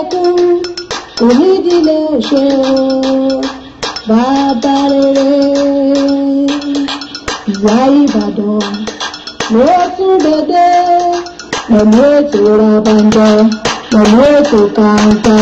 ẹkún onídìílé ṣe bàbá rere ìyá Ìbàdàn ló tún dédé pẹ̀lú ètò rabandẹ pẹ̀lú ètò kàńtà.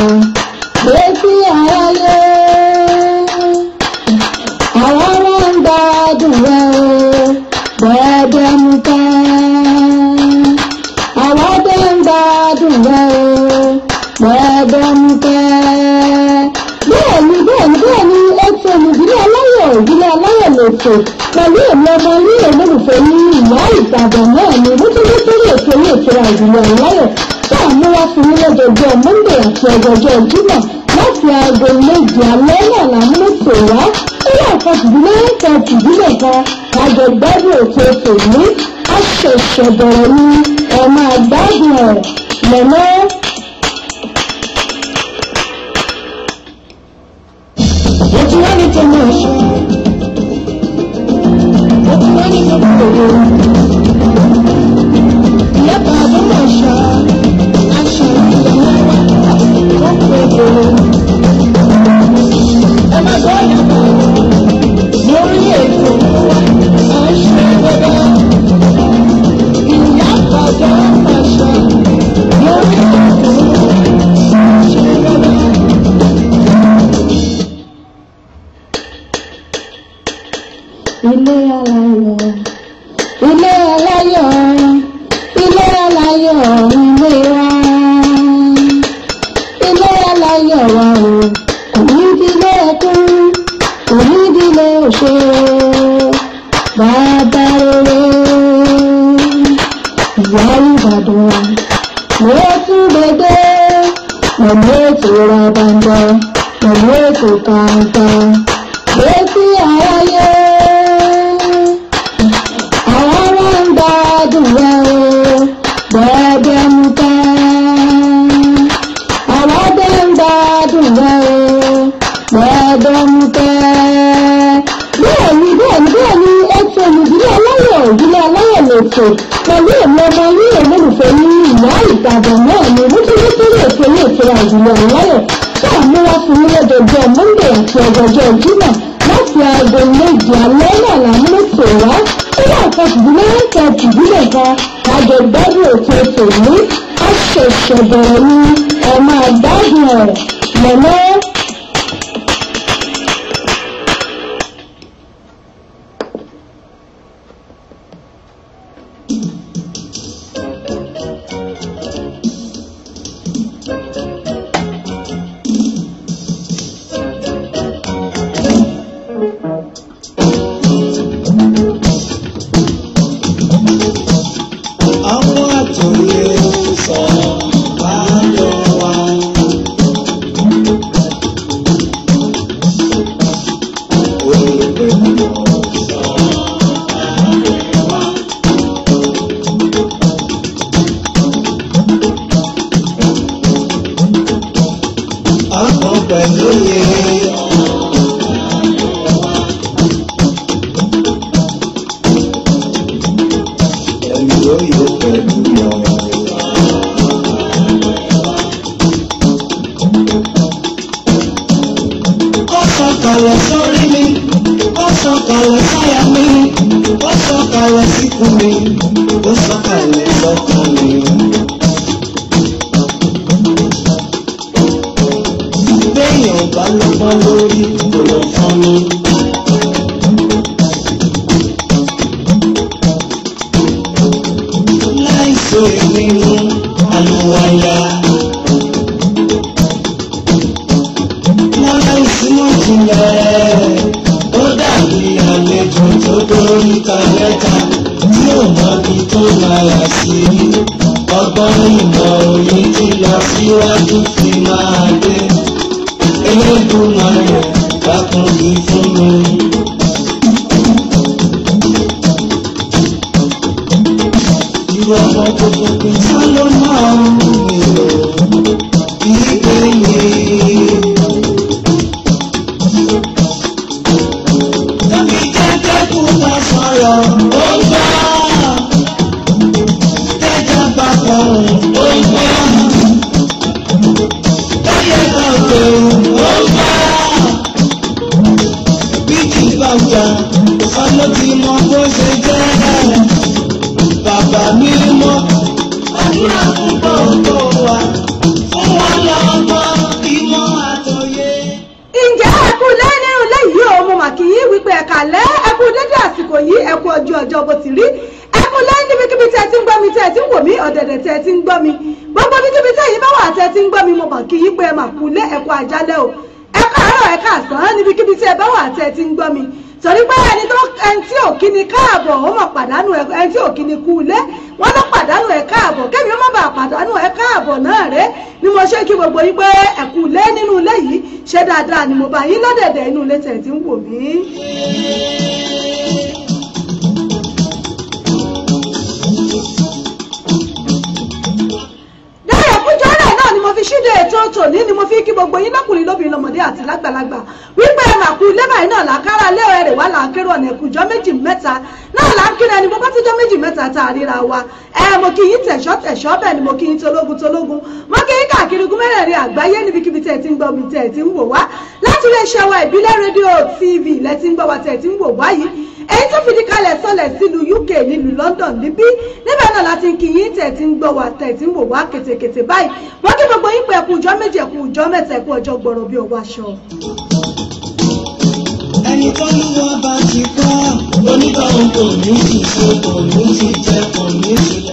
òkè pẹ̀lú èmi ní olólùfẹ́ ní ìyá ìtàgà náà ni mútúmú ètò ilé ìtura ìgbìmọ̀ ìláyọ̀ tá a fún yín lọ́jọ́jọ́ monday àti ọjọ́jọ́ ìjúmọ̀ láti aago méje alẹ́ náà la mú wá ilé ẹ̀kọ́ tìdílé ẹ̀kọ́ tìdílé kan àjọ ètò ètò ní àṣẹ̀ṣẹ̀ bẹ̀rẹ̀ ni ẹ̀ ẹ̀ lẹ́mọ́. What do I need to lose? Música ṣẹ̀ tí ń wò mí. fi ṣíde ètò tòní ni mo fi kí gbogbo yín lọ́kùnrin lóbìnrin lọ́mọdé àti lágbàlagbà wípé ẹ màkú ilé báyìí náà làkàrà lé ẹrẹ̀ wá là ń kérò ọ̀nà ẹ̀kújọ́ méjì mẹ́ta náà là ń kéré ẹni bó bá méjì mẹ́ta tá a ríra wa ẹ mo kí yín tẹ̀ṣọ́ tẹ̀ṣọ́ bẹ́ẹ̀ ni mo kí yín tológun tológun mo kí yín káàkiri gún mẹ́rẹ̀ẹ̀rin àgbáyé níbikíbi tẹ̀ ti ń gbọ́ mi tẹ̀ ti ń wò wá láti lè ṣe ìbílẹ̀ rédíò tv lẹ́tí ń gbọ́ wa tẹ̀ tí ń wò wáyìí èyí tó fìdí kalẹ̀ sọlẹ̀ sílùú uk nílùú london níbí níbẹ̀ náà láti ń kí yín tẹ̀ tí ń gbọ́ wa tẹ̀ tí ń wò wá kètèkètè báyìí wọ́n kí gbogbo yín pé ẹ̀kú ìjọ́ méje ẹ̀kú ìjọ́ mẹ́ta ẹ̀kú ọjọ́ gbọ̀rọ̀ bí owó aṣọ. ẹni tó ń wọ bá ti kọ́ oníbàwọ̀ kò ní ti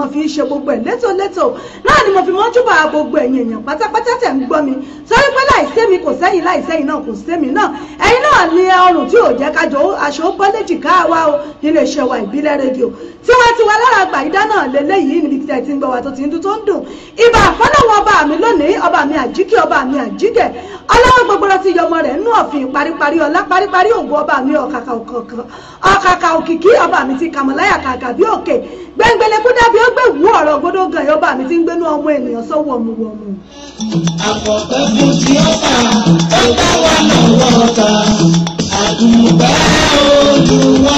mo fi ń ṣe gbogbo ẹ̀ létòlétò náà ni mo fi mọ́jú bá gbogbo ẹ̀yin èèyàn pátápátá tẹ̀ ń gbọ́ mi sọ́rí pé láìsẹ́mi kò sẹ́yìn láìsẹ́yìn náà kò sẹ́mi náà ẹ̀yin náà ni ọrùn tí ò jẹ́ kájọ aṣọ bọ́lẹ́jì káwa o nílé iṣẹ́ wa ìbílẹ̀ rédíò tiwantiwa lára àgbà ìdá náà lélẹ́yìí níbi tí ẹ ti ń gbọ́ wa tó ti ń dún tó ń dùn ibà àfọlọ́wọ́ ọba mi lónìí ọba mi àjíkì ọba mi àjíkẹ̀ ọlọ́wọ́ gbogbo lọ ti yọmọ rẹ̀ nú ọ̀fìn paríparí ọlá paríparí ògùn ọba mi ọ̀kàkà òkìkí ọba mi ti kàmọ́láyà kàkà bí òkè gbẹ̀ngbẹ̀lẹ̀ kú dábí ó wú ọ̀rọ̀ gbódógan yọba mi ti ń gbénú ọmọ ènìyàn sọ́wọ́ ọmọ wọmọ. àpọ̀pẹ́ fún ti ọ̀tá ó bá wà lọ́wọ́ ọ̀tá àdùnnú bá olùwà.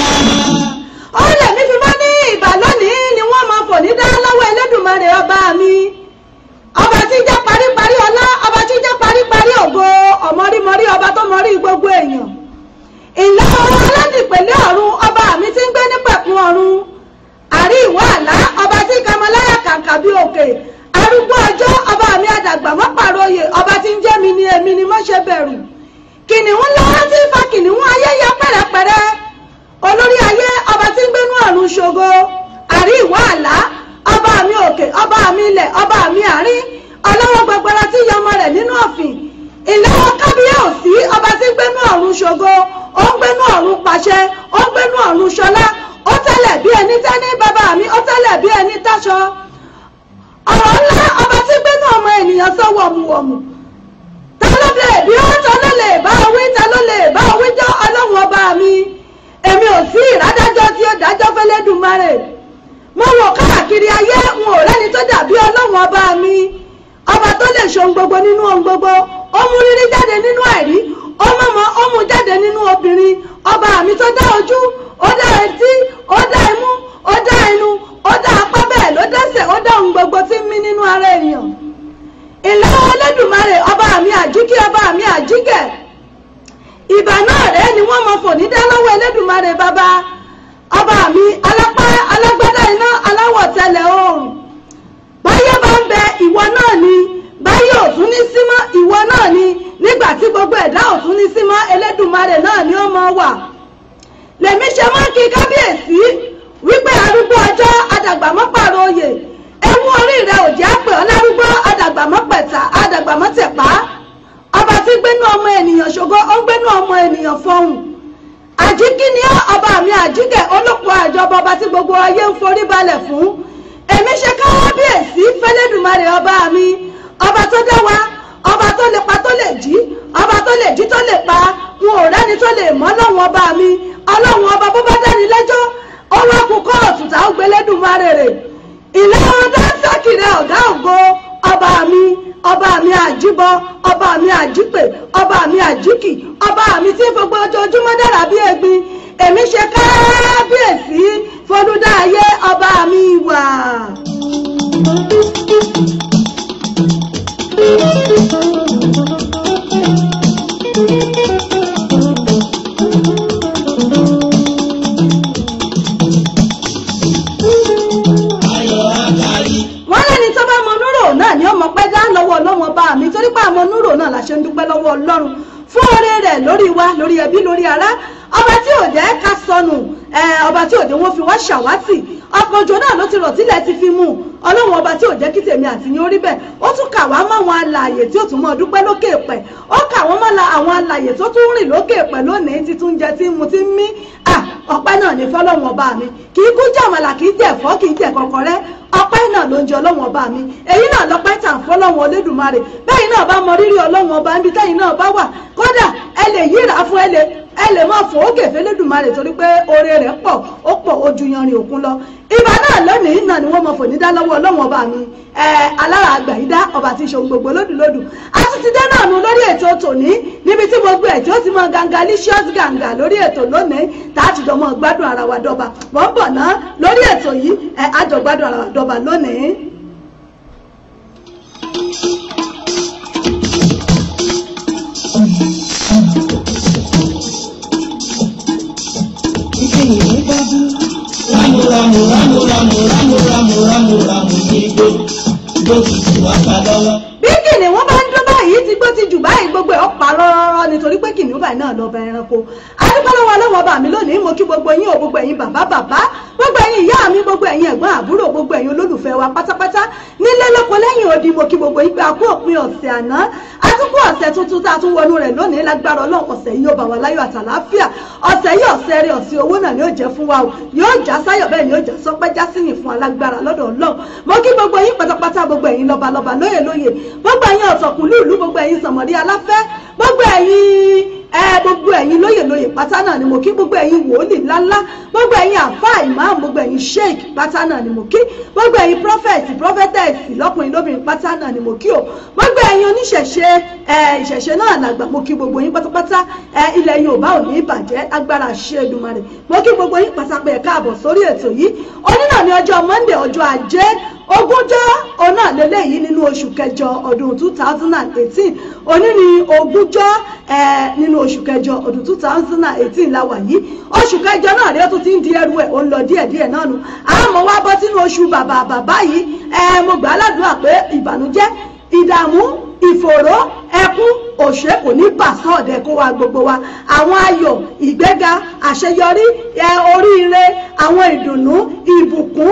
tèmi àti yín ó rí bẹ́ẹ̀ ó tún kà wá mọ́ àwọn alààyè tí ó tún mọ́ dúpẹ́ lókè pẹ̀ ó kà wọ́n mọ́ àwọn alààyè tó tún rìn lókè pẹ̀ lónìí ti tún jẹ tí mu ti ń mí ọpẹ́ náà ní fọ́lọ́wọ́n ọba mi kì í kú jàmàlà kì í jẹ̀fọ́ kì í jẹ̀ kọ̀kọ̀rẹ́ ọpẹ́ náà ló ń jẹ ọlọ́wọ́n ọba mi èyí náà lọ́pẹ́ tà ń fọ́lọ́wọ́n Olódùmarè bẹ́ẹ̀ náà bá mọ rírì ọlọ́wọ́n ọba níbi tẹ́yìn náà bá wà kódà ẹ lè yíra fún ẹ lè ẹ lè máa fò ókè fẹ́lẹ́dùmarè torí pé oore rẹ̀ pọ̀ ó pọ̀ ojú yanrìn òkun lọ ibà náà lónìí náà ni wọ́n mọ fò ní dá lọ́wọ́ ọlọ́wọ́n ọba mi alára àgbà yìí dá ọba tí ń ṣe ohun gbogbo lódùlódù a tún ti dé náà nu lórí ètò tòní níbi tí gbogbo ẹ̀ tí ó ti mọ gangalicious ganga lórí ètò lónìí tá a ti jọ mọ gbádùn ara wa dọ́ba wọ́n bọ̀ ná lórí ètò yìí àjọ gbádùn ara wa dọ́ba lónìí. ẹranko adúpẹ́lọ́wọ́ ọlọ́wọ́ bá mi lónìí mo kí gbogbo yín o gbogbo ẹ̀yin bàbá bàbá gbogbo ẹ̀yin ìyá mi gbogbo ẹ̀yin ẹ̀gbọ́n àbúrò gbogbo ẹ̀yin olólùfẹ́ wa pátápátá nílé lóko lẹ́yìn odi mo kí gbogbo yín pé a kú òpin ọ̀sẹ̀ àná a tún kú ọ̀sẹ̀ tuntun tá a tún wọnú rẹ̀ lónìí lágbára ọlọ́run ọ̀sẹ̀ yìí ó bá wa láyọ̀ àtàlàáfíà ni ó jẹ́ fún wa o yóò já sáyọ̀ bẹ́ẹ̀ ni ó já sọpẹ́ já sí ní fún alágbára lọ́dọ̀ ọlọ́run mo kí gbogbo yín pátápátá gbogbo ẹ̀yin lọ́balọ́ba lóyè lóyè gbogbo ẹ̀yin ọ̀sọ̀kùnlú gbogbo ẹ̀yin lóyè lóyè pátá náà ni mo kí gbogbo ẹ̀yin wòlíì ńláńlá gbogbo ẹ̀yin àfáà ìmáàmù gbogbo ẹ̀yin sheik pátá náà ni mo kí gbogbo ẹ̀yin prophet prophetess lọ́kùnrin lóbìnrin pátá náà ni mo kí o gbogbo ẹ̀yin oníṣẹ̀ṣe ìṣẹ̀ṣe náà làgbà mo kí gbogbo yín pátápátá ilẹ̀ Yorùbá ò ní ìbàjẹ́ agbára ṣe Èdùmàrè mo kí gbogbo yín pátápẹ́ ẹ̀ka àbọ̀ sórí ètò yìí onínà ní ọjọ́ Monday ọjọ́ ajé ogúnjọ́ ọ̀nà lélẹ́yìí nínú oṣù kẹjọ ọdún two thousand and eighteen òní ni ogúnjọ́ nínú oṣù kẹjọ ọdún two thousand and eighteen la wà yìí oṣù kẹjọ náà rẹ tún ti ń di ẹrù ẹ̀ ó ń lọ díẹ̀díẹ̀ náà nu àmọ́ wá bọ́ sínú oṣù bàbà bàbá yìí ẹ mo gbà á ládùúgbà pé ìbànújẹ́ ìdààmú ìfòòró ẹkún òṣè kò ní pàṣẹ ọdẹ kó wa gbogbo wa àwọn ayọ̀ ìgbéga àṣeyọrí oríire àwọn ìdùnnú ìbùkún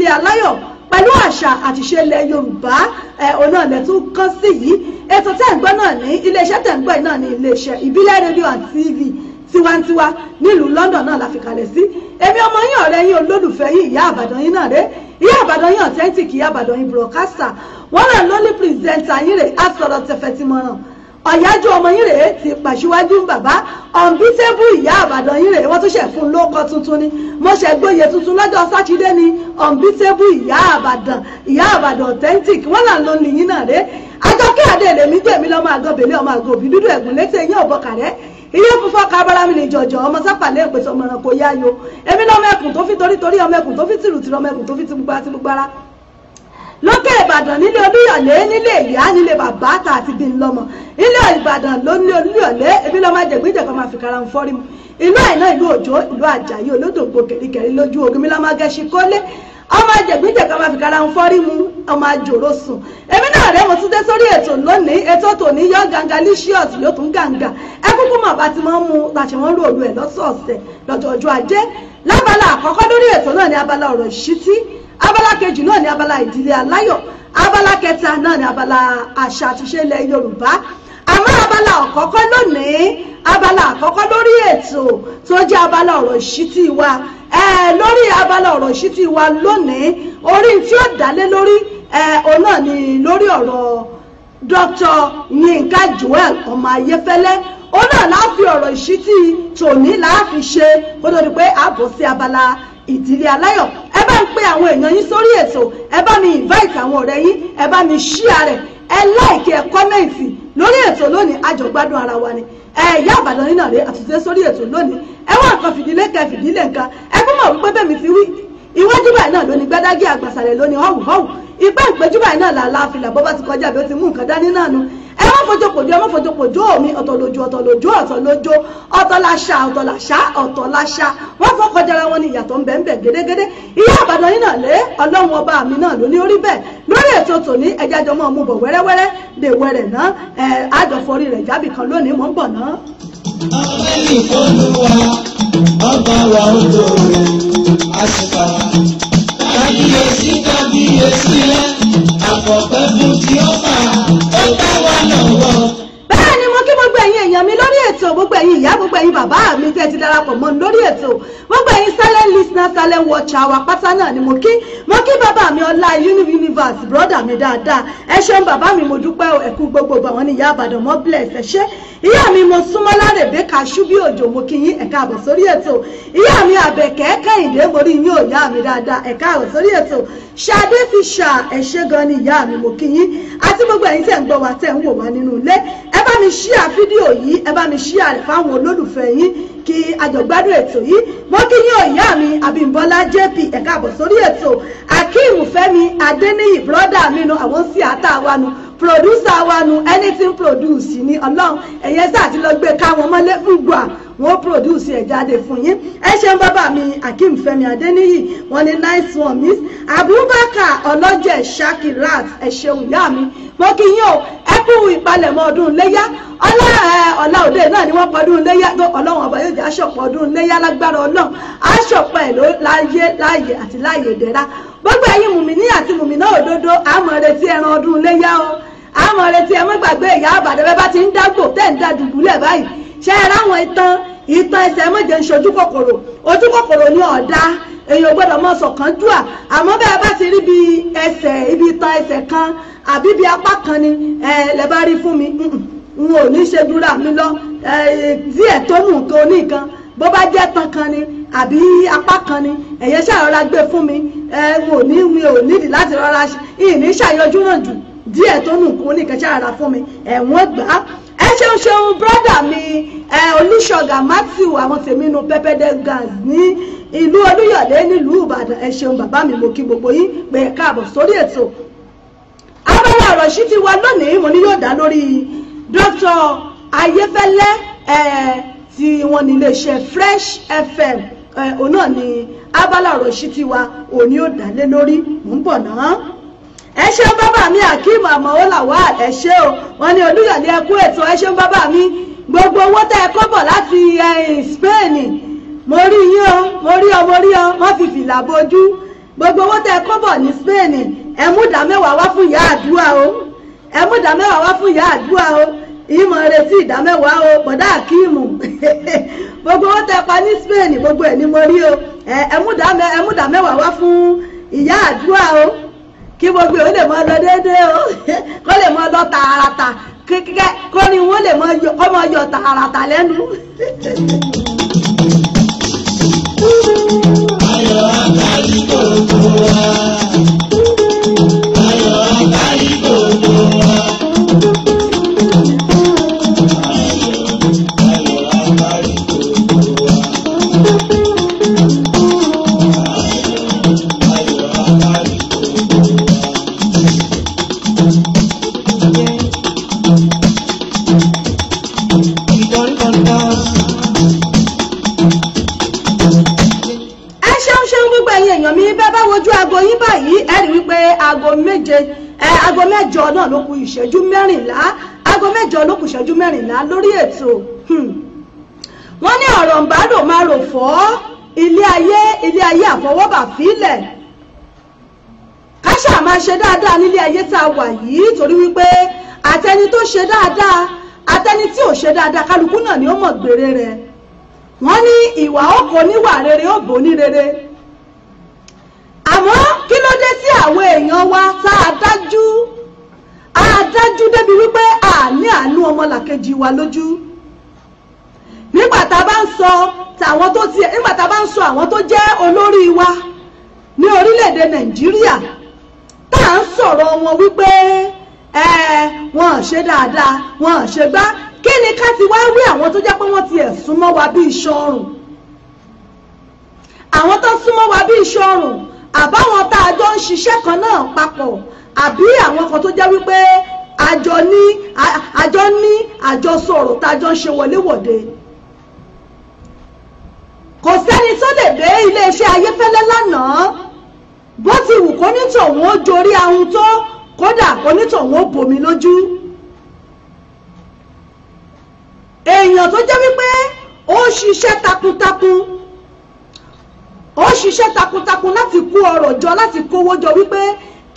ilé aláyọ̀ pẹ̀lú àṣà àtìṣe ilẹ̀ yorùbá ọ̀nà tún kán sí yìí ètò tẹ̀ náà ní iléeṣẹ́ tẹ̀ náà ní iléeṣẹ́ ìbílẹ̀ rédíò and tv tiwantiwa nílùú london náà la fi kalẹ̀ sí èmi ọmọ yín ọ̀rẹ́ yín olólùfẹ́ yín ìyá àbàdàn yín náà rèé ìyá àbàdàn yín authentic ìyá àbàdàn yín broadcaster wọn náà lólè pírẹsẹ̀ntà yín rèé àsọ̀rọ̀ tẹ̀fẹ̀tìmọ̀ràn ọ̀yájú ọmọ yín rèé ti pàṣíwájú bàbá ọ̀nbítẹ́bù ìyá àbàdàn yín rèé wọ́n tún ṣẹ̀ fún un lóko tuntun ni mo ṣẹ̀ gbóyè tuntun lọ́jọ́ sátidé ni ọ̀nbítẹ́bù ìyá àbàdàn ìyá àbàdàn authentic wọ́n là ń lo nìyí náà rèé ajọ́kẹ́ àdé èlèmí jẹ̀mí lọ́mọ àgọ́bẹ̀lẹ̀ ọmọ àgọ́bí dúdú ẹ̀gùn létí eyín ọ̀bọ̀kàrẹ́ iye fúnfọ́ kábàrà mi ní jọjọ ọmọ sápàlẹ̀ ìpèsè ọmọ ẹranko yáyo èmi lọ́mọ ẹkùn tó fi torítorí ọmọ ẹkùn tó fi tìrùtìrù ọmọ ẹkùn tó fi tìmúgbára tìmúgbára lókè ìbàdàn nílé olúyọ̀lé nílé ìyá nílé bàbá tá àti bí lọ́mọ nílé ìbàdàn ló nílé olúyọ̀lé ebi lọ́mọ jẹ̀gbẹ́jẹ̀ kan máa fi kara ń fọ́rí mu ìlú àìná ìlú òjò ìlú àjàyí olódògbò kẹ̀ríkẹ̀rí lójú ogun mi lọ́mọ gẹ̀ṣin kólé ọmọ jẹ̀gbẹ́jẹ̀ kan máa fi kara ń fọ́rí mu ọmọ àjòrò sùn èmi náà rẹ mo tún dé sórí ètò lónìí ètò tòní yọ gàǹgà licious yóò tún gàǹgà ẹ kúkú mà bá ti máa ń mu wọn rò olú ẹ lọ́sọ̀ọ̀sẹ̀ lọ́jọ́ ọjọ́ ajé lábala àkọ́kọ́ lórí ètò náà ní abala ọ̀rọ̀ ìṣítí abala kejì náà ni abala ìdílé aláyọ̀ abala kẹta náà ni abala àṣà àtiṣe ilẹ̀ yorùbá àmọ́ abala àkọ́kọ́ lónìí abala àkọ́kọ́ lórí ètò tó jẹ́ abala ọ̀rọ̀ ìṣítí wa lórí abala ọ̀rọ̀ ìṣítí wa lónìí orí tí ó dálé lórí òun náà ni lórí ọ̀rọ̀ Dr. Yinka Joel ọmọ ayéfẹ́lẹ́ òun náà láà fi ọ̀rọ̀ ìṣítí tòní láà fi ṣe kó tó di pé àbọ̀ sí abala ìdílé aláyọ̀ ẹ bá ń pe àwọn èèyàn yín sórí ètò ẹ bá mi invite àwọn ọ̀rẹ́ yín ẹ bá mi share rẹ̀ ẹ like ẹ comment lórí ètò lónìí àjọgbádùn ara wa ni ẹ̀yà àbàdàn nínà rẹ̀ àtúnṣe sórí ètò lónìí ẹ wá nǹkan fìdílé kẹ fìdílé nǹkan ẹ kó wípé bẹ́ẹ̀ mi ti wí iwájú báyìí náà lónìí gbádágí àgbàsàlẹ̀ lónìí họ́wù họ́wù ìgbà ìpẹ́júbà yìí náà làlá àfilà bọ́ bá ti kọjá bí ó ti mú nǹkan dání náà nu ẹ má fojú pòjó ẹ má fojú pòjó mi ọ̀tọ̀ lójú ọ̀tọ̀ lójú ọ̀tọ̀ lójó ọ̀tọ̀ làṣà ọ̀tọ̀ làṣà ọ̀tọ̀ làṣà wọ́n fọ́ kọjá ara wọn ní ìyàtọ̀ ń bẹ ń bẹ gédégédé ìyá àbàdàn yìí náà lé ọlọ́run ọba mi náà ló ní orí bẹ́ẹ̀ lórí ètò tòní ẹja jọ mọ́ ọmú bọ̀ wẹ́rẹ́wẹ́rẹ́ lè wẹ̀rẹ̀ ná ẹ àjọfọ́rí rẹ̀ jábì kan lónìí mọ́ ń bọ̀ ná. ọbẹ̀ mi kíyèsí rẹ̀ àpọ̀pẹ́ fún ti ọba ó bá wa lọ́wọ́ èèyàn mi lórí ètò gbogbo ẹ̀yin ìyá gbogbo ẹ̀yin bàbá mi tẹ́ ti darapọ̀ mọ́ lórí ètò gbogbo ẹ̀yin silent listener silent watcher wa pátá náà ni mo kí mo kí bàbá mi ọlá universe broda mi dáadáa ẹ ṣeun bàbá mi mo dúpẹ́ ẹ̀kú gbogbo àwọn ní ìyá àbàdàn mọ́ bless ẹ ṣé ìyá mi mo súnmọ́ láre bẹ́ka ṣubí òjò mo kí yín ẹ̀ka àbọ̀ sórí ètò ìyá mi àbẹ̀kẹ́ kẹ́hìndé borí yín ò yá mi dáadáa ẹ̀ka àbọ̀ sórí ètò ṣadé fi ṣà ẹ ṣé gan ni ìyá mi mo kí yín àti gbogbo ẹ̀yin tẹ̀ ń gbọ́ wa tẹ̀ ń wò wá nínú ilé ẹ bá mi ṣíà fídíò yìí yìí ẹ bá mi ṣí àlè olólùfẹ́ yín kí àjọ̀gbádùn ètò yìí wọ́n kí yín ọ̀yá mi àbímbọ́lá jp ẹ̀ka àbọ̀ sórí ètò akeem fẹ́mi adéníyì brọ́dà mi nu àwọn síátà wa nu pòdúsà wa nu anything produce ni ọlọ́run ẹ̀yẹ sáà ti lọ gbé káwọn mọ́lé gbùgbà wọn produce ẹ̀ jáde fún yín ẹ ṣeun bàbá mi akeem fẹ́mi adéníyì wọn ni nice one miss abubakar ọlọ́jẹ̀ shakirat ẹ ṣeun ìyá mi mo kí yín o ẹ kú ìpalẹ̀mọ́ ọdún léyá ọlá ọ̀la òde náà ni wọ́n pọ̀dún léyá ọlọ́run ọba yóò àjẹ́ aṣọ̀pọ̀ ọdún léyà lágbára ọlọ́run aṣọ̀pọ̀ ẹ̀ láyé láyè àti láyè ìdẹ́ra gbogbo ẹ̀yin mùmíní àti mùmíná òdodo àmọ̀ retí ẹran ọdún léyà o àmọ̀ retí ẹ má gbàgbé ìyá àbàdàn bẹ́ẹ̀ bá ti ń dágbò tẹ́ ń da dùbúlẹ̀ báyìí ṣe é ráwọn itan itan ẹsẹ̀ méje ń ṣojú kòkòrò ojú kòkòrò ni ọ̀dà èèyàn gbọ́dọ̀ mọ sọ̀kan dùà àmọ́ bẹ́ẹ̀ bá ti rí bí ẹsẹ̀ ibi ìtàn ẹsẹ̀ kan àbí bí apá kan ni ẹ̀ lẹ́ rí fún mi n ò ní ṣe dúra mi lọ díẹ̀ tó mú nǹkan oníkan bó bá jẹ́ tán kan ni àbí apá kan ni ẹ̀yẹn ṣàrọ̀ra gbé fún mi n ò ní mi ò nídìí láti rọra ìní ṣàyọjú náà jù díẹ̀ tó mú nǹkan oníkan ṣàrọ̀ra fún mi ẹ̀wọ̀n gbà á ẹ ṣeun ṣeun brọ́dà mi olùṣọ́gà matthew àwọn tèmi nu pẹ́pẹ́dẹ́ gas ní ìlú olúyọ̀lé nílùú ìbàdàn ẹ ṣeun bàbá mi mo kí gbogbo yín pé ẹ káàbọ̀ sórí ètò abala ọ̀rọ̀ sí ti wá lónìí mo ní yóò dá lórí dókítà ayéfẹ́lẹ́ tí wọ́n ní iléeṣẹ́ fresh fm òun náà ni abala ọ̀rọ̀ sí tiwa òní ò dálé lórí mò ń bọ̀ náà ẹ ṣeun bàbá mi akeem amọ̀wó lawal ẹ ṣé o wọ́n ní olúyọ̀lé ẹkú ètò ẹ ṣeun bàbá mi gbogbo owó tẹ́ ẹ kó bọ̀ láti spain mo rí yín o mo rí ọ mo rí ọ wọ́n fi fìlà bojú gbogbo owó tẹ́ ẹ kó bọ̀ ní spain ẹ mú ìdá mẹ́wàá wá fún ìyá àdúrà o ẹ mú ìdá mẹ́wàá wá fún ìyá àdúrà o ìmọ̀ retí ìdámẹ́wàá o bọ̀dá akíìmù gbogbo owó tẹ pa ní Spain gbogbo ẹ̀ ni mo rí o ẹ̀múdàmẹ́wàá wá fún ìyá àdúrà o kí gbogbo ẹ̀ ó lè mọ lọ déédéé o kó lè mọ lọ tààràtà kíkẹ́ kó ní wọ́n lè mọ yọ tààràtà lẹ́nu. ayọ̀ àkàlí gbogbo wa. ló kù ìṣẹ́jú mẹ́rìnlá aago mẹ́jọ ló kù ìṣẹ́jú mẹ́rìnlá lórí ètò hmm. wọ́n ní ọ̀rọ̀ ń bá rò máa rò fọ́ ilé ayé ilé ayé àfọwọ́bà fílẹ̀ káṣà máa ṣe dáadáa nílé ayé tá a wà yìí torí wípé àtẹni tó ṣe dáadáa àtẹni tí ò ṣe dáadáa kálukú náà ni ó mọ̀ gbére rẹ̀ wọ́n ní ìwà ọkọ̀ níwà rere ó bò ní rere àmọ́ kí ló dé tí àwọn èèyàn wa tá a dájú a dájú débi wípé a ní àánú ọmọlàkejì wa lójú nígbà tá a bá ń sọ tàwọn tó ti nígbà tá a bá ń sọ àwọn tó jẹ́ olórí wa ní orílẹ̀-èdè nàìjíríà tá à ń sọ̀rọ̀ wọn wípé ẹ wọn ṣe dáadáa wọn ṣe gbá kí ni ká ti wá wí àwọn tó jẹ́ pé wọ́n ti ẹ̀sùn mọ́ wa bí iṣan ọrùn àwọn tó súnmọ́ wa bí iṣan ọrùn àbáwọn tá a jọ ń ṣiṣẹ́ kan náà papọ̀ àbí àwọn kan tó jẹ́ wípé àjọ ní àjọ ní àjọ sọ̀rọ̀ tájọ ń ṣe wọléwọ̀de kò sẹ́ni tó lè dé iléeṣẹ́ ayéfẹ́lẹ́ lánàá bó ti wù kó nítòun ó jorí ahun tó kódà kó nítòun ó bomi lójú èèyàn tó jẹ́ wípé ó ṣiṣẹ́ takuntakun ó ṣiṣẹ́ takuntakun láti kó ọrọ̀ jọ láti kówó jọ wípé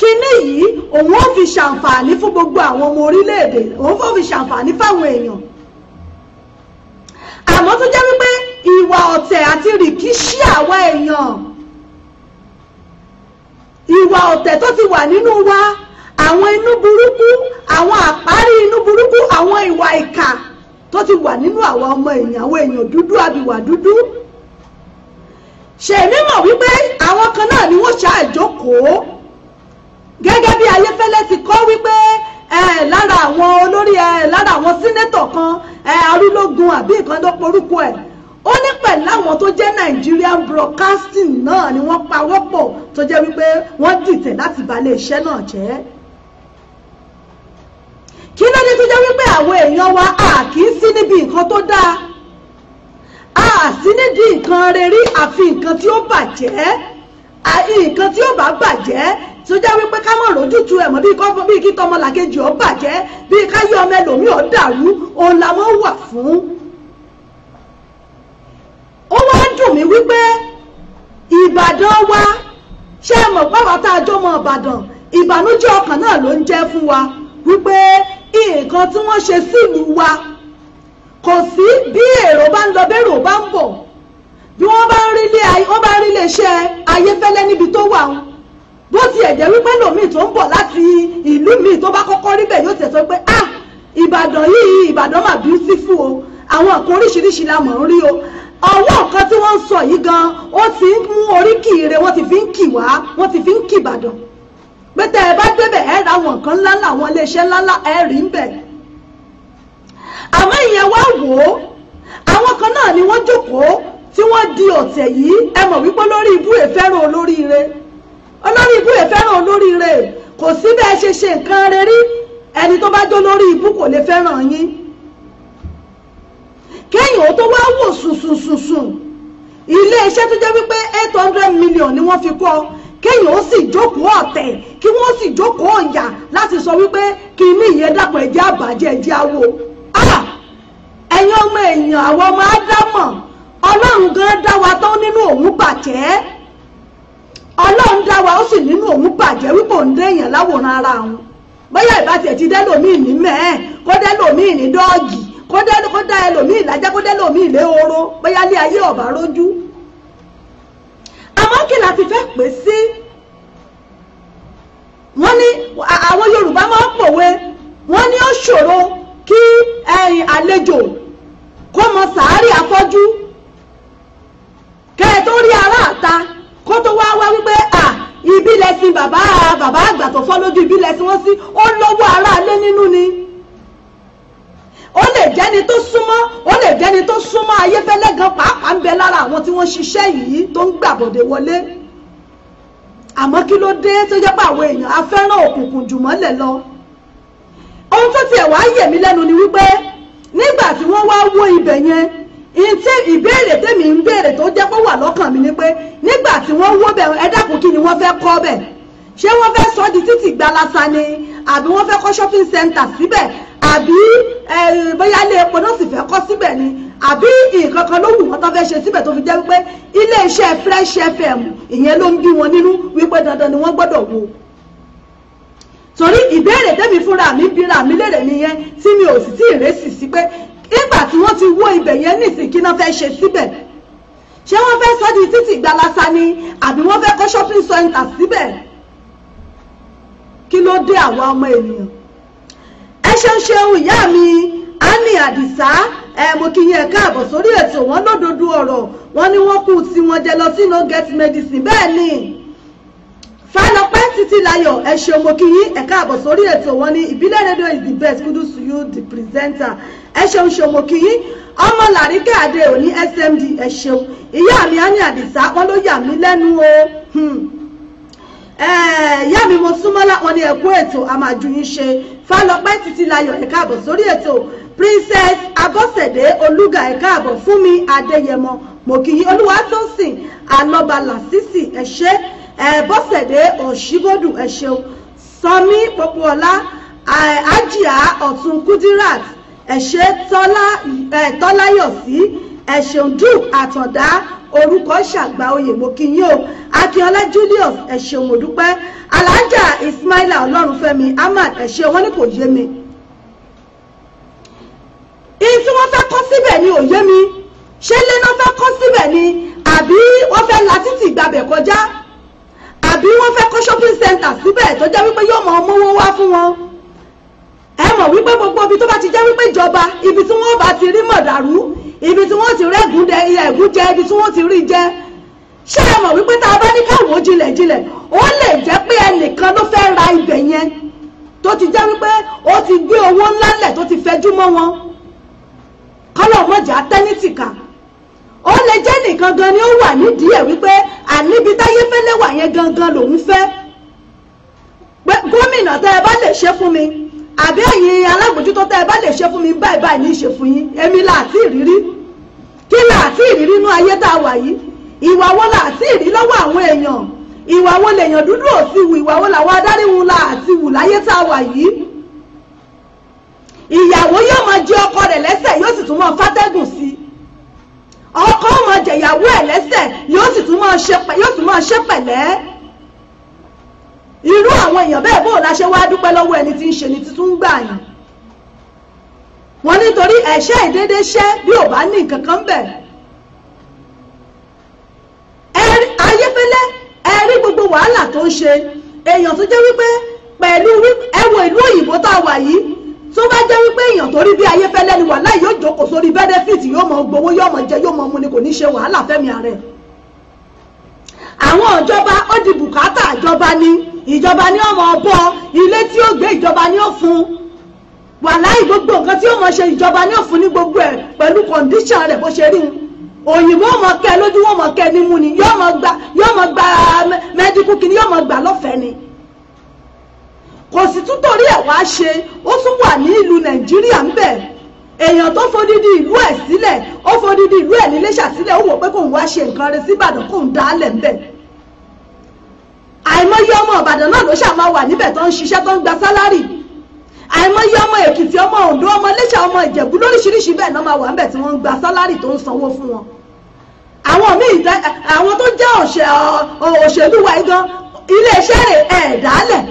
kínní yìí òun ó fi ṣàǹfààní fún gbogbo àwọn ọmọ orílẹ̀-èdè òun ó fi ṣàǹfààní fáwọn èèyàn àmọ́ tó jẹ́ wípé ìwà ọ̀tẹ̀ àti rìkíṣí àwa èèyàn ìwà ọ̀tẹ̀ tó ti wà nínú wa àwọn inú burúkú àwọn àpárí inú burúkú àwọn ìwà ìkà tó ti wà nínú àwa ọmọ èèyàn àwọn èèyàn dúdú àbíwà dúdú ṣèmi wípé àwọn kan náà ni wọ́n ṣáà gẹ́gẹ́ bí ayéfẹ́lẹ́ ti kọ́ wípé lára àwọn olórí lára àwọn sínétọ̀ kan arúlógún àbí ìkan tó porúkọ ẹ̀ ó ní pẹ̀lú àwọn tó jẹ́ Nigerian Broadcasting náà ni wọ́n pawọ́pọ̀ tó jẹ́ wípé wọ́n dìtẹ̀ láti balẹ̀ iṣẹ́ náà jẹ́ kí ló dé tó jẹ́ wípé àwọn èèyàn wa a kì í sí níbi nǹkan tó dáa a sí nídìí nǹkan rere àfi nǹkan tí ó bàjẹ́ nǹkan tí ó bá bàjẹ́ tó jẹ́ wípé ká mọ̀ lójútu ẹ̀ mọ́ bí kọ́ bí kí tọmọ làkejì ọ bàjẹ́ bí ká yí ọmọ ẹlòmíì ọ dàrú òun làwọn wà fún. ó wá dùn mí wípé ìbàdàn wa ṣé ẹ mọ̀ páwa tá a jọ mọ ìbàdàn ìbànújẹ́ ọkàn náà ló ń jẹ́ fún wa wípé nǹkan tí wọ́n ṣe sílùú wa kò sí bí èrò bá ń lọ bẹ́rù bá ń bọ̀ bí wọ́n bá ń rí ilé iṣẹ́ ayéfẹ́lẹ́ níbi tó wà wọn bó tiẹ̀ jẹ́ wípé lòmíì tó ń bọ̀ láti ìlú míì tó bá kọ́kọ́ rí bẹ̀ yóò tẹ̀sọ́ pé ah ìbàdàn yìí ìbàdàn mà beautiful o àwọn nǹkan oríṣiríṣi la mọ̀ ń rí o ọwọ́ nǹkan tí wọ́n ń sọ yìí gan ó ti ń mú oríkì ire wọ́n ti fi ń kì wá wọ́n ti fi ń kì ìbàdàn pé tẹ́ ẹ bá débẹ̀ ẹ ra àwọn nǹkan ńláńlá àwọn iléeṣẹ́ ńláńlá ẹ rí ń bẹ̀ àmọ́ ìyẹn wá wò ó àwọn kan náà ni wọ́n jókòó tí wọ́n di ọ̀tẹ̀ yìí ẹ mọ̀ wípé lórí ibú èfẹ́ràn olóríire olórí ibú yẹn fẹ́ràn olórí rẹ̀ kò sí bẹ́ẹ̀ ṣe ṣe nǹkan rẹ̀ rí ẹni tó bá jó lórí ibú kò lè fẹ́ràn yín kéèyàn ó tó wá wò sùnsùnsùnsùn ilé tó jẹ́ wípé eight hundred million ni wọ́n fi kọ́ kéèyàn ó sì jókòó ọ̀tẹ̀ kí wọ́n sì jókòó ọ̀yà láti sọ wípé kí ní ìyẹn dàpọ̀ ẹ̀jẹ̀ àbàjẹ́ ẹ̀jẹ̀ awo ah! ẹ̀yin ọmọ èèyàn àwọn ọmọ ádámọ̀ ọlọ́run gan dá wa tán nínú òun bàjẹ́ ọlọ́run dá wa ó sì nínú òun bàjẹ́ wípé òun láwòrán ara òun bóyá ìbá tiẹ̀ ti ní mẹ́ẹ̀ kó dẹ́lòmíì ní dọ́ọ̀gì kó dá ẹlòmíì lájẹ́ kó dẹ́lòmíì lé oró bóyá lé ayé ọ̀bà rójú àmọ́ kí la fẹ́ pè sí wọ́n ní àwọn Yorùbá máa ń pòwe wọ́n ní ó ṣòro kí mọ sàárì afọ́jú kẹ́ẹ̀ tó rí aráàta kó tó wá wá wípé à ibi lẹ̀sìn bàbá bàbá àgbà tó fọ́ lójú ibi lẹ̀sìn wọn sí ó lọ́wọ́ aráalé nínú ni ó lè jẹ́ni tó súnmọ́ ó lè jẹ́ni tó súnmọ́ ayéfẹ́lẹ́ gan pàápàá ń bẹ lára àwọn tí wọ́n ṣiṣẹ́ yìí tó ń gbàbọ̀dé wọlé àmọ́ kí ló dé tó jẹ́ pé àwọn èèyàn afẹ́ràn òkùnkùn jùmọ́lẹ̀ lọ ohun tó tiẹ̀ wá yẹ̀ lẹ́nu ni wípé nígbà tí wọ́n wá wó ibẹ̀ yẹn ìtẹ́ ìbéèrè tẹ́mi ń béèrè tó jẹ́ pé wà lọ́kàn mi ni pé nígbà tí wọ́n wó bẹ̀ ẹ dákun kí ni wọ́n fẹ́ kọ́ bẹ̀ ṣé wọ́n fẹ́ sọ di títì gbalasa ni àbí wọ́n fẹ́ kọ́ shopping center síbẹ̀ àbí bóyá ilé epo náà sì fẹ́ kọ́ síbẹ̀ ni àbí nǹkan kan ló wù wọ́n tó fẹ́ ṣe síbẹ̀ tó fi jẹ́ wípé iléeṣẹ́ fresh fm ìyẹn ló ń bí wọn nínú wípé dandan ni wọ́n gbọ́dọ̀ wo torí ìbéèrè tẹ́mi fúnra mi bíra mi léèrè nìyẹn tí mi ò sì tí ì rẹ́sì sí pé nígbà tí wọ́n ti wó ibẹ̀ yẹn nísìn kí náà fẹ́ ṣe síbẹ̀ ṣé wọ́n fẹ́ sọ di títì gbalasa ni àbí wọ́n fẹ́ kọ́ shopping center síbẹ̀ kí ló dé àwa ọmọ ènìyàn ẹ ṣeun ṣeun ìyá mi annie àdìsá ẹ mo kí yín ẹ káàbọ̀ sórí ètò wọn lódodo ọ̀rọ̀ wọn ni wọ́n kú tiwọn jẹ lọ sí no get medicine bẹ́ẹ̀ ni fálọpẹ́ títí láyọ̀ ẹ ṣeun mo kí yín ẹ káàbọ̀ sórí ètò wọn ni ìbílẹ̀ rédíò is the best kudos to you the presenter ẹ ṣeun ṣòmò kì í ọmọ làríkẹ́ adé òní smd ẹ ṣeun ìyá mi á ní àdìsá wọn ló yà mí lẹ́nu o hmm. ìyá mi mo súnmọ́lá wọn ni ẹ̀kú ètò àmàjù ṣe fálọpẹ́ títí láyọ̀ ẹ̀ka àbọ̀ sórí ètò princess abọ́sẹ̀dé olúga ẹ̀ka àbọ̀ fún mi adéyẹmọ mo kì í olúwatósìn alọ́ba làṣìṣì ẹ ṣé bọ́sẹ̀dé ọ̀ṣíbódù ẹ ṣeun sọmí pọpọ́ọlá àjíà ọ̀tún kúdíràt ẹ ṣé tọ́láyọ̀sí ẹ ṣeun duke àtọ̀dá orúkọ ṣàgbà oyè mo kí yín o akínọlá julius ẹ ṣeun mo dúpẹ́ alájà ismaila ọlọ́runfẹ́mi ahmad ẹ ṣeun wọn ni kò yé mi ihun tí wọ́n fẹ́ kọ́ síbẹ̀ ni ò yé mi ṣé lẹ́nà fẹ́ kọ́ síbẹ̀ ni àbí wọ́n fẹ́ la títì gbabẹ̀ kọjá àbí wọ́n fẹ́ kọ́ shopping center síbẹ̀ tó jẹ́ wípé yóò mọ ọmọ owó wá fún wọn ẹ mọ̀ wípé gbogbo ibi tó bá ti jẹ́ wípé ìjọba ibi tí wọ́n bá ti rí mọ̀dàrú ibi tí wọ́n ti rẹ́gùn jẹ ibi tí wọ́n ti rí jẹ ṣé ẹ mọ̀ wípé tá a bá ní káwọn jinlẹ̀ jinlẹ̀ ó lè jẹ́ pé ẹnìkan ló fẹ́ ra ibẹ̀ yẹn tó ti jẹ́ wípé ó ti gbé owó ńlá lẹ̀ tó ti fẹjú mọ́ wọn kọ́lọ̀ mọ̀jà tẹ́nítìkà ó lè jẹ́ nìkan gan ni ó wà nídìí ẹ̀ wípé àníbi táyé fẹ́lẹ́ wà yẹn gangan lòún fẹ́ pé gómìnà tẹ́ ẹ bá lè ṣe fún mi àbí ẹ̀yin alágbòjútó tẹ́ ẹ bá lè ṣe fún mi báyìí báyìí ní í ṣe fún yín èmi làásì ìrírí kí làásì ìrírí inú ayé tá a wà yìí ìwà wo làásì ìrí lọ́wọ́ àwọn èèyàn ìwà wo lèèyàn dúdú ò ti wù ìwà wo làwọn adarí wọn làásì wù láyé tá a wà yìí ìyàwó yóò máa jẹ ọkọ rẹ̀ lẹ́sẹ̀ yóò sì tún máa fátẹ́gùn sí i ọkọ máa jẹ̀yàwó ẹ̀ lẹ́sẹ̀ yóò sì tún máa ṣe pẹ̀lẹ́ irú àwọn èèyàn bẹ́ẹ̀ bó la ṣe wáá dúpẹ́ lọ́wọ́ ẹni tí ń ṣe ni títún ń gbà yàn wọn nítorí ẹ̀ṣẹ̀ ìdédé ṣẹ́ bí ò bá ní nǹkan kan bẹ̀ ayéfẹ́lẹ́ ẹ rí gbogbo wàhálà tó ń ṣe èèyàn tó jẹ́ wípé pẹ̀lú ẹwọ ìlú òyìnbó tá a wà yìí tó bá jẹ́ wípé èèyàn tó rí bí ayéfẹ́lẹ́ ni wàhálà yóò jókòó sórí bẹ́nẹ́fìtì yóò mọ gbowó yóò mọ jẹ yóò mọ mu ni kò ní ṣe wàhálà fẹ́mi ààrẹ àwọn ìjọba ó di bùkátà ìjọba ni ìjọba ni ọmọ ọbọ ilé tí ó gbé ìjọba ni ó fún wàláì gbogbo nǹkan tí ó mọ ṣe ìjọba ni ó fún ní gbogbo ẹ pẹ̀lú kọ̀ǹdíṣàn rẹ̀ bó ṣe rí un òyìnbó ọmọ kẹ lójú ọmọ kẹ nímú ni yóò mọ gba yóò mọ gba mẹdíkù kìíní yóò mọ gbà lọ́fẹ̀ẹ́ ni kò sì tún torí ẹ̀ wá ṣe ó tún wà ní ìlú nàìjíríà ń bẹ̀ẹ́ èèyàn tó fodidi ìlú ẹ̀ sílẹ̀ ó fodidi ìlú ẹ̀ níléṣà sílẹ̀ ó wò pé kóun wá ṣe nǹkan rẹ̀ síbàdàn kóun dá lẹ̀ ń bẹ̀ àìmọye ọmọ ìbàdàn náà ló ṣàmà wà níbẹ̀ tó ń ṣiṣẹ́ tó ń gba sálárì àìmọye ọmọ èkìtì ọmọ oǹdó ọmọ iléṣà ọmọ ìjẹ̀bú lóríṣiríṣi bẹ́ẹ̀ náà máa wà níbẹ̀ tí wọ́n ń gba sálárì tó ń sanwó fún wọn àwọn míì àwọn tó jẹ́ òṣèlú wa igan iléeṣẹ́ rẹ̀ ẹ̀ẹ́dálẹ̀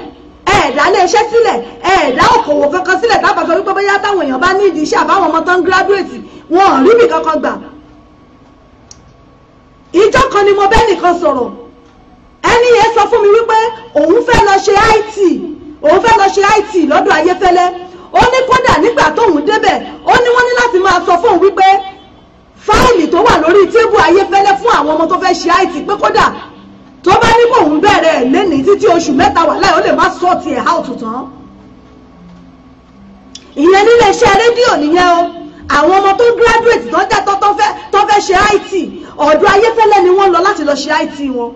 ẹ̀ẹ̀dá iléeṣẹ́ sílẹ̀ ẹ̀ẹ̀dá òkòwò kankan sílẹ̀ tábà sọ wípé bóyá táwọn èèyàn bá ní ìdí iṣẹ́ àbáwọn ọmọ tó ń gíráduwétì wọn ò rí mi kankan gbà ìjọ kan ni mo bẹ́ẹ̀ nìkan sọ̀rọ̀ ẹni yẹn sọ fún mi wípé òun fẹ́ lọ ṣe IT òun fẹ́ lọ ṣe IT lọ́dọ̀ ayéfẹ́lẹ́ ó ní kódà nígbà tóun débẹ̀ ó ní wọ́n ní láti máa sọ fóun wípé fáìlì tó wà lórí tébù ayéfẹ́lẹ́ fún àwọn ọmọ tó fẹ́ ṣe IT pé kódà tó bá ní kó òun bẹ̀rẹ̀ ẹ̀ lẹ́nìí títí oṣù mẹ́ta wà láì ó lè má sọ́ọ̀tì ẹ̀ how to tán ìyẹn nílé iṣẹ́ rédíò nìyẹn o àwọn ọmọ tó graduate tó ń jẹ́ tó tó fẹ́ ṣe IT ọ̀dọ̀ ayéfẹ́lẹ́ ni wọ́n lọ láti lọ ṣe IT wọn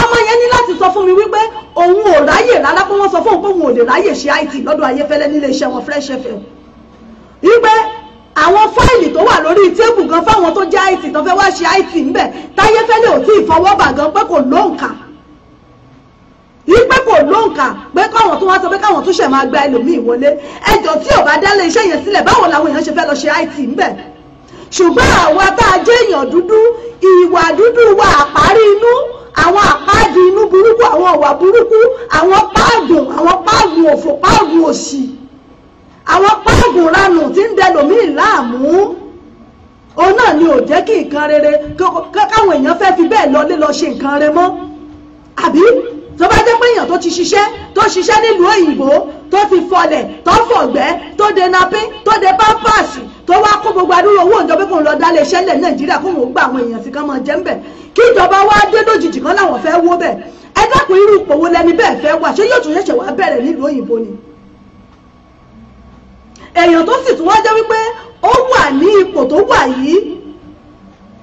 ọmọ yẹn ní láti sọ fún mi wípé òun ò ráyè rárá pé wọ́n sọ fún òun pé òun ò lè ráyè ṣe IT lọ́dọ̀ ayéfẹ́lẹ́ nílé iṣẹ́ wọn fresh fm wípé àwọn fáìlì tó wà lórí tébù gan fáwọn tó jẹ́ IT tó fẹ́ wá ṣe IT ńbẹ̀ táyéfẹ́lẹ́ ò tí ì fọwọ́bà gan pé kò lóǹkà yìí pé kò lóǹkà pé káwọn tó wá sọ pé káwọn tó ṣẹ̀ máa gba ẹlòmíì wọlé ẹjọ́ tí ò bá dálé iṣẹ́ yẹn sílẹ̀ báwo làwọn èèyàn ṣe fẹ́ lọ ṣe IT ńbẹ̀ ṣùgbọ́n àwa tá a jẹ́ èèyàn dúdú ìwà dúdú wa àparí inú àwọn àpáàdì inú burúkú àwọn ọ̀wà burúkú àwọn páàgùn àwọn páàgùn òfò páàgùn òṣì àwọn páàgùn ranù tí ń dẹlòmíì láàmú òun náà ni ò jẹ́ kí nǹkan rere káwọn èèyàn fẹ́ fi bẹ́ẹ̀ lọlé lọ ṣe nǹkan rere mọ́ àbí tó bá jẹ́ pé èèyàn tó ti ṣiṣẹ́ tó ṣiṣẹ́ nílùú òyìnbó tó fi fọlẹ̀ tó fọ̀gbẹ́ tó de napín tó de pampasì tó wá kó gbogbo adúrò owó ìjọba kò ń lọ dálé iṣẹ́ lẹ̀ nàìjíríà kó wọn gba àwọn èèyàn sí kán máa jẹ́ ń bẹ̀ kí ìjọba wá dé lójijì kan láwọn fẹ́ wó bẹ̀ ẹ dákun irú ìpòwò lẹni bẹ́ẹ̀ fẹ́ wà ṣé yóò tún ṣẹ̀ṣẹ̀ wá bẹ̀rẹ̀ nílùú òyìnbó ni èèyàn tó sì tún wá jẹ́ wípé ó wà ní ipò tó wà yìí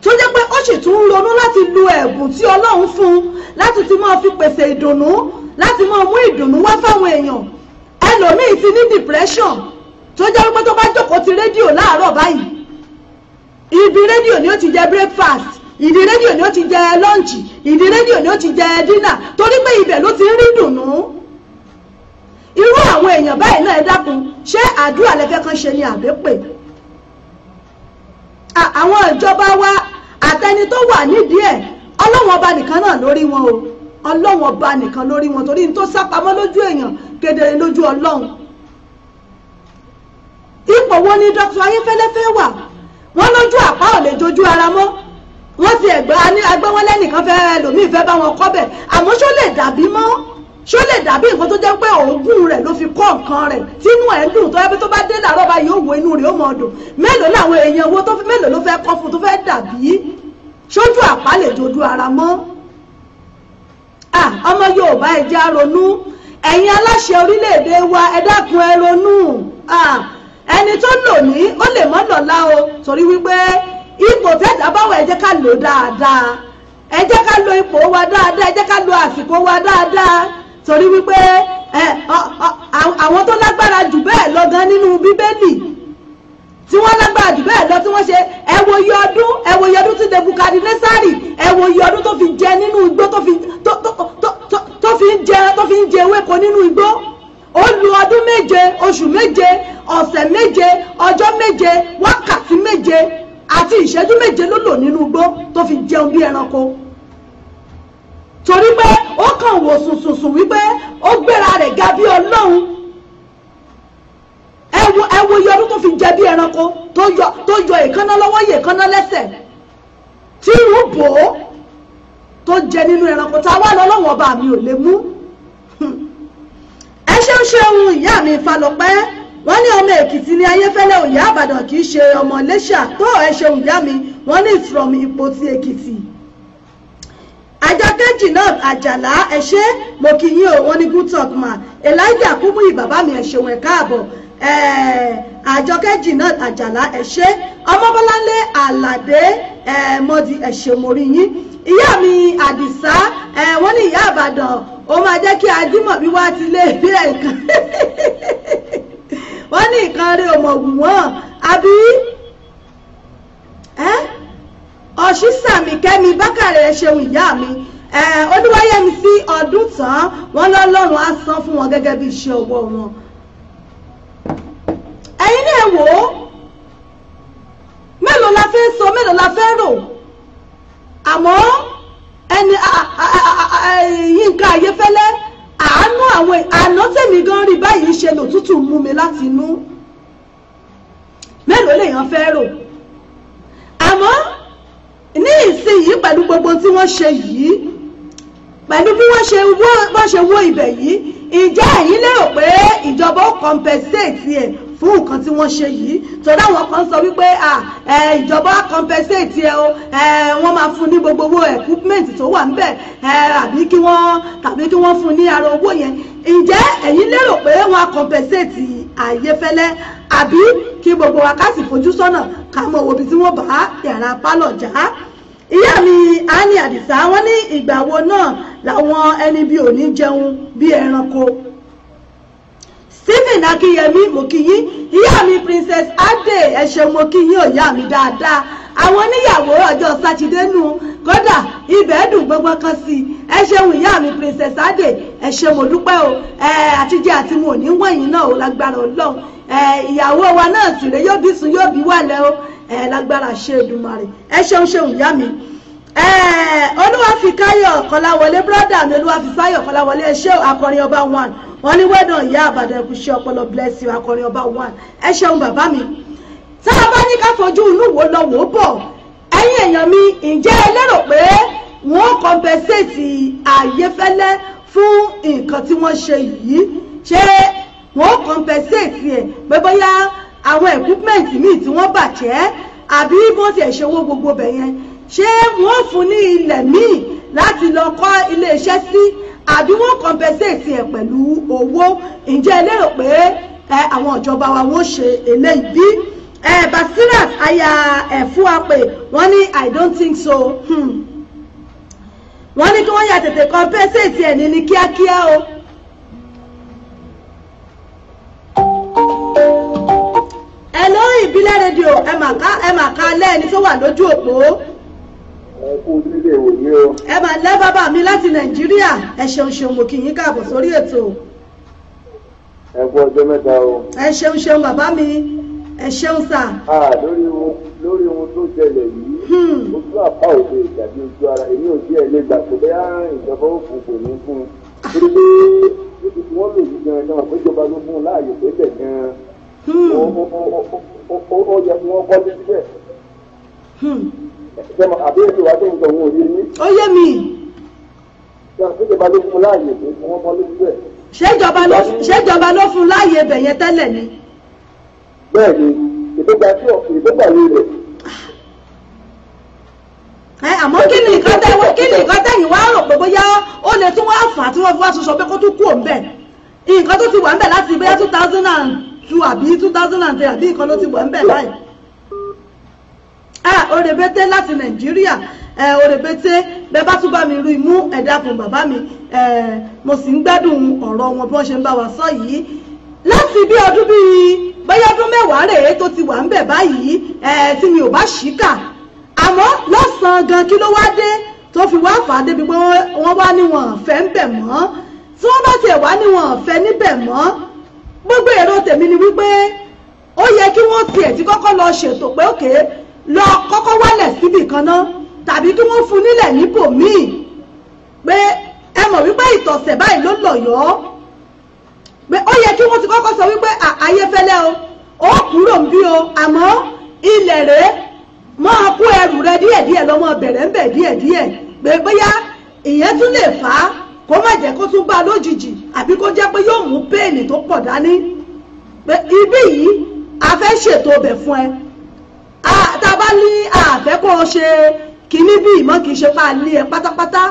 tó jẹ́ pé ó sì tún ń ronú láti lu ẹ̀bùn tí Ọlọ́run fún un láti ti máa fi pèsè ìdùnnú láti máa mú ìdùnnú wá fáwọn èèyàn ẹlòmíì ti ní depression tó jẹ́ wípé tó bá jókòó ti rédíò láàárọ̀ báyìí ibi rédíò ni ó ti jẹ breakfast ìdí rédíò ni ó ti jẹ lunch ìdí rédíò ni ó ti jẹ dinner torí pé ibẹ̀ ló ti ń rí dùnnú. No? irú àwọn èèyàn báyìí náà ẹ dákun ṣé àdúrà lẹ́fẹ́ kan ṣe ni àbẹ́pẹ́ àwọn ìjọba wa àtẹni tó wà nídìí ẹ̀ ọlọ́wọ́n ọba nìkan náà lórí wọn o ọlọ́wọ́n ọba nìkan lórí wọn torí ní tó sápamọ́ lójú èèyàn kedere lójú ọlọ́run ipò wo ni Dr. Ayéfẹ́lẹ́ fẹ́ wà wọ́n lójú àpá ò lè jojú ara mọ́ wọ́n ti ẹ̀gbẹ́ agbẹ́wọ́n lẹ́nìkan fẹ́ ẹlòmíì fẹ́ bá wọn kọ́ bẹ̀ àmọ́ ṣó lè dàbí mọ́ ṣó lè dàbí nǹkan tó jẹ́ pé òògùn rẹ̀ ló fi kọ́ nǹkan rẹ̀ tínú ẹ̀ ń dùn tó yẹ pé tó bá dé làárọ̀ bá yóò wo inú rẹ̀ ó mọ̀ ọdún mélòó làwọn èèyàn owó tó fi mélòó ló fẹ́ kọ́ fún tó fẹ́ dàbí ṣójú àpálẹ̀ dojú ara mọ́ ọmọ Yorùbá ẹ jẹ́ á ẹ̀yin aláṣẹ orílẹ̀-èdè wa ẹ dákun ẹ ronú ẹni tó lò ní ó lè mọ́ lọ́la o torí wípé ipò tẹ́jà báwọ̀ ẹ jẹ́ ká lò dáadáa ẹ jẹ́ ká lo ipò wa dáadáa ẹ jẹ́ ká lo àsìkò wa dáadáa torí wípé àwọn tó lágbára jù bẹ́ẹ̀ lọ gan nínú bíbélì tí wọ́n lágbára jù bẹ́ẹ̀ lọ tí wọ́n ṣe ẹ wo iye ọdún ẹ wo iye ọdún tí Nebukadnesari ẹ wo iye ọdún tó fi jẹ nínú igbó tó fi ń jẹ tó fi ń jẹ ewéko nínú igbó ó lu ọdún méje oṣù méje ọ̀sẹ̀ méje ọjọ́ méje wákàtí méje àti ìṣẹ́jú méje ló lò nínú igbó tó fi jẹun bí ẹranko torí pé ó kàn wò sùnsùnsùn wípé ó gbéra rẹ̀ ga bí ọlọ́run ẹ wo iye ọdún tó fi jẹ bí ẹranko tó yọ èékánná lọ́wọ́ yẹ èékánná lẹ́sẹ̀ tí irú bò ó tó jẹ nínú ẹranko tá a wá lọ lọ́wọ́ ọba mi ò lè mú ẹ ṣe ń ṣe ohun ìyá mi ìfàlọ́pẹ́ wọ́n ní ọmọ èkìtì ní ayéfẹ́lẹ́ òyà àbàdàn kì í ṣe ọmọ lẹ́ṣà tó ẹ ṣeun ìyá mi wọ́n ní it's from Ìpoti èkìtì ajákẹ́jì náà àjàlá ẹ mo kì í yín o wọn ní good talk ma elijah kúmú ìbàbá mi ẹ ṣeun ẹ káàbọ̀ àjọkẹ́jì náà àjàlá ẹ ṣé àlàdé mọ́dí ẹ ṣé yín ìyá mi àdìsá wọ́n ní ìyá àbàdàn ó máa jẹ́ kí adímọ̀ bí wá ti lé bí ẹ̀kan wọ́n ní nǹkan rí ọmọ ògùn wọn àbí Eh? ọ̀ṣísàmì kẹ́mi bákàrẹ̀ rẹ̀ ṣeun ìyá mi olúwayẹmi sí ọdún tán wọn lọ́lọ́run á san fún wọn gẹ́gẹ́ bí iṣẹ́ owó wọn. ẹ̀yin náà wò ó mélòó la fẹ́ sọ mélòó la fẹ́ rò àmọ́ ẹni Yínká Ayéfẹ́lẹ́ àánú àwọn àná tèmi gan rí báyìí ṣe lòtútù mú mi láti inú mélòó lèèyàn fẹ́ rò àmọ́ ní ìsinyìí pẹ̀lú gbogbo tí wọ́n ṣe yìí pẹ̀lú bí wọ́n ṣe wó ibẹ̀ yìí ǹjẹ́ ẹ̀yin lérò pé ìjọba ó compensate ẹ̀ fún nǹkan tí wọ́n ṣe yìí torí àwọn kan sọ wípé ìjọba compensate ẹ o wọ́n máa fún ní gbogbo owó equipment tó wà níbẹ̀ àbí kí wọ́n tàbí kí wọ́n fún ní ara owó yẹn ǹjẹ́ ẹ̀yin lérò pé wọ́n á compensate Ayéfẹ́lẹ́ àbí kí gbogbo wa ká fojú sọ́nà ká mọ òbí tí wọ́n bá yàrá pálọ̀ já ìyá mi ani Àdìsá wọ́n ní ìgbà wo náà làwọn ẹni bí òní jẹun bí ẹranko stephen akínyẹmí mo kí yín ìyá mi princess adé ẹ ṣé mo kí yín ìyá mi dáadáa àwọn oníyàwó ọjọ́ sátidé nù kódà ibẹ̀ dùn gbọ́ngbọ́n kan sí ẹ ṣeun ìyá mi princess adé ẹ ṣé mo dúpẹ́ o ẹ àtijọ́ àti mo ní wọ̀nyí náà o lágbára ọlọ́run ẹ ìyàwó wa náà sì rè yóò bí sùn yóò bí wàlẹ̀ o ẹ lágbára ṣe Èdùmàrè ẹ ṣeun ṣeun ìyá mi. Eh, olúwàfíkáyọ̀ kọláwọlé brọ́dà mi olúwàfíkáyọ̀ kọláwọlé ẹ ṣé akọrin ọba one wọn ní wẹ́dàn ìyá àbàdàn ẹ̀kú ṣe ọpọlọ bless you akọrin ọba one ẹ ṣeun bàbá mi tá a bá ní ká fojú inú wo lọ wò ó bọ̀ ẹ̀yin èèyàn mi ǹjẹ́ ẹ lérò pé wọ́n compensate àyefẹ́lẹ́ fún nǹkan tí wọ́n ṣe yìí ṣé wọ́n compensate ẹ̀ pé bóyá àwọn equipment míì tí wọ́n bàjẹ́ àbí bó ti ẹ̀ ṣe owó gbogbo bẹ̀yẹn ṣé wọ́n fún ní ilẹ̀ míì láti lọ kọ́ iléeṣẹ́ sí àbí wọ́n compensate ẹ̀ pẹ̀lú owó ǹjẹ́ lérò pé àwọn ìjọba wa wọ́n ṣe eléyìí bí Basirat aya Ẹ̀fúwapè wọ́n ní I don't think so hmm. wọ́n ní kí wọ́n yà tètè compensate ẹ̀ ní ní kíákíá o. Hello ìbílẹ̀ rédíò ẹ̀ mà ká lẹ́ẹ̀ni tó wà lójú òpó ẹ mà lẹ́ bàbá mi láti nàìjíríà ẹ ṣeun ṣeun mo kì í káàbọ̀ sórí ètò. ẹ kú ọjọ́ mẹ́ta o. ẹ ṣeun ṣeun bàbá mi ẹ ṣeun sà. lórí ohun lórí ohun tó jẹlẹ̀ yìí hmm. ojú àpá òde ìjàdí ojú ara èmi ò jẹ́ ẹ lè gbà pé bẹ́ẹ̀ ìjọba ó fún kò fún un ah. wọ́n lò yí gan-an náà péjọba ló fún un láàyè pé bẹ̀ gan-an hmm. yẹ kí wọ́n kọ́ sí bẹ́ẹ̀. Hmm ìjọba àbẹ́yẹsọ wa tó ń sọ òun ò yé mi. ó yé mi. ìjọba ló fún láàyè pé wọ́n mọ lójú ẹ̀. ṣéjọba ló fún láàyè ibẹ̀ yẹn tẹ́lẹ̀ ni. bẹ́ẹ̀ni ìdógbà tí ọkùnrin ìdógbà yìí rẹ. ẹ àmọ́ kí ni nǹkan tẹ́ wọ́n kí ni nǹkan tẹ́yìn wá rò pé bóyá ó lè tún wá fà tí wọ́n fi wá tún sọ pé kó tún kú òun bẹ̀ nǹkan tó ti wà ń bẹ̀ láti bóyá two thousand and two àbí two thousand and three àbí nǹkan ló ti wà ń bẹ̀ báyìí ah òrèbété láti nàìjíríà ẹ eh, òrèbété bẹ bá tún bá mi rí mú ẹ dákun bàbá mi ẹ eh, mo sì ń gbádùn ọ̀rọ̀ wọn bí wọ́n ṣe ń bá wa sọ yìí láti bí ọdún bíi bóyá ọdún mẹ́wàá rèé tó ti wà ń bẹ̀ báyìí ẹ eh, tí mi ò bá ṣì kà àmọ́ lọ́sàn-án gan kí ló wá dé tó fi wá fà á débi pé wọ́n wá ní wọn fẹ́ ń bẹ̀ mọ́ tí wọ́n bá tiẹ̀ wá ní wọn fẹ́ níbẹ̀ mọ́ gbogbo èrò tèmi ni wípé ó yẹ kí wọ́n tiẹ̀ ti kọ́kọ́ lọ ṣètò pé òkè okay, lọ kọ́kọ́ wálẹ̀ síbì kan ná tàbí kí wọ́n fún nílẹ̀ níbòmíì pé ẹ mọ̀ wípé ìtọ̀sẹ̀ báyìí ló lọ̀yọ́ pé ó yẹ kí wọ́n ti kọ́kọ́ sọ wípé àyẹ̀fẹ́lẹ́ o ó kúrò ń bí o àmọ́ ilẹ̀ rẹ̀ máa kó ẹrù rẹ díẹ̀díẹ̀ lọ́mọ bẹ̀rẹ̀ ń bẹ̀ díẹ̀díẹ̀ pé bóyá ìyẹn tún lè fà á kó má jẹ́ kó tún bá a lójijì àbí kó jẹ́ pé yóò mú péènì tó pọ̀ dání pé ibí yìí a fẹ́ ṣètò ọbẹ̀ fún ẹ tá a bá ní àfẹ́kọ́ ṣe kínní bí ìmọ̀ kì í ṣe pa lé ẹ pátápátá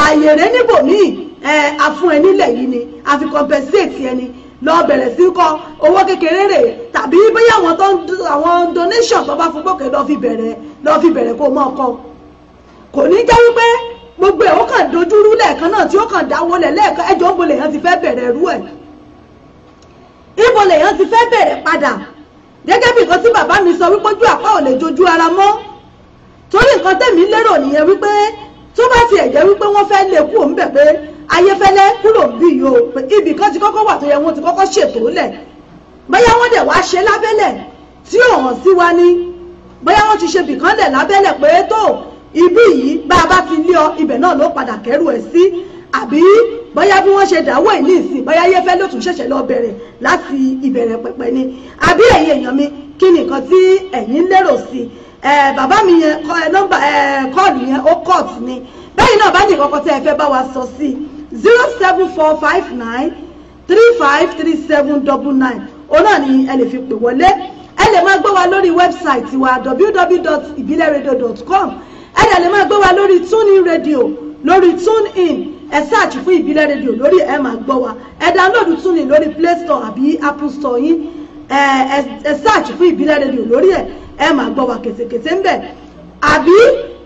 ààyè rẹ níbò míì ẹ àfún ẹ nílẹ̀ yìí ni àfi compensate ẹni lọ bẹ̀rẹ̀ sí kọ owó kékeré rè tàbí bóyá àwọn tó ń àwọn donation tó bá fún gbòkè fi bẹ̀rẹ̀ lọ fi bẹ̀rẹ̀ kó mọ́ ọkọ kò ní jẹ́ wípé gbogbo ẹ̀ ó kàn dojúrú lẹ́ẹ̀kan náà tí ó kàn dáwọ́ lẹ̀ lẹ́ẹ̀kan ẹjọ́ ń bolè yẹn ti fẹ́ bẹ̀rẹ̀ rú ẹ̀ ibo lèyàn ti fẹ́ bẹ̀rẹ̀ padà gẹ́gẹ́ bí nǹkan tí bàbá mi sọ wípé ojú àpá ò lè jojú ara mọ́ torí nǹkan tẹ̀mí lérò nìyẹn wípé tó bá tiẹ̀ jẹ́ wípé wọ́n fẹ́ lè kúrò ńbẹ̀ pé ayéfẹ́lẹ́ kúrò ń bí yìí o ibì kan ti kọ́kọ́ wà tó yẹ wọ́n ti kọ́kọ́ ṣètò lẹ̀ bóyá wọ́n dẹ̀ wá ṣe lábẹ́lẹ̀ tí ò hàn sí wa ní bóyá wọ́n ti ṣe bìkan lẹ̀ lábẹ́lẹ̀ pé tó ibí yìí bá a bá fi lé ọ ibẹ̀ náà ló padà kẹ́rù ẹ̀ sí àbí bóyá bí wọ́n ṣe dáwọ́ ìní ìsìn bóyá yẹ́fẹ́ ló tún ṣẹ̀ṣẹ̀ lọ bẹ̀rẹ̀ láti ìbẹ̀rẹ̀ pẹ̀pẹ̀ ni àbí ẹ̀yin èèyàn mi kí ni nǹkan tí ẹ̀yin lérò sí bàbá mi yẹn nọ́mbà kọ́ọ̀lù yẹn ó court ni bẹ́yìn náà bá ní ìkọ̀kọ̀ tí ẹ fẹ́ bá wa sọ sí zero seven four five nine three five three seven double nine òun náà ni ẹ lè fi pè wọlé ẹ lè máa gbọ́ wa lórí wẹ́bsáìtì wa www.ibileradio.com ẹ dẹ̀ lè máa gbọ́ wa lórí tune in radio lórí tune in ẹ search fún ìbílẹ̀ rédíò lórí ẹ máa gbọ́ wa ẹ download tún ní lórí play store àbí apple store yín ẹ ẹ search fún ìbílẹ̀ rédíò lórí ẹ ẹ máa gbọ́ wa kètèkètè ń bẹ̀ àbí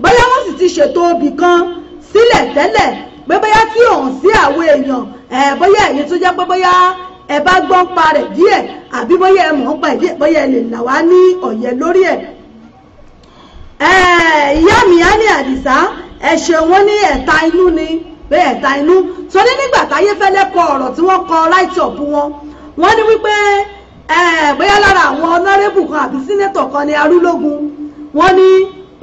bóyá wọ́n sì ti ṣètò ibì kan sílẹ̀ tẹ́lẹ̀ pé bóyá tí òun sí àwọn èèyàn ẹ bóyá èyí tó jẹ́ pé bóyá ẹ bá gbọ́n pa rẹ̀ díẹ̀ àbí bóyá ẹ mọ̀ ń pa ẹ̀ díẹ̀ bóyá ẹ lè là wá ní ọ̀yẹ́ lórí ẹ̀ ìyá mi á ní àdìsá ẹ ṣeun wọn ní ẹ̀ta inú ni. Eh, bẹ́ẹ̀ ta inú torí nígbà táyéfẹ́lẹ́ kọ ọ̀rọ̀ tí wọ́n kọ write-up wọn wọ́n ní wípé bóyá lára àwọn ọ̀nàrẹ́bù kan àbí sínétọ̀ kan ní arúlógún wọ́n ní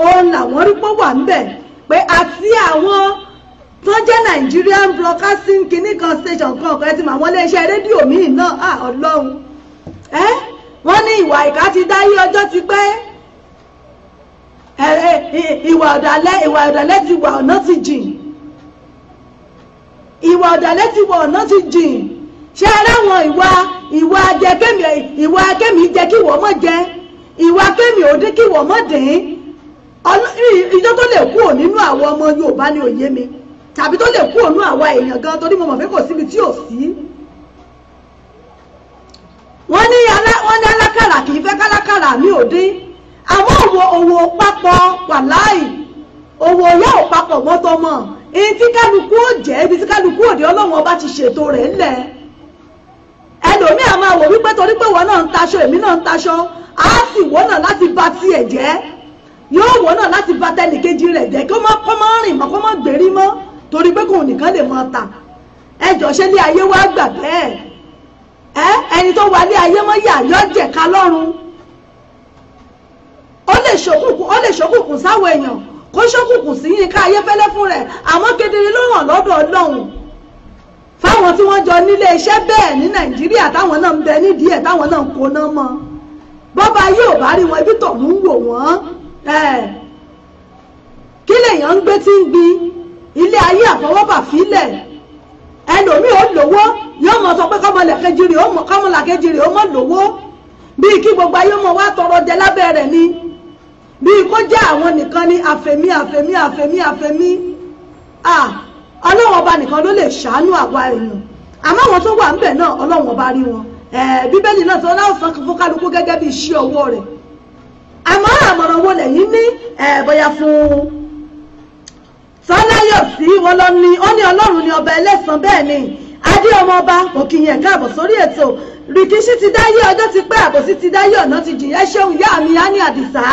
òun làwọn rí pọ́ wà ńbẹ̀ pé àti àwọn tó jẹ́ Nigerian Broadcasting kinní kan station kan ọ̀kan ẹtì màwọn iléeṣẹ́ rédíò míì náà ọlọ́run wọ́n ní ìwà ìkà ti dáyé ọjọ́ ti pẹ́ ìwà ọ̀dàlẹ̀ ìwà ọ̀dàlẹ̀ ti wà ọ̀nà ti jìn ìwà ọ̀dàlẹ̀ ti wọ̀ ọ̀nà ti jìn ṣé aráwọn ìwà ìwà jẹ kémi ìwà kémi jẹ kí wọ́n mọ̀ jẹ ìwà kémi ò dín kí wọ́n mọ̀ dín ìjọ tó lè kúrò nínú àwọn ọmọ Yorùbá ni òye mi tàbí tó lè kúrò nínú àwa èèyàn gan torí mo mọ̀ pé kò síbi tí ò sí wọ́n ní wọ́n ní alákàrà kì í fẹ́ kálákàrà mi ò dín àmọ́ òwò òwò papọ̀ wàláì òwò yóò papọ̀ mọ́tọ́mọ́ èyí tí kálukú ò jẹ́ ibi tí kálukú òde ọlọ́run ọba ti ṣètò rẹ̀ ńlẹ̀ ẹlòmíà máa wò wípé torí pé wọn náà ń taṣọ èmi náà ń taṣọ á sì wọ́n náà láti bà tiẹ̀ jẹ́ yóò wọ́n náà láti bà tẹnìkejì rẹ̀ jẹ́ kó má kó má rìn mọ́ kó má gbèrí mọ́ torí pé kò nìkan lè máa tà ẹjọ́ ṣe ní ayé wá gbà bẹ́ẹ̀ ẹ ẹni tó wà ní ayé mọ́ yà yọ jẹ̀ka lọ́rùn ó lè ṣòkùnkùn sáwọn èèyàn kó ṣókùnkùn sí Yínká Ayéfẹ́lẹ́ fún rẹ̀ àmọ́ kedere ló hàn lọ́dọ̀ Ọlọ́run fáwọn tí wọ́n jọ nílé iṣẹ́ bẹ́ẹ̀ ní Nàìjíríà táwọn náà ń bẹ nídìí ẹ̀ táwọn náà ń koná mọ́ bọ́ba ayé ò bá rí wọn ibi tọ̀hún wò wọ́n kí lèèyàn ń gbé tí ń gbin ilé ayé àfọwọ́bà fílẹ̀ ẹlòmíì ó lówó yóò mọ sọ pé kọ́mọlẹ̀ kejì rè ó mọ kọ́mọlẹ̀ kejì rè ó mọ lówó bíi kí gbogbo ayé mọ wá tọrọ jẹ lábẹ́ rẹ̀ ni bíi kó jẹ́ àwọn nìkan ní àfẹ̀mí àfẹ̀mí àfẹ̀mí àfẹ̀mí ọlọ́run ọba nìkan ló lè ṣàánú àwa èèyàn àmọ́ àwọn tó wà ńbẹ̀ náà ọlọ́run ọba rí wọn bíbélì náà sọ láwọn san fún kálukú gẹ́gẹ́ bí iṣẹ́ ọwọ́ rẹ̀ àmọ́ àmọ̀ràn wo lẹ́yìn ní bóyá fún sọláyọ̀sí wọn lọ ní ó ní ọlọ́run ní ọba ẹlẹ́sàn bẹ́ẹ̀ ni adé ọmọ ọba òkìyẹn káàbọ̀ sórí ètò rìkíṣí ti dáyé ọjọ́ ti pẹ́ àbòsí ti dáyé ọ̀nà ti jìyà ṣéun yá mi á ní àdìsá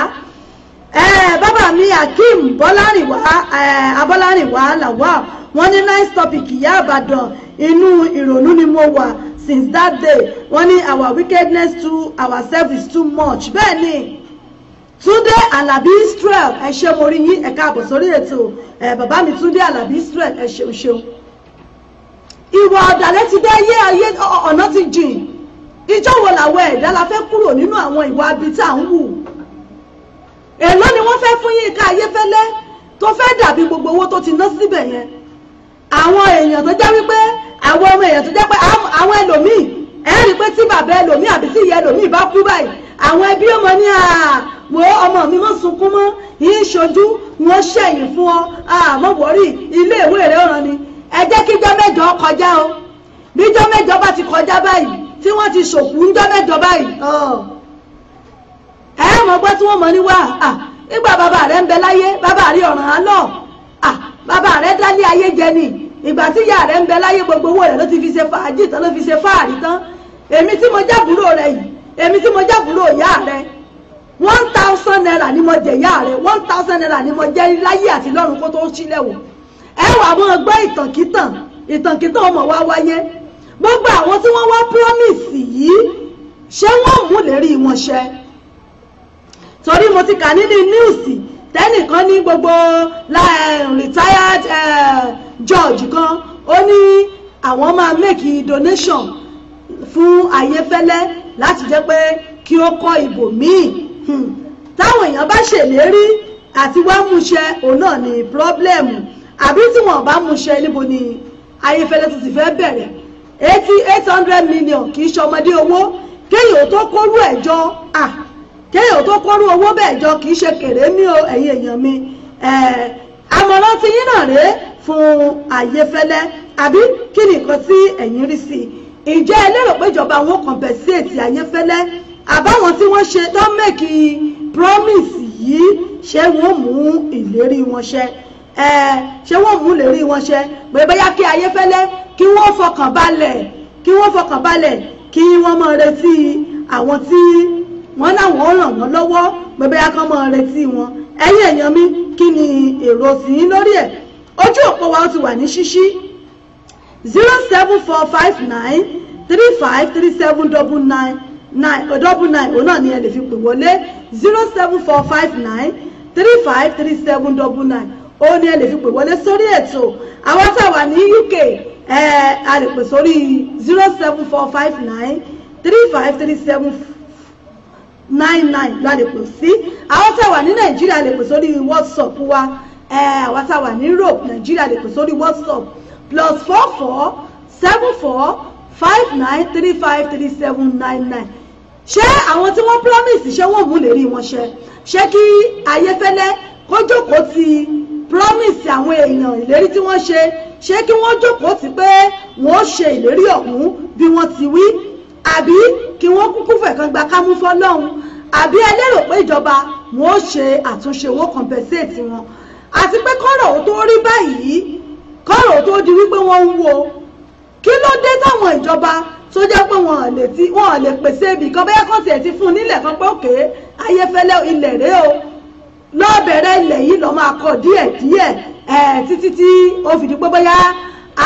Eh, bàbá mi akeem bọ́lárìnwá eh, abọ́lárìnwá làwà wọ́n ní nice topic ìyá àbàdàn inú ìrònú ni mo wà since that day wọ́n ní our wickedness to ourselves is too much bẹ́ẹ̀ ni túndé alábí israel ẹ ṣé mo rí yín ẹ káàbọ̀ sórí ètò eh, bàbá mi túndé alábí israel ẹ ṣeun ṣeun ìwà ọ̀dàlẹ̀ ti dé ayé ayé ọ̀nà ti jìn ìjọ wo làwọn ẹ̀dá la fẹ́ kúrò nínú àwọn ìwà abí tá à ń wù èló ni wọ́n fẹ́ fún Yínká Ayéfẹ́lẹ́ tó fẹ́ dàbí gbogbo owó tó ti ná síbẹ̀ yẹn àwọn èèyàn tó jẹ́ wípé àwọn ọmọ èèyàn tó jẹ́ pé àwọn ẹlòmíì ẹ̀ rí i pé tí bàbá ẹlòmíì àbí tí ìyá ẹlòmíì bá kú báyìí àwọn ẹbí ọmọ ní àmọ́ ọmọ mi mọ́ sunkún mọ́ yín ṣojú wọn ṣẹ̀yìn fún ọ àmọ́ wọ́rí ilé ìwé rẹ̀ ọ̀ràn ni ẹ jẹ́ kíjọ́ mẹ́jọ kọjá o bíjọ́ mẹ́jọ bá ti kọjá báyìí tí wọ́n ti ṣòkú ńjọ́ mẹ́jọ báyìí ẹ mọ̀ gbọ́ tí wọ́n mọ̀ ní wá nígbà bàbá rẹ̀ ń bẹ láyé bàbá rẹ̀ ọ̀ràn á lọ bàbá rẹ̀ dálé ayé jẹ ni ìgbà tí ìyá rẹ̀ ń bẹ láyé gbogbo owó rẹ̀ ló ti fi ṣe fàájì tán ló fi ṣe fáàrí tán èmi tí mo jábùrò rẹ̀ yìí èmi tí mo jábùrò ìyá rẹ̀ one thousand naira ni mo jẹ ìyá rẹ̀ one thousand naira ni mo jẹ láyé àti lọ́run kó tó sílẹ̀ wò ẹ wà mọ́ gbọ́ ìtànkítàn ìtànkítàn ọmọ wa wáyé gbogbo àwọn tí wọ́n wá promise yìí ṣé wọ́n mú lérí wọn ṣẹ torí mo ti kà nínú níùsì tẹ́nìkan ní gbogbo retired eh, judge kan ó ní àwọn máa make donation fún ayéfẹ́lẹ́ láti jẹ́ pé kí ó kọ́ ìbò míì hmm. táwọn èèyàn bá ṣèlérí àti wá múṣẹ òun náà ní pírọ́blẹ́mù àbí tí wọ́n bá múṣẹ níbo ni ayéfẹ́lẹ́ tó ti fẹ́ bẹ̀rẹ̀ eighty eight hundred million kì í ṣọmọdé owó kéèyàn tó kórú ẹ̀ jọ ah kéèyàn tó kọ́rú owó bẹ́ẹ̀ jọ kì í ṣe kéré mi o ẹ̀yin èèyàn mi àmọ̀ràn ti yín náà rèé fún àyefẹ́lẹ́ àbí kí ni nǹkan tí ẹ̀yin rí sí i ǹjẹ́ ẹ pé ìjọba wọn compensate àyefẹ́lẹ́ àbáwọn tí wọ́n ṣe tó mẹ́kì promise yìí ṣé wọ́n mú ìlérí wọn ṣẹ ṣé wọ́n mú ìlérí wọn ṣẹ pé bóyá kí àyefẹ́lẹ́ kí wọ́n fọkàn balẹ̀ kí wọ́n fọkàn balẹ̀ kí wọ́n máa retí àwọn tí wọ́n láwọn ràn wọ́n lọ́wọ́ bẹ́bẹ́ yá kán retí wọn ẹ̀yin èèyàn mi kí ni èrò sí lórí ẹ̀ ojú òpó wa ti wà ní ṣíṣí zero seven four five nine three five three seven double nine oh, double nine òun náà ni ẹ lè fi pè wọlé zero seven four five nine three five three seven double nine òun ni ẹ lè fi pè wọlé sórí ètò àwọn tá a wà ní UK ẹ a lè pè sórí zero seven four five nine three five three seven nine nine la lè pè sí àwọn tá a wà ní nàìjíríà lè pè sórí whatsapp wa àwọn tá a wà ní europe nàìjíríà lè pè sórí whatsapp plus four four seven four five nine three five three seven nine nine ṣé àwọn tí wọ́n promise ṣé wọ́n mú lè rí wọn ṣe ṣé kí ayéfẹ́lẹ́ kó jókòó ti promise àwọn èèyàn ìlérí tí wọ́n ṣe ṣé kí wọ́n jókòó ti pé wọ́n ṣe ìlérí ọ̀hún bí wọ́n ti wí àbí kí wọ́n kúkú fẹ̀kan gba kámú fọlọ́run àbí ẹ lérò pé ìjọba wọn ò ṣe àtúnṣe owó compensate wọn àti pé kọ́rọ̀ ò tó rí báyìí kọ́rọ̀ ò tó di wípé wọ́n ń wo kí ló dé táwọn ìjọba tó jẹ́ pé wọn ò lè ti wọn ò lè pèsè ibì kan bóyá kan tiẹ̀ ti fún un nílẹ̀ kan pé òkè ayéfẹ́lẹ́ ilẹ̀ rẹ o lọ́ọ́ bẹ̀rẹ̀ ilẹ̀ yìí lọ́ọ́ máa kọ díẹ̀ díẹ̀ títí tí ó fìdí pé bóyá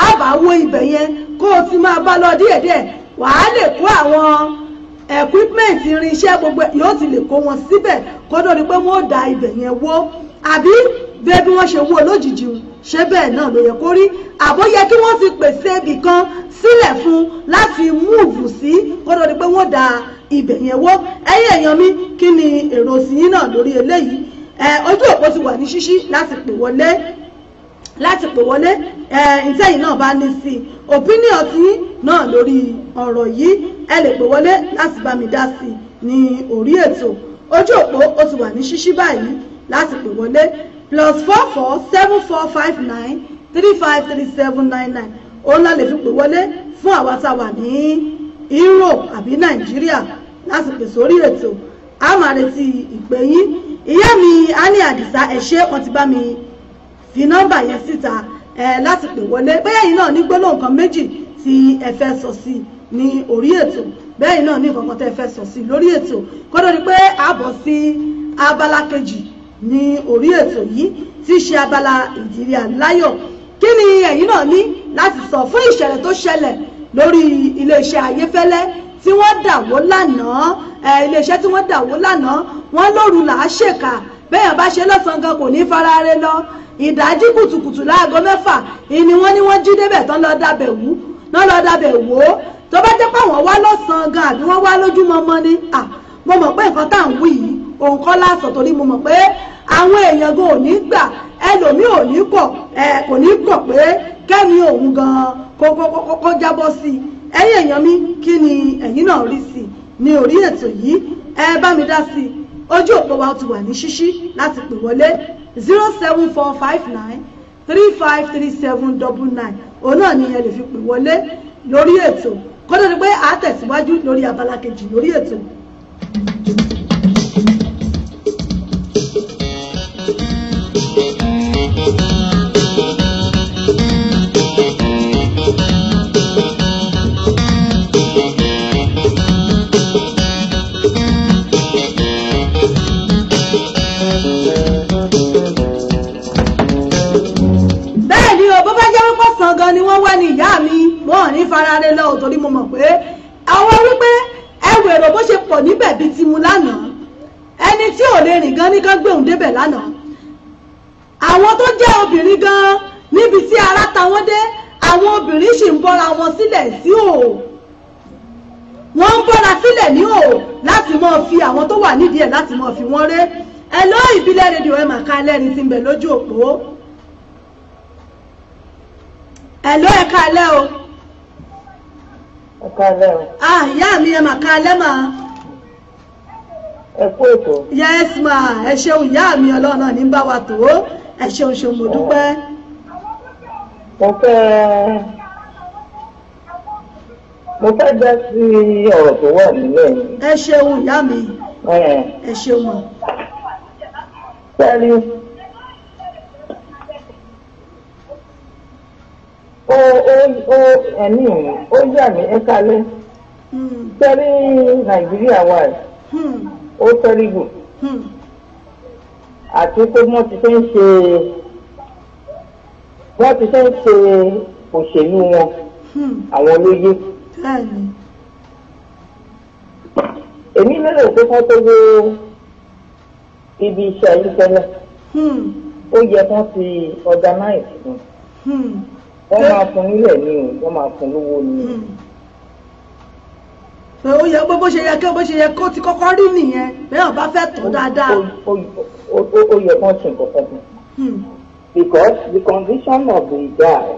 àbáwọ̀ ibẹ̀ yẹn kó o ti máa bá lọ díẹ̀ díẹ̀ wàá lè kó àwọn equipment irinṣẹ́ gbogbo yóò ti lè kó wọn síbẹ̀ kó dórí pé wọ́n ó da ibẹ̀ yẹn wó àbí bẹ́ẹ̀ bí wọ́n ṣe wó lójijì ṣé bẹ́ẹ̀ náà ló yẹ kó rí àbó yẹ kí wọ́n ti pèsè ibì kan sílẹ̀ fún láti múùfù sí kó dórí pé wọ́n da ibẹ̀ yẹn wó ẹ̀yin èèyàn mi kí ni èrò òsìyìn náà lórí eléyìí ojú òpó ti wà ní ṣíṣí láti pè wọlé láti pè wọlé ntẹ́yìn náà bá ní sí opinion tí náà lórí ọ̀rọ̀ yìí ẹ lè pè wọlé láti bá mi dá sí ní orí ètò ojú òpó ó ti wà ní ṣíṣí báyìí láti pè wọlé plus four four seven four five nine three five three seven nine nine òun náà lè fi pè wọlé fún àwa tá a wà ní Europe àbí Nàìjíríà láti pè sórí ètò a máa retí ìpè yín ìyá mi ani adisa àdìsá ẹ ṣé wọ́n ti bá mi fi nọ́mbà yẹn síta láti pè wọlé bẹ́ẹ̀ yìí náà ní gbólóhùn kan méjì tí ẹ fẹ́ sọ sí ní orí ètò bẹ́ẹ̀ náà ní nǹkan tẹ́ fẹ́ sọ sí lórí ètò kọ́dọ̀ ni pé àbọ̀ sí abala kejì ní orí ètò yìí tí í ṣe abala ìdílé aláyọ̀ kí ni ẹ̀yin náà ní láti sọ fún ìṣẹ̀lẹ̀ tó ṣẹlẹ̀ lórí iléeṣẹ́ ayéfẹ́lẹ́ tí wọ́n dàwó lánàá iléeṣẹ́ tí wọ́n dàwó lánàá wọ́n lóru là á ṣèkà bẹ́ẹ̀ bá ṣe lọ́sàn-án gan kò ní fara re lọ ìdájí kùtùkùtù láago mẹ́fà ìní wọ́n ní wọ́n jí débẹ̀ tán lọ́ọ́ dabẹ̀ wú náà lọ́ọ́ dabẹ̀ wò ó tó bá jẹ́ pé àwọn wá lọ́sàn-án gan àbí wọ́n wá lójúmọmọ ni mo mọ̀ pé nǹkan tá à ń wí yìí òun kọ́ lásán torí mo mọ̀ pé àwọn èèyàn gan ò ní gbà ẹlòmíì ò ní kọ̀ ẹ kò ní kọ̀ pé kẹ́mi òun gan kó jábọ́ sí i ẹ̀yin èèyàn mi kí ni ẹ̀yin náà rí sí i ní orí ètò yìí ẹ bá mi dá sí i ojú òpó wa ti wà ní ṣíṣí láti pè wọlé zero seven four five nine three five three seven double nine òun náà ni ẹ lè fi pè wọlé lórí ètò kódà ni pé a tẹ̀síwájú lórí abala kejì lórí ètò. thank you ni wọ́n wá ní ìyá mi wọ́n ní farare lọ torí mo mọ̀ pé àwọn wípé ẹwẹ̀ èrò bó ṣe pọ̀ níbẹ̀ bíi ti mu lánàá ẹni tí ò lè rìn gan ní kán gbé òun débẹ̀ lánàá àwọn tó jẹ́ obìnrin gan níbi tí ara ta wọ́n dé àwọn obìnrin sì ń bọ́ra wọn sílẹ̀ sí òò wọ́n ń bọ́ra sílẹ̀ ní òò láti mọ́ fi àwọn tó wà nídìí ẹ̀ láti mọ́ fi wọ́n ré ẹ̀ lọ́ ìbílẹ̀ rédíò ẹ̀ màkà ẹlẹ́rìí ti ń bẹ̀ lójú òpó. Hello ẹ káalẹ́ o. ẹ káalẹ́ o. ah ìyá mi ẹ mà káalẹ́ mà. ẹ kú ètò. yes ma ẹ ṣeun ìyá mi ọlọ́run náà ní bá wa tó ẹ ṣeun ṣeun mo dúpẹ́. mo fẹ́ mo fẹ́ dá sí ọ̀rọ̀ tó wà nílẹ̀ yìí. ẹ ṣeun ìyá mi. ẹ ṣeun mọ̀. sẹ́rí. ó ó ó ẹ̀mí mi ó yà mí ẹ kálẹ̀ sẹ́rí nàìjíríà wà ó sẹ́rí gù àti pé wọ́n ti fẹ́ ń ṣe wọ́n ti fẹ́ ń ṣe òṣèlú wọn àwọn olóyè èmi lérò pé kán tó wó ibi iṣẹ́ ayé tẹ́lẹ̀ hmm. ó yẹ kán ti organize fún un. Hmm wọ́n máa fún nílẹ̀ ni o wọ́n máa fún lówó ni o. Hmm. ó yẹ bó ṣe yẹ kó bó ṣe yẹ kó ti kọ́kọ́ rí nìyẹn bẹ́ẹ̀ bá fẹ́ tó hmm. dáadáa. ó yẹ kán ṣe nǹkan fún hmm. because the condition of the guy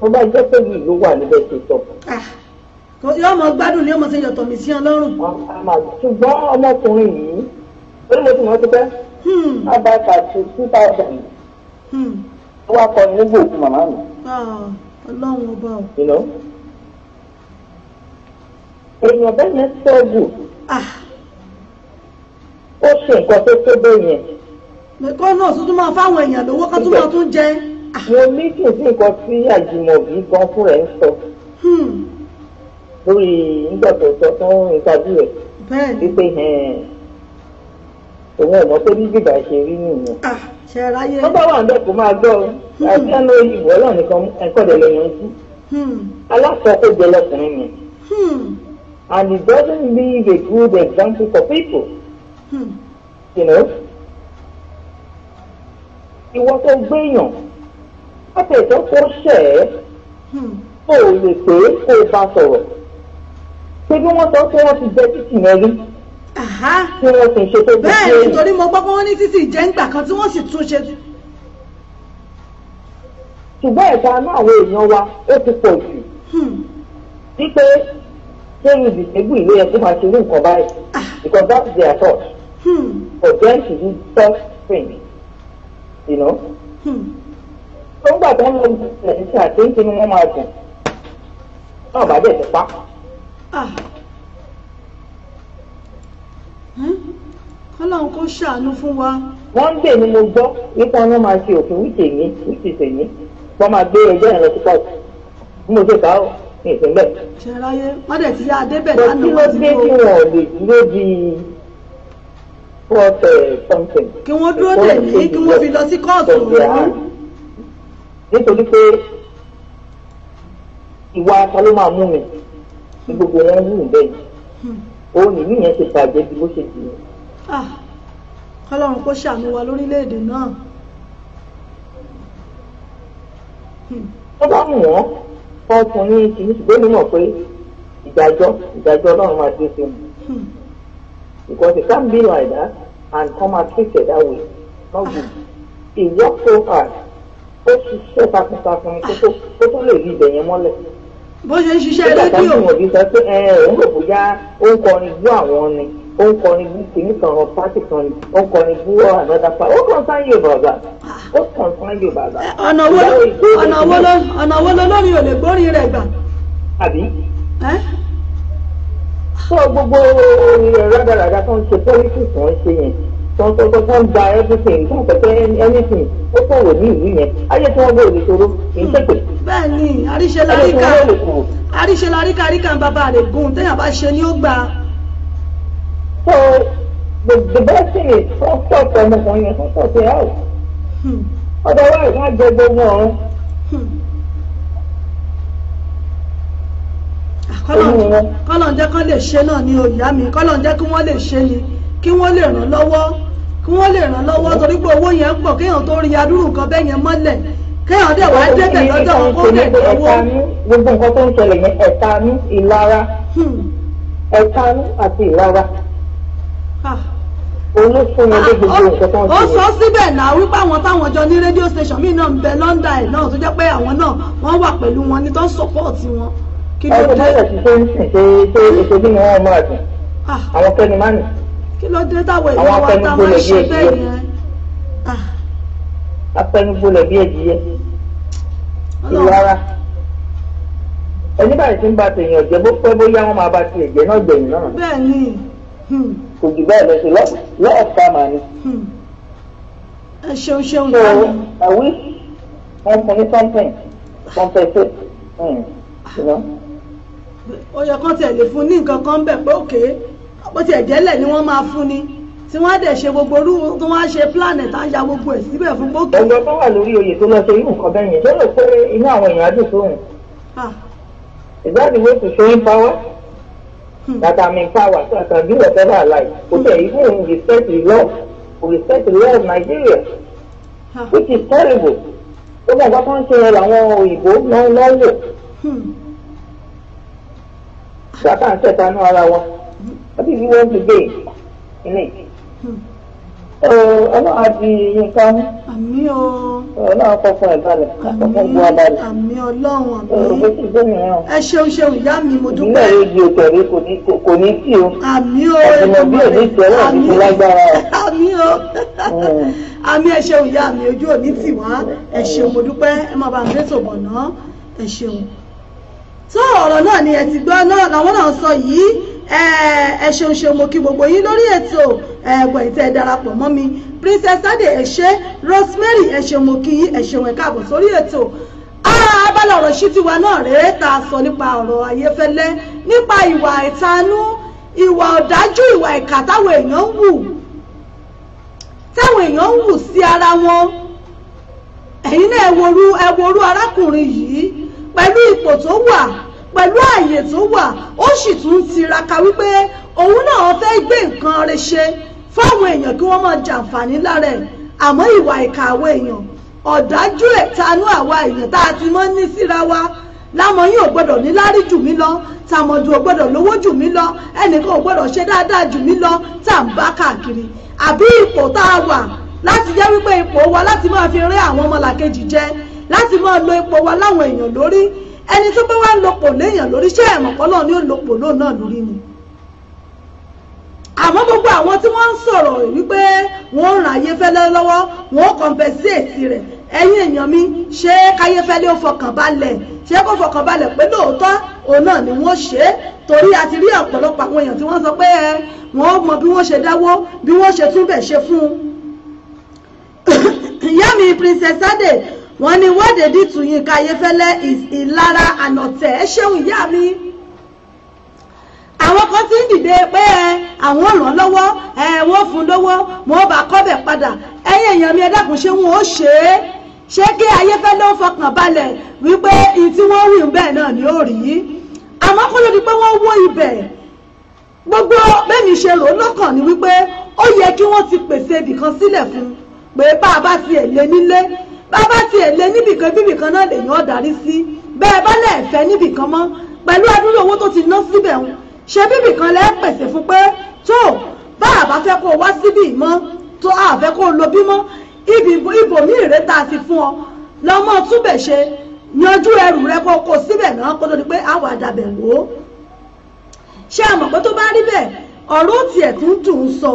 tó bá jẹ́ pé yìí ló wà níbẹ̀ ṣe sọ. Ah. yóò mọ gbádùn ni yóò mọ ṣe yọ̀tọ̀ mi sí ọlọ́run. ṣùgbọ́n ọmọkùnrin yìí ó ní mo ti mọ̀ ọ́ ti pẹ́. about two thousand ó wá kọ nígbò fún màmá mi. Ah, ọlọ́run ọba o. èèyàn bẹ́ẹ̀ yẹn tọ́jú ah. ó ṣe nǹkan tó tó bẹ́ẹ̀ yẹn. nìkan náà tuntun máa fáwọn èèyàn lówó ká tún máa tún jẹ. Ah. mo ní kí n sí nǹkan tí àjùmọ̀bí gan fún rẹ̀ ń sọ hmm. lórí nígbà tó sọ fún ìtajú rẹ̀ wípé òun ò mọ̀ pé bí bíbá ṣe rí nìyẹn wọ́n bá wà ńbẹ̀ kó máa gbọ́ àti ìbò ọlọ́run nìkan ẹ̀kọ́ dẹ̀ lè yànjú. aláfọ̀ọ́kọ́jọ mi. and it doesn't leave a good example for people. Hmm. you know. ìwọ tó gbéyàn ọ̀pẹ̀ tó tó ṣẹ̀ ẹ́ kó hmm. o lè pé kó o bá sọ̀rọ̀ pé bí wọ́n sọ pé wọ́n ti jẹ títì yẹn rí tí wọ́n sì ṣe tó gbé bẹ́ẹ̀ ni torí mo gbọ́ pé wọ́n ní títí ìjẹ́ ńgbà kan tí wọ́n sì tún ṣe. ṣùgbọ́n ẹ̀ka náà àwọn èèyàn wa ó ti pọ̀ jù hmm. wípé sẹ́yìn ìdìtẹ́gù ìlú yẹ kó máa ṣe irú nǹkan báyìí ah. because that is their thought hmm. for them to do tough things you know. tó hmm. ń gbà tó ń lọ ìṣẹ̀lẹ̀ ìṣẹ̀ àti ìṣẹ̀ ni wọ́n máa dùn náà bá dẹ̀ ti pa. Ah kọ́lọ́run hmm? kó ṣàánú fún wa. wọ́n ń gbè ní mo gbọ́ wípé wọ́n máa ṣe òfin wíṣẹ̀ mi wíṣẹ̀ tèmi wọ́n máa gbé ẹjọ́ yẹn lọ sí pọ́ọ̀tù bí mo ṣe kà á ní ìpínlẹ̀. ṣèráyé wọ́n dẹ̀ ti yá adébẹ̀ lánàá wọ́n ti dúró. kí ló dé kí wọ́n lè dúró di court eh, something. kí wọ́n dúró dè ní kí wọ́n fi lọ sí kóòtù rẹ̀ nítorí pé ìwà ta ló máa mú mi ní gbogbo wọn wù bẹ́ẹ̀ hmm òun nìlú yẹn ṣe bàjẹ́ bí bó ṣe dì í. Ah, kọ́lọ́run kó ṣàánú wa lórílẹ̀‐èdè náà. Hmm. tó bá mú wọn fọ́ọ̀tún ní kìíní ṣùgbọ́n mi mọ̀ pé ìdájọ́ ìdájọ́ ọlọ́run máa dé sí mi. Hmm. because it can be like that and come and treated that way no ah. good. he work so hard ó ṣiṣẹ́ takuntakun kó tó lè rí ibẹ̀ yẹn mọ́lẹ̀ bó ṣe ń ṣiṣẹ́ rédíò. nígbà táwọn ọmọdé sọ pé ẹ òun rò bóyá ó ń kọrin bú àwọn ni ó ń kọrin bú kìíní kan ọ pátì kan ni ó ń kọrin bú ànádà pa ó kàn sáyé bàbá ó kàn sáyé bàbá. ọ̀nà wo ọ̀nà wo ló ọ̀nà wo ló lórí ò lè gbórin rẹ̀ gbà. àbí. sọ gbogbo rádaràdà tó ń ṣe pọ́lísì tó ń ṣe yẹn tọ́tọ́tọ́ tó ń gba everything tó ń pẹ̀tẹ́ anything ó kọ̀wé ní ìlú yẹn ayé tí wọ́n bó lè ṣòro kì í pèpè. bẹ́ẹ̀ ni àríṣe laríkà àríṣe laríkà àríkà ń bàbá rẹ̀ gùn téèyàn bá ṣe ni ó gbà. so the the best thing is kọ́ sọ̀ pọ̀ ọmọkùnrin yẹn kọ́ sọ̀ pé ẹ̀ ọ̀dọ̀ wa ìwà jẹ gbogbo ọ̀run. kọ́lọ̀ ń jẹ́ kọ́ lè ṣe náà ni òyà mi kọ́lọ̀ ń jẹ́ kí wọ́n lè ṣe ni kí wọ́n lè ràn lọ́wọ́ kí wọ́n lè ràn lọ́wọ́ torí pé owó yẹn pọ̀ kéèyàn tó rí adúrú nǹkan bẹ́ẹ̀ yẹn mọ́lẹ̀ kéèyàn dẹ̀ wá débẹ̀ lọ́dọ̀ wọn kó lè gbowó. gbogbo nǹkan tó ń ṣẹlẹ̀ yẹn ẹ̀tanú ìlara hmm. ẹ̀tanú àti ìlara ah, ó sọ síbẹ̀ náà wípé àwọn táwọn jọ ní rédíò station míì náà ń bẹ lọ́ndà ẹ̀ náà tó jẹ́ pé àwọn náà wọ́n wà pẹ̀lú wọn ní tó ń sọ́pọ́ọ̀tì wọn. kí ló dé. ẹ kò má yẹ kí ṣe ń sìn ṣe ṣe ìṣèjú ni wọn máa dùn ah. àwọn kẹ́ni má nì kí ló dé táwọn èèyàn wa tá máa ń ṣe bẹ́ẹ̀ yẹn. apẹnugbolẹ̀ ah. bí ẹ̀dìyẹ ìlara oníbàárẹ̀ tí ń ba tèèyàn jẹ́ bó pẹ́ bóyá wọ́n máa ba ti ẹ̀jẹ̀ náà gbẹ̀yìn náà. bẹ́ẹ̀ ni. Hmm. kò jù bẹ́ẹ̀ lọ sí lọ́ọ̀ta màá ni. Hmm. ẹ ṣeun ṣeun náà. so àwí wọn fún ní something compensate hmm. ó yẹ kán tẹ̀lé fún ní nǹkan kan bẹ̀ pé òkè. Okay ó ti ẹ̀jẹ̀lẹ̀ ni wọ́n máa fún ni tí wọ́n á dẹ̀ ṣe gbogbo orú tí wọ́n á ṣe plan tá ń ya gbogbo ẹ̀ síbẹ̀ fún gbókè. ẹ̀yọ́ tó wà lórí oyè tó lọ ṣe irú nǹkan bẹ́ẹ̀ yẹn tó pé inú àwọn èèyàn á dùn sóhun. ìgbàdìwé kò ṣe hmm. ń pawọ́ that I'm in power so I can do whatever I like. Okay, even in respect to law, we respect the law of Nigeria, which is terrible. Ó mọ̀ bá kán ṣe ẹ làwọn òyìnbó náà lọ́wọ́. Bàbá hmm. ń ṣẹ̀ta ní ara wọn what if you want to be in it ọlọ́run àti yínká ní. àmì o. ọlọ́run kọ fún ìbàlẹ̀ kọ fún gbọ́ abalẹ̀. àmì ọlọ́run àmì. ẹ ṣeun ṣeun ìyá mi mo dúpẹ́. ìbílẹ̀ yóò di òtẹ̀rí kò ní tí o. àmì o ẹ̀dùnmọ̀ bí òní tẹ̀lé òní lágbára o. àmì o hmm. àmì ẹ ṣeun ìyá mi ojú òní tì wá ẹ ṣeun mo dúpẹ́ ẹ máa bá mi dé sòbọ̀ náà ẹ ṣeun tó ọ̀rọ̀ náà ni ẹ ti gbọ́ náà làwọn náà sọ yìí ẹ ṣeun ṣeun mo kí gbogbo yín lórí ètò ẹ̀gbọ́n ìtẹ́ darapọ̀ mọ́ mi princess ade ẹ rosemary ẹ ṣeun mo kí yín ẹ ṣeun ẹ káàbọ̀ sórí ètò abala ọ̀rọ̀ sí tiwa náà rèé tá a sọ nípa ọ̀rọ̀ ayéfẹ́lẹ́ nípa ìwà ìtanú ìwà ọ̀dájú ìwà ìkà táwọn èèyàn ń wù táwọn èèyàn ń wù sí ara wọn ẹ̀yin náà ẹ worú arákùnrin yìí pẹ̀lú ipò tó wà pẹ̀lú ààyè tó wà ó sì tún ń tiraka wípé òun náà fẹ́ gbé nǹkan rẹ̀ ṣe fáwọn èèyàn kí wọ́n máa jàǹfààní lára ẹ̀ àmọ́ ìwà ìka àwọn èèyàn ọ̀dájú ẹ̀tanú àwa èèyàn tá a ti mọ́ ní síra wa lámọ̀yìn ò gbọ́dọ̀ níláárí jù mí lọ tàmọ̀dù ò gbọ́dọ̀ lówó jù mí lọ ẹnìkan ò gbọ́dọ̀ ṣe dáadáa jù mí lọ tá à ń bá káàkiri àbí ipò tá a wà láti jẹ́ wípé ipò wa láti máa fi rí àwọn ọmọlàkejì jẹ́ láti máa lo ipò wa láwọn èèyàn lórí ẹni tó bá wá ń lopò léèyàn lórí ṣé ẹ̀mọ̀ pọ́lọ́ ni ó lopò lóun náà lórí ni àmọ́ gbogbo àwọn tí wọ́n ń sọ̀rọ̀ wípé wọ́n ń ra ayéfẹ́lẹ́ lọ́wọ́ wọ́n ń compensate rẹ̀ ẹ̀yin èèyàn mi ṣé káyéfẹ́lẹ́ ó fọkàn balẹ̀ ṣé kó fọkàn balẹ̀ pé lóòótọ́ òun náà ni wọ́n ṣe é torí a ti rí ọ̀pọ̀lọpọ̀ àwọn èèyàn tí wọ́n sọ pé ẹ wọ́n mọ bí wọ́n ṣe dáwó bí wọ́n ṣe túbẹ̀ ṣe fún un. ìyá mi princess Ade wọ́n ní wọ́ọ̀dì dìtù Yínká Ayéfẹ́lẹ́ ìlara àná tẹ̀ ẹ́ ṣeun ìyá mi àwọn kan ti ń dìde pé ẹ àwọn ràn lọ́wọ́ ẹ wọ́n fún lọ́wọ́ wọ́n bá kọ́bẹ̀ padà ẹ̀yìn èèyàn mi ẹ dákun ṣé wọn ò ṣe é ṣé kí Ayéfẹ́lẹ́ ó fọkàn balẹ̀ wípé ìyí tí wọ́n rí bẹ́ẹ̀ náà ni ó rí àmọ́ kó ló di pé wọ́n wó ibẹ̀ gbogbo bẹ́ẹ̀ni ṣe rò lọ́kàn ni wípé ó yẹ kí wọ́n ti pèsè ibìkan sílẹ̀ fún pé bá a bá tiẹ̀ lé nílé bàbá tiẹ̀ lé níbìkan bíbìkan náà lèyàn ọ̀darí sí bẹ́ẹ̀ bá lẹ́ẹ̀fẹ́ níbìkan mọ́ pẹ̀lú adúlọ̀ owó tó ti ná síbẹ̀ ń ṣe bíbìkan lẹ́ẹ̀ pèsè fún pé tó bá àbá fẹ́ kó o wá síbì mọ́ tó àfẹ́ kó o lo bímọ ibòmíì rẹ̀ tá a ti fún ọ lọ́mọ túbẹ̀ ṣe yanjú ẹrù rẹ kó kó síbẹ̀ náà kó tó di pé àwọn àdàbẹ̀ wò ó ṣé àmọ̀ pé tó bá rí bẹ́ẹ̀ ọ̀rọ̀ tiẹ̀ tún dùn sọ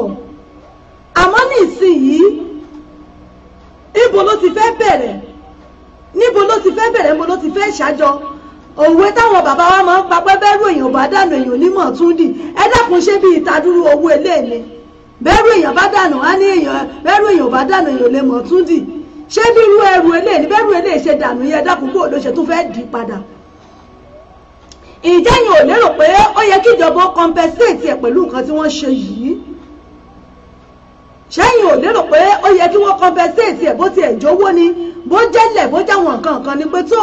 àmọ́ nísìnyìí ibo ló ti fẹ́ bẹ̀rẹ̀ níbo ló ti fẹ́ bẹ̀rẹ̀ mo ló ti fẹ́ ṣàjọ òwe táwọn bàbá wa máa ń pa pé bẹ́rù èèyàn bá dànù èèyàn onímọ̀ tún dì ẹ dákun ṣé bí ìtadúró owó eléèlé bẹ́rù èèyàn bá dànù á ní èèyàn bẹ́rù èèyàn bá dànù èèyàn lè mọ̀ tún dì ṣé bírú ẹrù eléèlé bẹ́rù eléè ṣe dànù yẹn dákun bó ló ṣe tún fẹ́ dì padà ìjẹ́yìn ò lérò pé ó yẹ kíjọba compensate ẹ̀ pẹ̀lú nǹkan tí wọ́n ṣe yìí ṣẹ́yìn ò lérò pé ó yẹ kí wọ́n compensate ẹ̀ bó ti ẹ̀jọ́ owó ni bó jẹ́lẹ̀ bó jáwọn nǹkan kan ni pé tó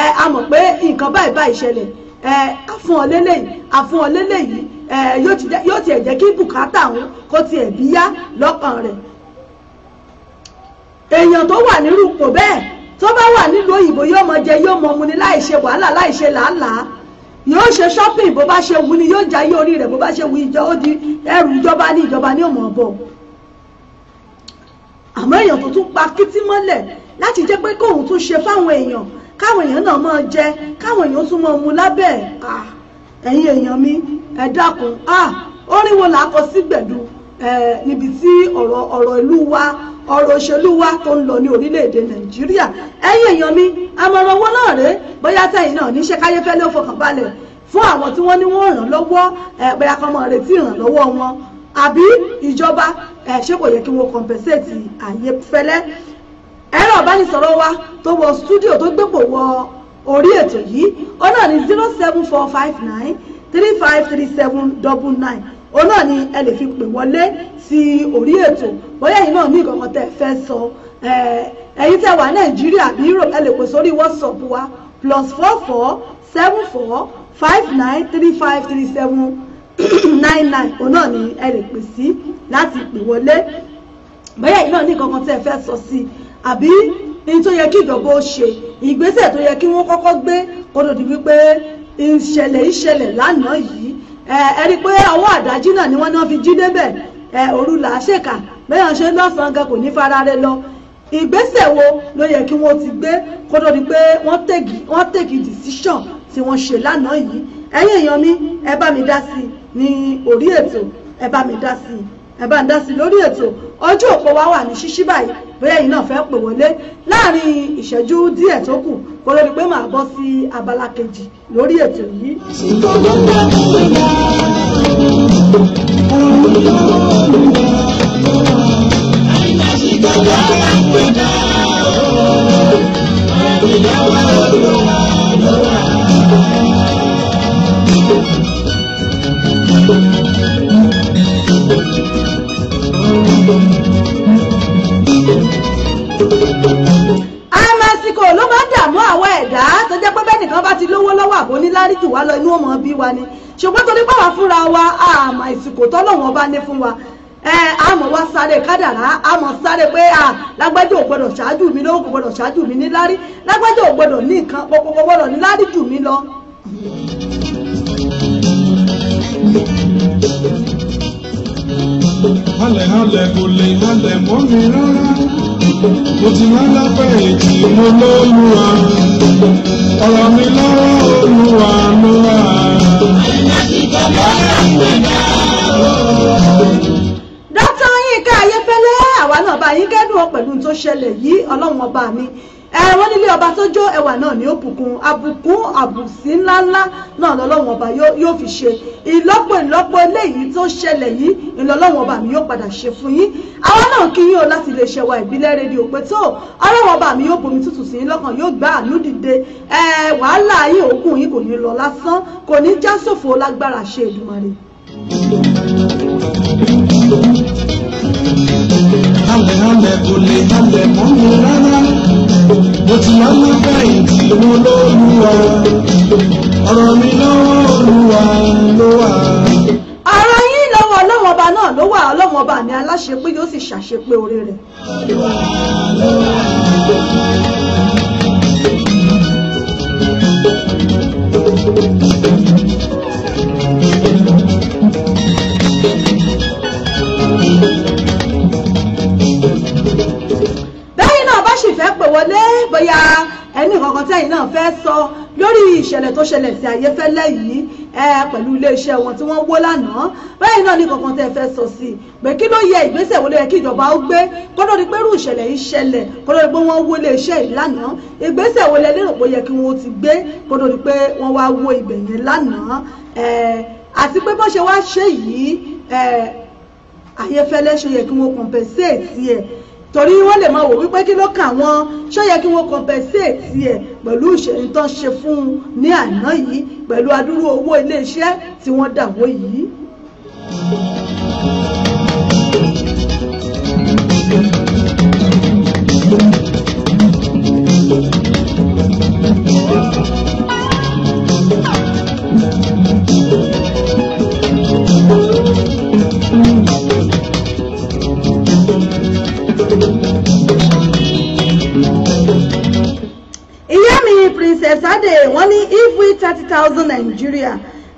ẹ a mọ̀ pé nǹkan báyìí báyìí ṣẹlẹ̀ ẹ àfún ọlẹ́lẹ̀ yìí àfún ọlẹ́lẹ̀ yìí ẹ yóò tiẹ̀ jẹ́ kí bùkátà òun kó tiẹ̀ bí yá lọ́kàn rẹ̀ èèyàn tó wà nírú ipò bẹ́ẹ̀ tó bá wà nílùú òyìnbó yóò mọ jẹ yóò mọ mu ni láì ṣe wàhálà láì làálàá yóò ṣe shopping bó bá ṣe wù ni yóò jayé orí rẹ̀ bó bá ṣe wù ìjọ ó di ẹrù ìjọba ní ìjọba ní òmò ọ̀bọ̀ àmọ́ èèyàn tó tún pa kítí mọ́lẹ̀ láti jẹ́ pé kóun tún ṣe fáwọn èèyàn káwọn èèyàn náà máa jẹ káwọn èèyàn tún máa mu lábẹ́ ẹ̀ ẹ̀yin èèyàn mi ẹ dákun orin wo là á kọ sí gbẹ̀du níbi tí ọ̀rọ̀ ọ̀rọ̀ ìlú wa ọ̀rọ̀ òṣèlú wa tó ń lọ ní orílẹ̀-èdè nàìjíríà ẹ̀yin èèyàn mi àmọ̀ràn owó náà rèé bóyá tẹ̀yìn náà níṣẹ́ káyé fẹ́ lé fọkànbalẹ̀ fún àwọn tí wọ́n ní wọ́n ràn lọ́wọ́ ẹ̀ pé akọ́mọ retí ìrànlọ́wọ́ wọn àbí ìjọba ẹ ṣé kò yẹ kí wọ́n compensate àyè fẹ́lẹ́ ẹ̀rọ ìbánisọ̀rọ̀ wa tó wọ studio tó gbépò wọ orí ètò yìí ó náà ní zero seven four five nine three five three seven double nine ó náà ní ẹ lè fi pè wọlé sí orí ètò bóyá yìí náà ní ìkọ̀kan tẹ́ fẹ́ sọ ẹ̀yin tẹ́ wà nàìjíríà bí europe ẹ lè pè sórí whatsapp wa plus four four seven four five nine three five three seven nine nine òun náà ni ẹ lè pè sí láti pè wọlé bóyá yìí náà ní kankan tẹ́ ẹ fẹ́ sọ sí àbí ní tó yẹ kí ìjọba ó ṣe ìgbésẹ̀ tó yẹ kí wọ́n kọ́kọ́ gbé kó di wípé ìṣẹ̀lẹ̀ ìṣẹ̀lẹ̀ lánàá yìí ẹ rí i pé ọwọ́ àdájí náà ni wọ́n náà fi jí débẹ̀ ẹ òru là á ṣèkà bẹ́ẹ̀ ṣe lọ́sàn-án gan kò ní fara rẹ lọ ìgbésẹ̀ wo ló yẹ kí wọ́n ti gbé kó di pé wọ́n tèkì decision tí wọ́n ṣe lánàá yìí ẹ̀yin èèyàn mi ẹ bá mi dá sí i ní orí ètò ẹ bá mi dá sí i ẹ bá ń dá sí lórí ètò ojú òpó wa wà ní ṣíṣí báyìí bóyá ẹ̀yin náà fẹ́ pè wọlé láàrin ìṣẹ́jú díẹ̀ tó kù kó lórí pé màá bọ́ sí abala kejì lórí ètò yìí. Thank you àmàsìkò ló bá dààmú àwọn ẹ̀dá tó jẹ́ pé bẹ́ẹ̀ nìkan bá ti lówó lọ́wọ́ àbò ní lárí jù wá lọ inú ọmọ bí wa ni ṣùgbọ́n torí pàwá fúnra wa àmà ìsìnkò tọ́lọ́wọ́n bá ní fún wa àmọ́ wá sáré kádàrá àmọ́ sáré pé à lágbájá ò gbọdọ̀ ṣáájú mi lówó kò gbọdọ̀ ṣáájú mi níláárí lágbájá ò gbọdọ̀ ní nǹkan pọpọpọ gbọdọ̀ níláárí jù mí lọ halẹ̀ halẹ̀ kò lè halẹ̀ mọ́ mi rárá mo ti máa lápẹ̀ èjì mo lóluwa ọ̀rọ̀ mi lọ́wọ́ olúwa ló wà. dókítà Yínká àwa náà bá yín kẹ́dùn ọ pẹ̀lú tó ṣẹlẹ̀ yìí ọlọ́run ọba mi wọ́n nílé ọba tó jó ẹwà náà ní òbùkún àbùkún àbùsí ńláńlá náà lọ́lọ́wọ́n ọba yóò fi ṣe ìlọ́pọ̀ ìlọ́pọ̀ eléyìí tó ṣẹlẹ̀ yìí ìlọ́lọ́wọ́n ọba mi yóò padà ṣe fún yín àwọn náà kí yín o láti lè ṣẹwà ìbílẹ̀ rédíò pé tó ọlọ́wọ́n ọba mi yóò bomi tútù sí yín lọ́kàn yóò gbá àánú dìde wàhálà yìí òkun yìí kò ní lọ lásán kò ní já sòfò lágbára ṣe Èdùmàrè. Hamẹ̀ hamẹ̀ kò lè hamẹ̀ mọ́ mi rárá mo ti wá ní fẹ̀yìntì mo lóluwa ọ̀rọ̀ mi lọ́wọ́ Olúwa ló wà. ọ̀rọ̀ yín lọ́wọ́ ọlọ́wọ́n ọba náà ló wà ọlọ́wọ́n ọba mi aláṣepé yóò sì ṣàṣepé oore rẹ̀. thank you sì fẹ́ pè wọlé bóyá ẹni kankan tẹ́yìn náà fẹ́ sọ lórí ìṣẹ̀lẹ̀ tó ṣẹlẹ̀ sí Ayéfẹ́lẹ́ yìí pẹ̀lú iléeṣẹ́ wọn tí wọ́n wó lánàá bẹ́ẹ̀ náà ní kankan tẹ́ fẹ́ sọ sí pé kí ló yẹ ìgbésẹ̀ wo ló yẹ kí ìjọba ó gbé kó lórí pé irú ìṣẹ̀lẹ̀ yìí ṣẹlẹ̀ kó lórí pé wọ́n wó iléeṣẹ́ yìí lánàá ìgbésẹ̀ wo lẹ lérò pé ó yẹ kí wọ́n ti gbé kó lórí pé wọ́n wá wó ibẹ̀ yẹn lánàá àti pé bó ṣe wá ṣe yìí Ayéfẹ́lẹ́ ṣe yẹ kí wọ́n compensate yẹ torí wọ́n lè máa wò wípé kí ló kàn wọ́n ṣó yẹ kí wọ́n compensate ẹ̀ pẹ̀lú ìṣèlú tó ń ṣe fún un ní àná yìí pẹ̀lú adúrú owó iléeṣẹ́ tí wọ́n dàwó yìí. Thank you. Yesterday, wọ́n if we thirty thousand Nigeria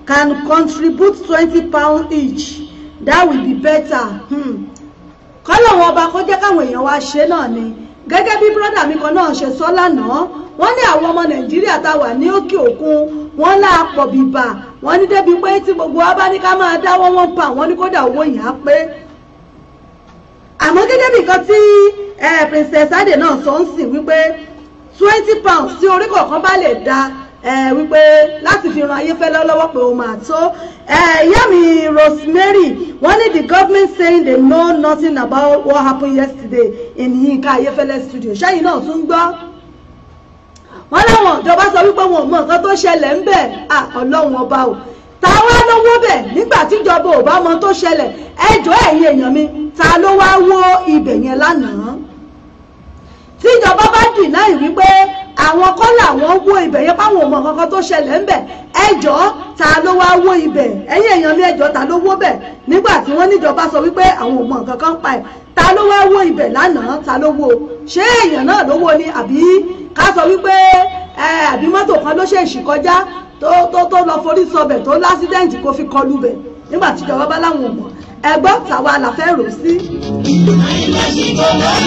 can contribute twenty pound each that will be better. Hmm. kọ́lọ̀ wọn ọba kó jẹ́ káwọn èèyàn wa ṣe náà ni gẹ́gẹ́ bí brọ́dà mi kan náà ṣe sọ lánàá wọ́n ní àwọn ọmọ nàìjíríà tá a wà ní òkè òkun wọ́n láàpọ̀ bìbà wọ́n ní débi pé tí gbogbo wa bá ní ká máa dáwọ́ wọn pa àwọn ní kódà owó yìí á pé. àmọ́ gẹ́gẹ́ bí nǹkan tí eh, princess ade náà sọ ń sìn wípé twenty pounds tí orí kọ̀ọ̀kan bá lè da wípé láti fi ran ayéfẹ́lẹ́ lọ́wọ́ pé ó máa tó ìyá mi Rosemary wọ́n ní the government saying they know nothing about what happened yesterday in Yinka Ayéfẹ́lẹ́ studio ṣẹ́yìn náà tún gbọ́ wọ́n láwọn ìjọba sọ wípé wọn ò mọ nǹkan tó ṣẹlẹ̀ ń bẹ̀ ọlọ́run ọba o ta wá ló wó bẹ̀ nígbà tíjọba ò bá mọ tó ṣẹlẹ̀ ẹjọ́ ẹ̀yin èèyàn mi ta ló wá wó ibẹ̀ yẹn lánàá tíjọba bá dìná ìwípé àwọn kọ́ làwọn wó ibẹ̀ yẹn páwọn ọmọ kankan tó ṣẹlẹ̀ ń bẹ̀ ẹjọ́ ta ló wá wó ibẹ̀ ẹ̀yìn èèyàn ní ẹjọ́ ta ló wó bẹ̀ nígbà tí wọ́n níjọba sọ wípé àwọn ọmọ kankan pa ẹ̀ ta ló wá wó ibẹ̀ lánàá ta ló wó ṣé èèyàn náà ló wó ni àbí ká sọ wípé àbí mọ́tò kan ló ṣèṣì kọjá tó tó lọ forí sọbẹ̀ tó lásídẹ́ǹtì kó fi kọlù bẹ̀ nígbà tíjọba bá láwọn ọmọ ẹgbọ́n tàwa la fẹ́ rò sí. àìlọ́sìkò wà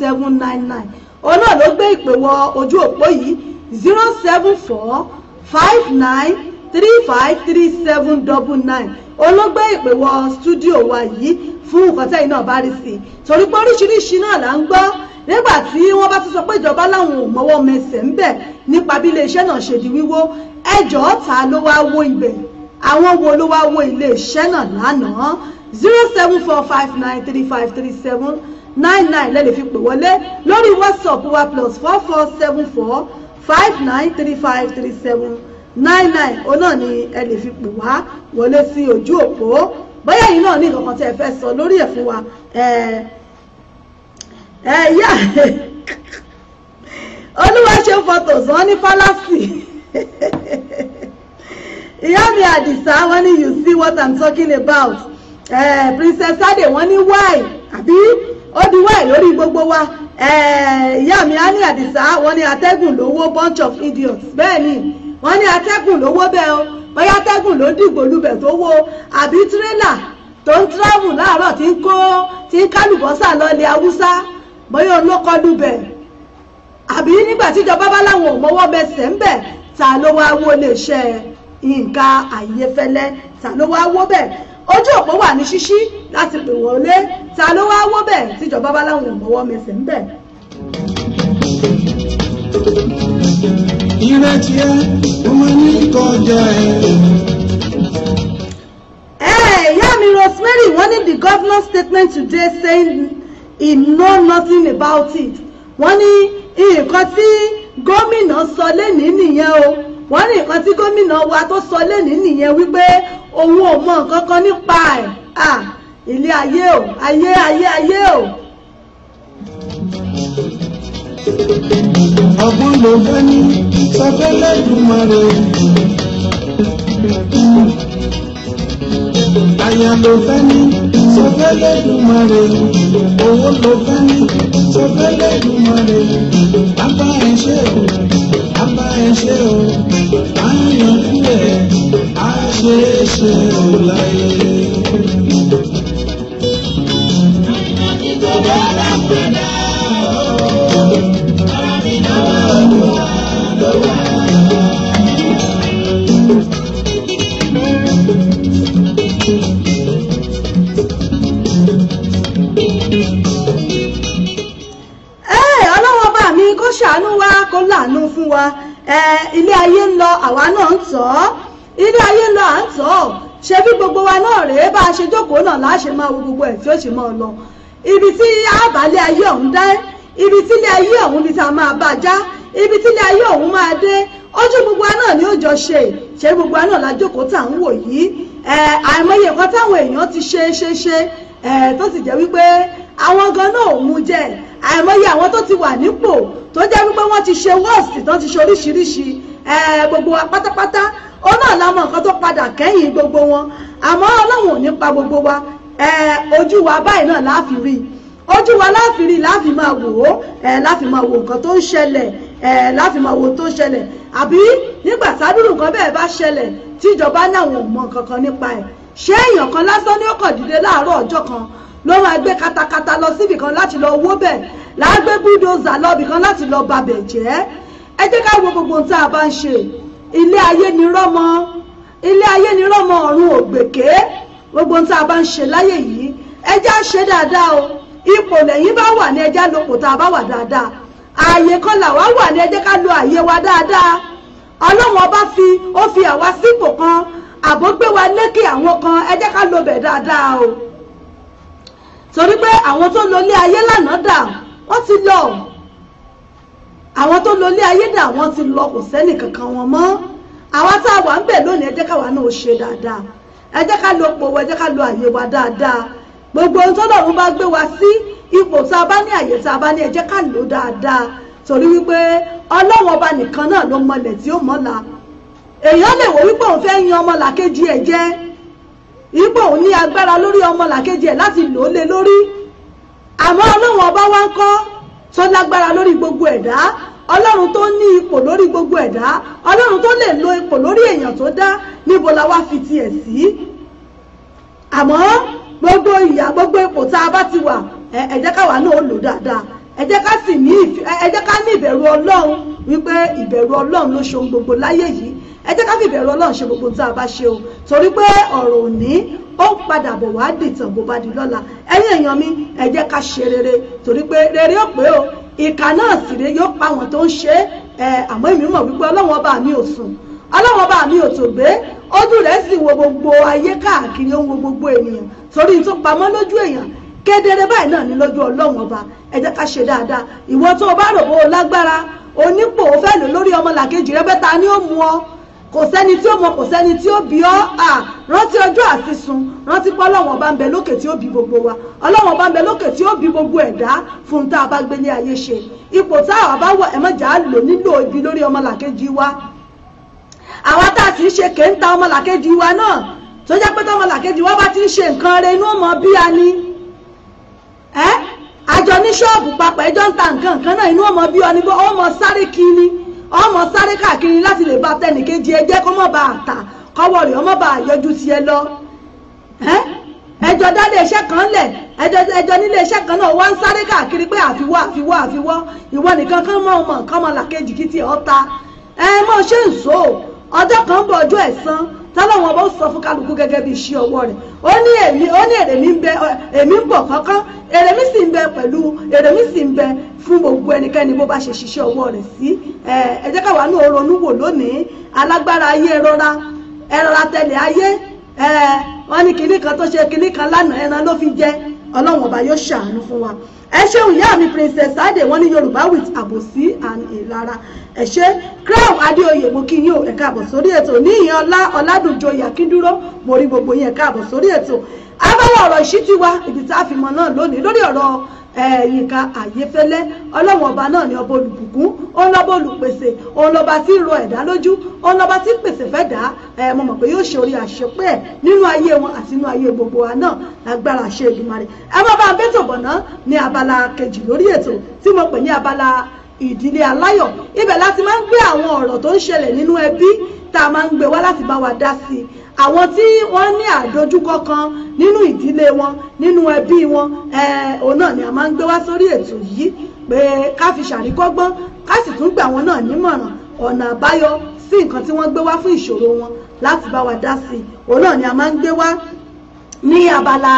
seven nine nine òun náà ló gbé ìpè wọ ojú òpó yìí zero seven four five nine three five three seven double nine òun ló gbé ìpè wọ stúdíò wa yìí fún nǹkan tẹ́yìn náà bá rí sí i torí pé oríṣiríṣi náà là ń gbọ́ nígbà tí wọ́n bá tún sọ pé ìjọba láwọn ò mọ́wọ́ mẹsẹ̀ ń bẹ̀ nípa bí iléeṣẹ́ náà ṣe di wíwó ẹjọ́ ta ló wá wó ibẹ̀ àwọn wo ló wá wó iléeṣẹ́ náà lánàá zero seven four five nine three five three seven nine nine lẹ́lẹ̀ fi pè wọlé lórí whatsapp wa plus four four seven four five nine three five three seven nine nine òun náà ni ẹ lè fi pè wá wọlé sí ojú òpó bóyá yìí náà ní nǹkan kan tẹ́ ẹ fẹ́ sọ lórí ẹ̀ fún wa ẹ ẹ yá olúwa ṣe photos wọn ní fálásì ìyá mi àdìsá wọn ní you see what i'm talking about uh, princess ade wọn ní why àbí ó di wáì lórí gbogbo wa ìyá mi á ní àdìsá wọ́n ní atẹ́gùn lówó bunch of idiots bẹ́ẹ̀ ni wọ́n ní atẹ́gùn lówó bẹ́ẹ̀ o bóyá atẹ́gùn ló dìgbò lubẹ̀ tó wo àbí tírélà tó ń tíráàmù láàárọ̀ tí ń kó tí ń kálùbọ́sà lọ́lẹ̀ haúsá bóyá olókọ́ lubẹ̀ àbí nígbà tíjọba bá láwọn ò mọwọ́ bẹsẹ̀ ń bẹ̀ ta ló wá wó lè ṣe nǹkan àyefẹ́lẹ́ ta ló wá wó bẹ́ẹ̀ ojú òpó wà ní ṣíṣí láti pè wọlé ta ló wá wó bẹ́ẹ̀ tíjọba bá láwọn ìmọ̀wọ́ mẹsẹ̀ ń bẹ̀. ìrètí ẹ ọmọ ní kọjá ẹ. Rosemary wọ́n ní the governor statement today saying he know nothing about it wọ́n ní nǹkan tí gómìnà sọ lẹ́nìí nìyẹn o wọ́n ní nǹkan tí gómìnà wa tó sọ lẹ́nìí nìyẹn wípé òun ò mọ nǹkan kan nípa ẹ̀ à ilé ayé o ayé ayé ayé o. ọgbọ́n ló bá ní sọfẹ́lẹ́ ìdúmọ̀rẹ́ àyà ló bá ní sọfẹ́lẹ́ ìdúmọ̀rẹ́ owó ló bá ní sọfẹ́lẹ́ ìdúmọ̀rẹ́ abá ẹ̀ ṣe o abá ẹ̀ ṣe o àyàn fún ẹ̀ àṣeéṣe ò mi náà ló wà ló wà. ṣàánú wa kó láàánú fún wa ilé ayé ń lọ àwa náà ń tọ́ inú ayé lọ à ń tọ́ ṣe bí gbogbo wa náà rèé bá a ṣe jókòó náà láṣẹ máa wo gbogbo ẹ̀ tí ó ṣe máa lọ ibi tí àbálẹ̀ ayé ọ̀hún dá ibi tílé ayé ọ̀hún ni tá a máa bá a já ibi tílé ayé ọ̀hún máa dé ojú gbogbo wa náà ni ó jọ ṣe ṣe gbogbo wa náà la jókòó tá à ń wò yìí àìmọye nǹkan táwọn èèyàn ti ṣe ṣe ṣe tó sì jẹ́ wípé àwọn gan náà ò mú jẹ àìmọye àwọn tó ti wà nípò tó jẹ́ wípé wọ́n ti ṣe wọ́ọ̀sì tó ti ṣe oríṣiríṣi gbogbo wa pátápátá ó náà la mọ nǹkan tó padà kẹ́yìn gbogbo wọn àmọ́ ọlọ́run ò ní pa gbogbo wa ojú wa báyìí náà láàfin rí ojú wa láàfin rí láàfin máa wò ó láàfin máa wo nǹkan tó ń ṣẹlẹ̀ láàfin máa wo tó ń ṣẹlẹ̀ àbí nígbà sádùrù nǹkan bẹ́ẹ̀ bá ṣẹlẹ̀ tíjọba náà wọn ò mọ nǹkan kan nípa ẹ̀ ṣé èèyàn kan lásán ní ó kàn dìde láàárọ̀ ọjọ́ kan ló máa gbé katakata lọ síbì kan láti lọ wó bẹ̀ láàgbé búdòzà lọ́bì kan láti lọ babẹ̀ jẹ́ ẹ jẹ́ ká wo gbogbo ohun tá a bá ń ṣe ilé ayé ni rọ́mọ ilé ayé ni rọ́mọ ọ̀run ògbèké gbogbo ohun tá a bá ń ṣe láyé yìí ẹjá ṣe dáadáa o ipò lẹ́yìn bá wà ní ẹjá lopò tá a bá wà dáadáa ààyè kan làwa wà ní ẹjẹ́ ká lo ààyè wa dáadáa ọlọ́run ọba fi ó fi àwa sípò kan àbó gbé wa lékè àwọn kan ẹjẹ́ ká lo bẹ̀ dáadáa o torí pé àwọn tó lọ ilé ayé lánàá dà wọ́n ti lọ àwọn tó lọ ilé ayé dà wọ́n ti lọ kò sẹ́nì kankan wọn mọ́ àwa tá a wà ń bẹ̀ lónìí ẹ jẹ́ káwa náà ó ṣe dáadáa ẹ jẹ́ ká lo pò wọ ẹ jẹ́ ká lo àyè wa dáadáa gbogbo ohun tọ́lọ́run bá gbé wa sí ipò tá a bá ní àyè tá a bá ní ẹ jẹ́ ká lò dáadáa torí wípé ọlọ́wọ́n ọba nìkan náà ló mọlẹ̀ tí ó mọ́la èèyàn lè wò wípé òun fẹ́ yan ọmọlàkejì ẹ̀ jẹ́ ipò òun ní agbára lórí ọmọlàkejì ẹ̀ láti lò ó lé lórí àmọ́ ọlọ́wọ́n ọba wá ń kọ́ tó lágbára lórí gbogbo ẹ̀dá ọlọ́run tó ní ipò lórí gbogbo ẹ̀dá ọlọ́run tó lè lo ipò lórí èèyàn tó dá níbo la wá fi tiẹ̀ sí àmọ́ gbogbo ìyà gbogbo ipò tá a bá ti wà ẹ jẹ́ káwa náà ó lò dáadáa ẹ jẹ́ ká sì ní ẹ jẹ́ ká ní ìbẹ̀rù ọlọ́run wípé ìbẹ̀rù ọlọ́run ló ṣohun gbogbo láyé yìí ẹ ká fi ìbẹ̀rù ọlọ́run ṣe gbogbo tá a bá ṣe o torí pé ọ̀rọ̀ òní ó ń padà bọ̀ wá dìtàn bó bá di lọ́la ẹ̀yin èèyàn mi ẹ ká ṣe rere torí pé rere ó pé o ìka náà sì rèé yóò pa àwọn tó ń ṣe é àmọ́ èmi mọ̀ wípé ọlọ́wọ́n ọba mi ò sùn ọlọ́wọ́n ọba mi ò tògbé ojú rẹ̀ sì wo gbogbo ayé káàkiri ó ń wo gbogbo ènìyàn torí tó pamọ́ lójú èèyàn kedere báyìí náà ní lójú ọlọ́wọ́n ọba ẹ jẹ́ ká ṣe dáadáa ìwọ tó o bá rò lágbára onípò fẹ́ lò lórí ọmọlàkejì rẹ bẹ́ẹ̀ ni ó mú ọ kò sẹ́ni tí ó mọ kò sẹ́ni tí ó bí ọ́ à rántí ọjọ́ àsìsùn rántí pé ọlọ́wọ́n bá ń bẹ lókè tí ó bí gbogbo wa ọlọ́wọ́n bá ń bẹ lókè tí ó bí gbogbo ẹ̀dá fún tá a bá gbélé ayé ṣe ipò tá a bá wọ ẹ̀mọ́jà á lò nílò ibi lórí ọmọlàkejì wa àwa tá a sì ń ṣe kéńtà ọmọlàkejì wa náà tó jẹ́ pé tọmọlàkejì wa bá ti ń ṣe nǹkan rẹ inú ọmọ bí a ni àjọ ní ṣọ́ọ̀bù papọ̀ ẹjọ́ ń ta nǹkan kan náà inú ọmọ bí ọ ni bó ọmọ sáré kiri ọmọ sáré káàkiri láti lè bá tẹnìkejì ẹ jẹ́ kó mọ̀ bá a tà kọ́wọ́ rẹ̀ ọmọ bá a yọjú sí ẹ lọ ẹjọ́ dálé iṣẹ́ kan lẹ̀ ẹjọ́ nílé iṣẹ́ kan náà wá ń sáré káàkiri pé àfiwọ́ àfiwọ́ àfiwọ́ ìwọ nìkan kán mọ̀ ọmọ nǹkan ọmọ làkejì kìtì ọ̀ta ẹ mọ̀ ṣe ń so ọjọ́ kan ń bọ̀ ọjọ́ ẹ̀san tọ́lọ́wọ́n bó sọ fún kálukú gẹ́gẹ́ bí iṣẹ́ ọwọ́ rẹ̀ ó ní èmi ó ní èrè mi ń bẹ èmi ń bọ̀ kankan èrè mi sì ń bẹ pẹ̀lú èrè mi sì ń bẹ fún gbogbo ẹnikẹ́ni bó bá ṣe ṣiṣẹ́ ọwọ́ rẹ̀ sí ẹ jẹ́ káwa náà ronú wò lónìí alágbára ayé rọra ẹ rọra tẹ̀lé ayé ẹ wọ́n ní kinní kan tó ṣe kinní kan lánàá ẹran ló fi jẹ ọlọ́run ọba yóò ṣàánú fún wa ẹ ṣeun ìyá mi princess ade wọ́n ní yorùbá with àbòsí and ìlara ẹ ṣé crown adéoyè mo kí yín o ẹ káàbọ̀ sórí ètò ní ìyẹn ọlá ọládùnjoyè akíndúró mo rí gbogbo yín ẹ káàbọ̀ sórí ètò abala ọ̀rọ̀ ìṣítí wa ibi tá a fi mọ náà lónìí lórí ọ̀rọ̀ Yínká Ayéfẹ́lẹ́ Ọlọ́run ọba náà ni ọba olùbùkún òun lọ́ba olùpèsè òun lọ́ba tí ń rọ ẹ̀dá lójú òun lọ́ba tí ń pèsè fẹ́ dá mo mọ̀ pé yóò ṣe orí àṣepẹ́ ẹ̀ nínú ayé wọn àti nínú ayé gbogbo wa náà lágbára ṣe Èdùmàrè ẹ má bá a bẹ́tọ̀ bọ̀ náà ní abala kejì lórí ètò tí mo pè ní abala ìdílé aláyọ̀ ibẹ̀ láti máa ń gbé àwọn ọ̀rọ̀ tó ń ṣẹlẹ̀ nínú ẹbí tá a máa ń gbé wá láti bá wa dá sí i àwọn tí wọ́n ní àdojúkọ kan nínú ìdílé wọn nínú ẹbí wọn òun náà ni a máa ń gbé wá sórí ètò yìí pé ká fi ṣàríkọ́gbọ́n ká sì tún gbà wọn náà nímọ̀ràn ọ̀nà àbáyọ sí nǹkan tí wọ́n gbé wá fún ìṣòro wọn láti bá wa dá sí i òun náà ni a máa ń gbé wá ní abala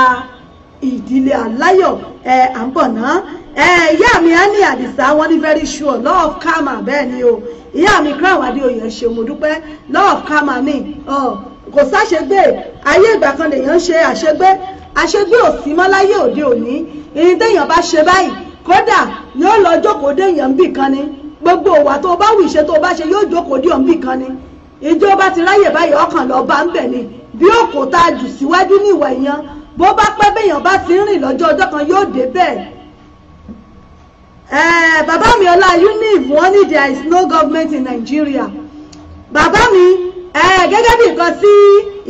ìdílé aláyọ̀ ẹ̀ à ń bọ̀ náà ìyá mi á ní àdìsá wọn ní very sure law of karma bẹ́ẹ̀ ni o ìyá mi crown adéoyè ṣe mo dúpẹ́ law of karma ni kò sáṣegbé ayé ìgbà kan lèèyàn ṣe àṣegbé àṣegbé ò sí mọ́ láyé òde òní ìyìn téèyàn bá ṣe báyìí kódà yóò lọ jókòó déèyàn ń bì kan ni gbogbo òwà tó bá wù ìṣe tó bá ṣe yóò jókòó dé òun bì kan ni ìjọba ti ráyè báyìí ọkàn lọ bá ń bẹ̀ ni bí òkúta jù síwájú ní ìwà èèyàn bó bá pẹ́ béèyàn bá ti ń rìn lọ́jọ́ ọjọ́ kan yóò dé bẹ́ẹ̀ Eh, bàbá mi ọlá univ wọ́n ní there is no government in Nigeria bàbá mi eh, gẹ́gẹ́ bí nǹkan tí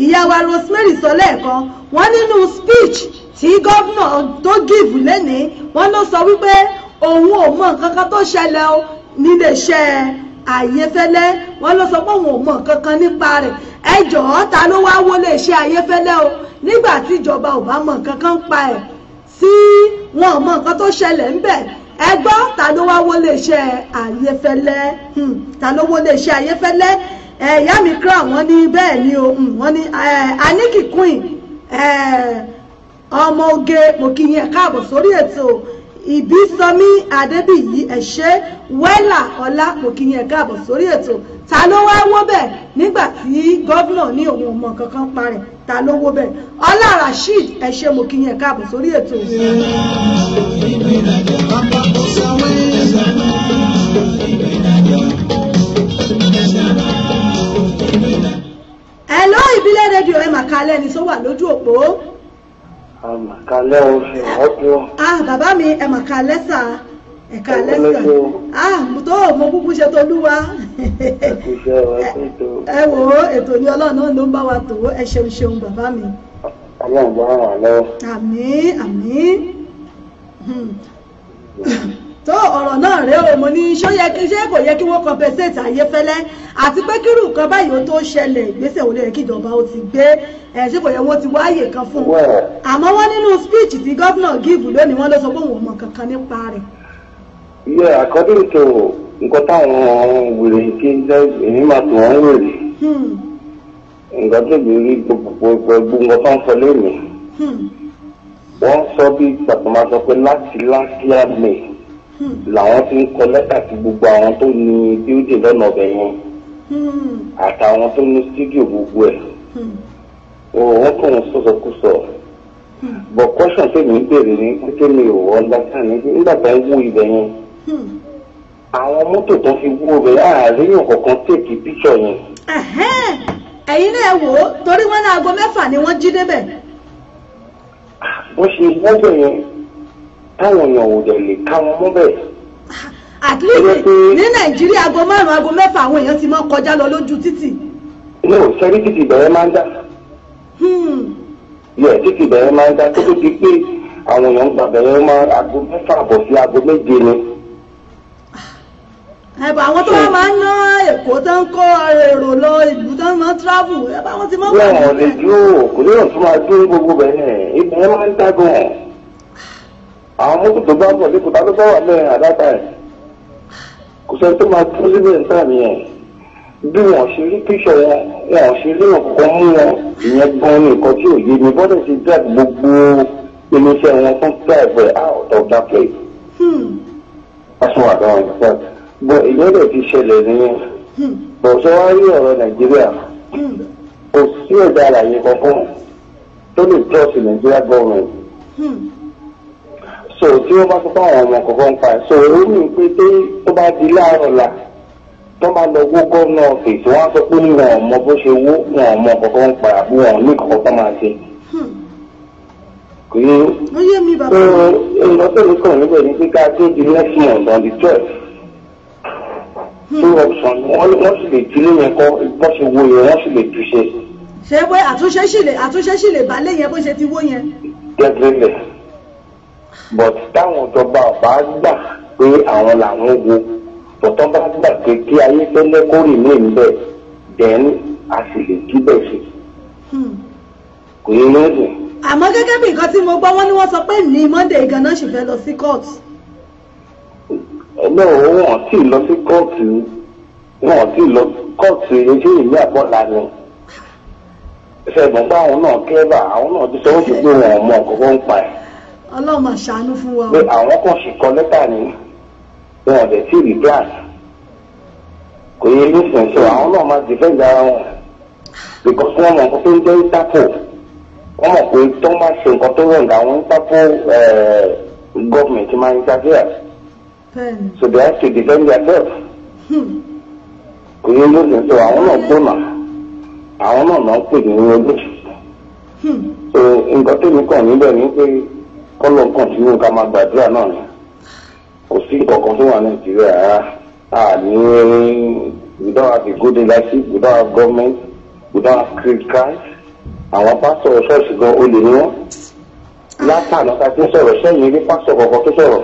ìyá wa Rosemary sọ lẹ́ẹ̀kan wọ́n nínú speech tí gómìnà tó give lẹ́nìí wọ́n ló sọ wípé òun ò mọ nǹkan kan tó ṣẹlẹ̀ o níléeṣẹ́ Ayéfẹ́lẹ́ wọ́n ló sọ pé òun ò mọ nǹkan kan nípa rẹ̀ ẹ jọ̀ọ́ ta ló wá wọlé iṣẹ́ Ayéfẹ́lẹ́ o nígbà tí ìjọba ò bá mọ nǹkan kan pa ẹ̀ tí wọn ò mọ nǹkan tó ṣẹlẹ̀ ńbẹ̀ ẹ gbọ́ ta ló wá wọlé iṣẹ́ ayéfẹ́lẹ́ hmm, ta ló wọlé iṣẹ́ ayéfẹ́lẹ́ ẹ̀yà mi kra wọ́n ní bẹ́ẹ̀ ni o hmm, wọ́n ní aniki queen ọmọ oge mòkìyìn ẹ káàbọ̀ sórí ètò ìbísọmí adébíyí ẹ̀ṣẹ́ wẹ́là ọlá mòkìyìn ẹ káàbọ̀ sórí ètò ta ló wá wó bẹ̀ nígbà tí gọ́vnà ní òun ò mọ kankan pa rẹ̀ ta ló wó bẹ̀ ọlá rasheed ẹ ṣé mo kí yẹn káàbọ̀ sórí ètò. hello ìbílẹ̀ rédíò ẹ̀ màkàlẹ́ ni tó wà lójú òpó àmàkálẹ́ oṣù ọ̀pọ̀. a ah, bàbá mi ẹ̀ màkálẹ́ sà ẹ̀ka lẹ́sàn ah tó mo kúkú ṣe tolúwa ẹ wò ó ètò ní ọlọ́run náà ló ń bá wa tò ó ẹ ṣeun ṣeun bàbá mi. ọlọ́run bá wà lọ́wọ́. àmín àmín tó ọ̀rọ̀ náà rèé o mo ní ṣó yẹ kí ṣé kò yẹ kí wọ́n compensate Ayéfẹ́lẹ́ àti pé kírù kan báyìí ó tó ṣẹlẹ̀ ìgbésẹ̀ òun lè kí ìjọba ó ti gbé ẹ̀ ṣé kò yẹ wọ́n ti wáyè kan fún un àmọ́ wọ́n nínú speech tí gómìnà give lónìí wọ́n ló sọ pé òun ò mọ̀ kankan nípa rẹ̀ yeah according to nǹkan táwọn wèrè kí èmi máa tò wọ́n wèrè hmm. nǹkan tó lè rí gbogbo nǹkan tó ń sọ lónìí hmm. wọ́n sọ bí gbàgbọ́n máa sọ pé láti láti àmì hmm. làwọn ti ń kọ lẹ́tà sí gbogbo àwọn tó ní bíódì lọ́nà ọbẹ̀ yẹn àtàwọn tó ní stúdíò gbogbo ẹ̀ wọ́n kàn ń sọ̀sọ̀kúsọ bọ̀ kọ́sàn tèmi ń bèrè ní pété mi ò understand nígbà tó ń wú ibẹ̀ yẹn. Hmm. àwọn mọ́tò tó fi wú ọbẹ̀ àríyàn kọ̀ọ̀kan tèkì píṣọ̀ yẹn. ẹ̀yin náà wò ó torí wọ́n ní aago mẹ́fà ni wọ́n jí débẹ̀. bó ṣe wọ́bẹ̀ yẹn táwọn èèyàn ò dẹ̀ lè ká wọn mọ́bẹ̀. at least ní nàìjíríà aago márùn-ún aago mẹ́fà àwọn èèyàn ti máa kọjá lọ lójú títì. ní òṣèré títì ìbẹ̀rẹ̀ máa ń dá. Hmm. yẹ títì ìbẹ̀rẹ̀ máa ń dá tó tó di pé àwọn èèyàn gbàgbẹ́ wọn máa aago mẹ́fà bọ̀ sí aago méje ni ẹ̀bà àwọn tó máa ń ná èkó tó ń kó èrò lọ ìlú tó máa ń travel ẹ̀bà àwọn ti máa ń wà nílẹ̀. wọ́n lè dúró kò lè tún máa dúró gbogbo bẹ̀rẹ̀ ibẹ̀ yẹn máa ń ta gan-an àwọn mọ́tò tó bá bọ̀ lẹ́kọ̀ọ́ tó bá wà lẹ́yìn àdáta ẹ̀ kò sẹ́ni tó máa tún síbẹ̀ níta nìyẹn bí wọ́n ṣe rí píṣọ̀ wọn wọ́n ṣe rí ọ̀kọ̀ọ̀kan mú wọn ìyẹn gan ni nǹkan tí òye ni bọ́dẹ̀ ti dá gbogbo iléeṣẹ́ wọn fún tíráìbù ẹ̀ out of that place. Hmm. that's what i don understand bọ ìyẹ́dẹ̀ ti ṣẹlẹ̀ ní bọ̀sọ́ wá rí ọ̀rọ̀ nàìjíríà kò sí ẹ̀dá àlàyé kankan tó lè trust nàìjíríà government hmm. so tí wọ́n bá tó fún àwọn ọmọ kankan ń pa ẹ̀ so ó ní pé pé tó bá di láàárọ̀ la tó bá lọ wó gómìnà ọ̀fíìsì wọ́n á sọ pé wọn ò mọ bó ṣe wó wọn ò mọ kankan ń pa hmm. àbí tó hmm. option wọ́n sì lè dílé yẹn kọ́ bó ṣe wo yẹn wọ́n sì lè túṣe. ṣé pé àtúnṣe sì lè àtúnṣe sì lè balẹ̀ yẹn bó ṣe ti wó yẹn. definitely but táwọn ìjọba ọba gbà pé àwọn làwọn wo tọ́tọ́ bá gbà pé kí ayé fẹ́lẹ́ kó rì mí níbẹ̀ then a sì lè túbẹ̀ ṣe. Hmm. kò yẹ lóògùn. àmọ́ gẹ́gẹ́ bí nǹkan tí mo gbọ́ wọ́n ní wọ́n sọ pé ní Monday ganan ṣì fẹ́ lọ sí court ọlọ́run wọn tí ì lọ sí kóòtù wọn tí ì lọ kóòtù ojú ìlú àbọ̀là ni ṣẹ̀gbọ́n bá àwọn náà kẹ́bà àwọn náà ti sọ wọ́n ti gbé wọn ọmọ ọ̀kọ̀ọ̀kọ̀ ń pa ẹ̀. ọlọ́run ṣàánú fún wa. pé àwọn kan sì kọ lẹ́tà ni wọn ò dẹ̀ tí rí gíláàsì kò yẹ ní sùn àwọn náà máa dìfẹ́ǹd ara wọn because wọn mọ̀ pé ń jẹ́ ìtàkùn wọn mọ̀ pé tó máa ṣe nǹkan tó rọ̀ǹda àwọn ìtàkùn eh, gọ́ọ̀mẹ̀ntì máa ń ṣàkíyèsí. So they have to defend themselves. kò yẹ lóṣù tó àwọn náà pè mà àwọn náà máa ń pè ní olóṣù. so nǹkan tó ní kàn níbẹ̀ ni pé kọ́lọ̀ kan tí wọn ká máa gbàdúrà náà ni kò sí kankan tó wà nàìjíríà rárá a ní without have a good leadership without have government without have great guys àwọn pásítọ̀ ṣọ́ọ̀ṣì gan olè ni wọ́n ah. látà lọ́ta tó sọ̀rọ̀ sẹ́yìn ní pásítọ̀ kankan tó sọ̀rọ̀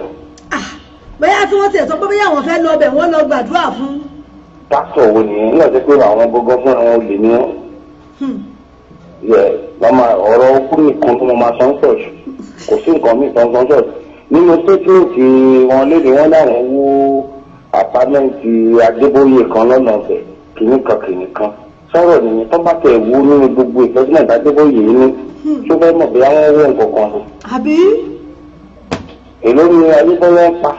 bóyá tí wọ́n ti sọ pé bóyá àwọn fẹ́ lọ bẹ̀ wọ́n lọ gbàdúrà fún. pásítọ̀ wo ni nígbà tó pé àwọn gbogbo fún àwọn olè ní wọn. Hmm. yẹ mama ọ̀rọ̀ okùn nìkan tó mo máa san ṣọ́ọ̀ṣì kò sí nǹkan mi san san ṣọ́ọ̀ṣì nínú sẹ́tíọ̀tì wọn léde wọn láwọn wó àpámẹ́ǹtì adébóyè kan lọ́nà ọ̀bẹ̀ kìnnìkan kìnnìkan sọ̀rọ̀ nìyẹn tó bá tẹ̀ wú nínú gbogbo ìtọ́sílẹ̀ adébóyè ní tó hmm. fẹ́ mọ̀ bí àwọn owó nǹkan kan ni. àbí. èló ni ayébọ́lá ń pa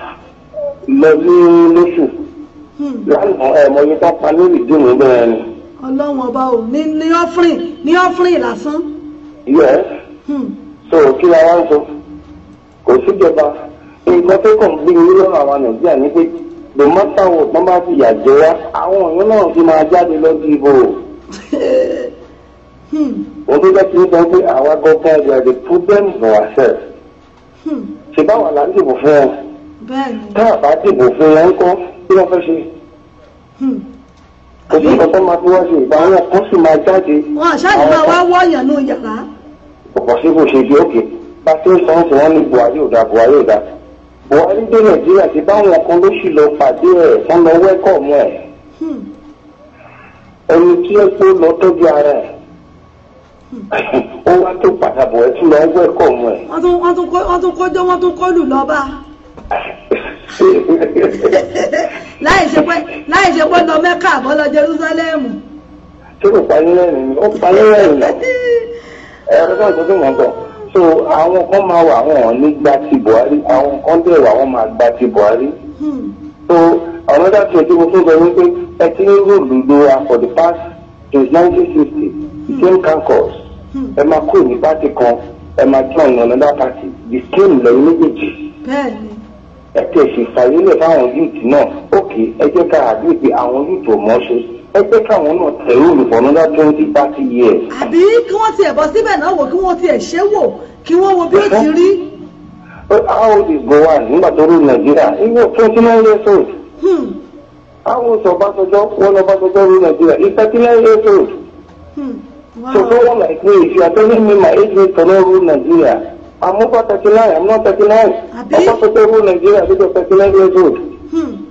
lọ ní lóṣù lánàá ẹ mọ iye tó pa ní rìdíìmù bẹ́ẹ̀ ni. ọlọ́run ọba ò ní ní ọ́fìrìn ní ọ́fìrìn lásán. yẹ hmm. so kí la wá ń sọ kò síjọba nǹkan tó kàn gbé mi lọ́rọ̀ àwọn nàìjíríà ni pé the master wo tán bá ti yà jẹ wá àwọn èèyàn náà ti máa jáde lọ́dún ibo wọ́n tó jẹ́ kí n sọ pé àwa gọ́gá ẹ̀dẹ̀ the problem for ourselves hmm. ṣe báwa là ń dìbò fún ọ tá a bá dìbò fún wọn kọ́ kí wọ́n fẹ́ ṣe hmm. kò sí nǹkan tó máa fi wá ṣe ìgbà wọn kan sì máa jáde. wọn ṣáàjì máa wá wọ̀yàn ní yàrá. ọ̀pọ̀ sí bó ṣe di òkè bá tí ó sọ ń sọ wọn ní buhari ò dáa buhari ò dáa buhari dé nàìjíríà ti báwọn kan ló sì lọ pàdé ẹ̀ wọ́n lọ wẹ́kọ̀ọ̀mù ẹ̀ hmm. ẹni tí ẹ pé lọ tọ́jú ara ẹ̀ hmm. ó wá tó padà bọ̀ ẹ tún lọ wẹ́kọ̀ọ̀mù ẹ̀. wọ́n tún kọjọ́ wọ́n tún kọlù lọ́ba láì ṣe pé láì ṣe pé lọ mẹ́kà àbọ̀ lọ Jerúsálẹ́mù. tí kò parí lẹ́rìn ni ó parí lẹ́rìn náà ẹ̀rọ náà tó dùn mọ́ bọ̀ so àwọn kan máa wà wọn ò ní gba ti Buhari àwọn kan dẹ̀ wà wọn máa gba ti Buhari hmm. so ọ̀rọ̀ dàtí ojú mo tún sọ wípé ẹ ti ń rò lùdó wa for the past since nineteen sixty the hmm. same caucus hmm. ẹ máa kúrò ní pátì kan ẹ máa join another party the same lẹ́yìn méjèèjì. bẹ́ẹ̀ni ẹ tẹ̀ ṣe fàyẹlẹ̀ fáwọn yúùtì náà òkè ẹ jẹ́ ká àdúrà pé àwọn yúùtì ò mọ́ṣe ẹ jẹ́ káwọn náà tẹ̀lé olùfọ̀nù lá twenty thirty years. àbí kí wọ́n tiẹ̀ bọ́ síbẹ̀ náà wò kí wọ́n tiẹ̀ ṣé wò kí wọ́n wo bí ó ti rí. how old is Gowon nígbà tó rú Nàìjíríà iye twenty nine years old. àwọn hmm. oṣù Ọbásanjọ́ wọn lọ Ọbásanjọ́ rú Nàìjíríà iye thirty nine years old. Hmm. so someone like me if you are telling me my age mate for no rule Nigeria I'm over 39. I'm not 39. Abi? Over people rule Nigeria because 39 years old. Hmm.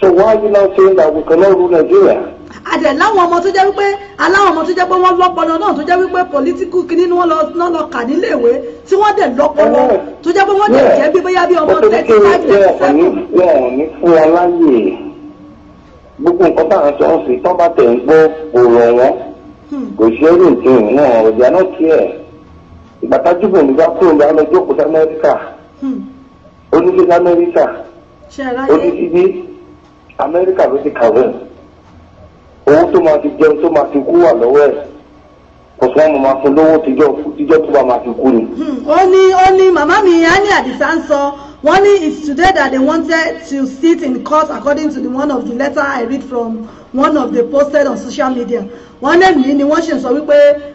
So why are you now saying that we cannot rule Nigeria? Adẹ̀ láwọn ọmọ tó jẹ́ wípé aláwọn ọmọ tó jẹ́ pé wọ́n lọ́pọlọ náà tó jẹ́ wípé political kìíní ni wọ́n lọ lọ kà nílé ìwé tí wọ́n dẹ̀ lọ́pọlọ eh, tó jẹ́ pé wọ́n dẹ̀ eh, jẹ́ bí bóyá bí ọmọ thirty five thirty seven. Wọ́n ò ní fún wọn láyè gbogbo nǹkan tá à ń sọ ọ́n sí tọ́ bá tẹ̀ ń gbọ́ kò rọ̀ wọ́n hmm. kò ṣe é rìn tí wọn ò jà náà kí ìgbà tájúbù ní bá kúrò ní alẹ́ jókòó sí amẹ́ríkà hmm. onílé ní amẹ́ríkà onílé ní amẹ́ríkà ló ti kàwé owó tó máa fi jẹun tó máa fi kú wà lọ́wọ́ ẹ̀ kò sọ wọn máa fún lówó tíjọ́ tó bá máa fi kú ni. Hmm. ó ní ó ní màmá mi á ní àdìsá ń sọ. One is today that they wanted to sit in court according to the one of the letter I read from one of the posted on social media. Wọ́n lè mí ni wọ́n ṣe sọ wípé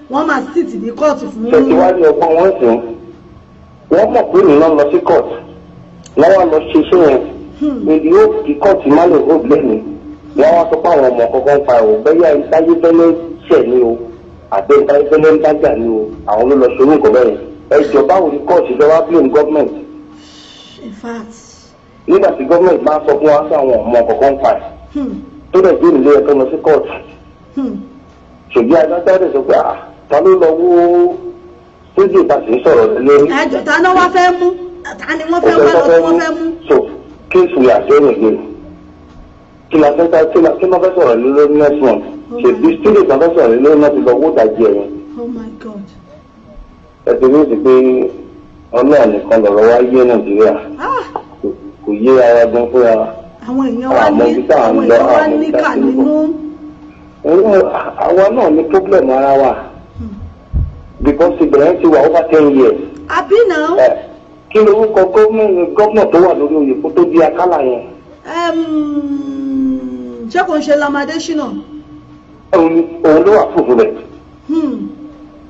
wọ́n máa sit in the court fún. Ṣé ìwádìí ọgbọ́n wọn sùn? Wọ́n mọ̀ pé nìyẹn lọ sí court. Lọ́wọ́ lọ ṣe iṣẹ́ yẹn. Èdè yóò di court má lè rò lẹ́nu. Wọ́n wá sọ pé àwọn ọmọ kankan pa ẹ̀wọ̀ bẹ́yà ìdáyé bẹ́lẹ̀ ṣẹ̀ ni o. Àbẹ́ ìdáyé bẹ́lẹ̀ ń dájà ni o. Àwọn ló lọ ṣe orúkọ bẹ́yẹn. Ẹ jọ báwo ni nígbà tí gọ́ọ̀mẹ̀ntì máa ń sọ fún wa sáwọn ọmọ kọ̀ọ̀kan pa ẹ̀ hmm. tó dẹ̀ bí ìlú ẹ̀kọ́ lọ sí kóòtù hmm. ṣùgbọ́n adájọ́ rẹ̀ sọ pé à ah, ta ló lọ wó fújì ìbàṣẹ sọ̀rọ̀ lórí. ẹjọ ta ni wọn fẹ́ mú ta ni wọn fẹ́ wá lọ tí wọn fẹ́ mú. so kéésù àjẹrò gbé kí la fẹ́ ta kí la kí la fẹ́ sọ̀rọ̀ lórí next month ṣèbí stílẹ̀ kan fẹ́ sọ̀rọ̀ lórí náà ti lọ wó dajì ẹ̀yìn. oh my god. ẹ ti ní ìsìn pé ọlọ́run nìkan lọ̀rọ̀ wá yé nàìjíríà ah. kò yé ara gan fúnra àwọn èèyàn wá ní àwọn èèyàn wá ní kà nínú. àwa náà ní pọ́blẹ̀mù ara wa hmm. because ibrahim ti wà over ten years. àbí náà. Eh, kí ló ń kọ gómìnà tó wà lórí oyè kó tó di akálà yẹn. ṣé kò ń ṣe Lamade Shina. òun ló wà fún rẹ. Hmm.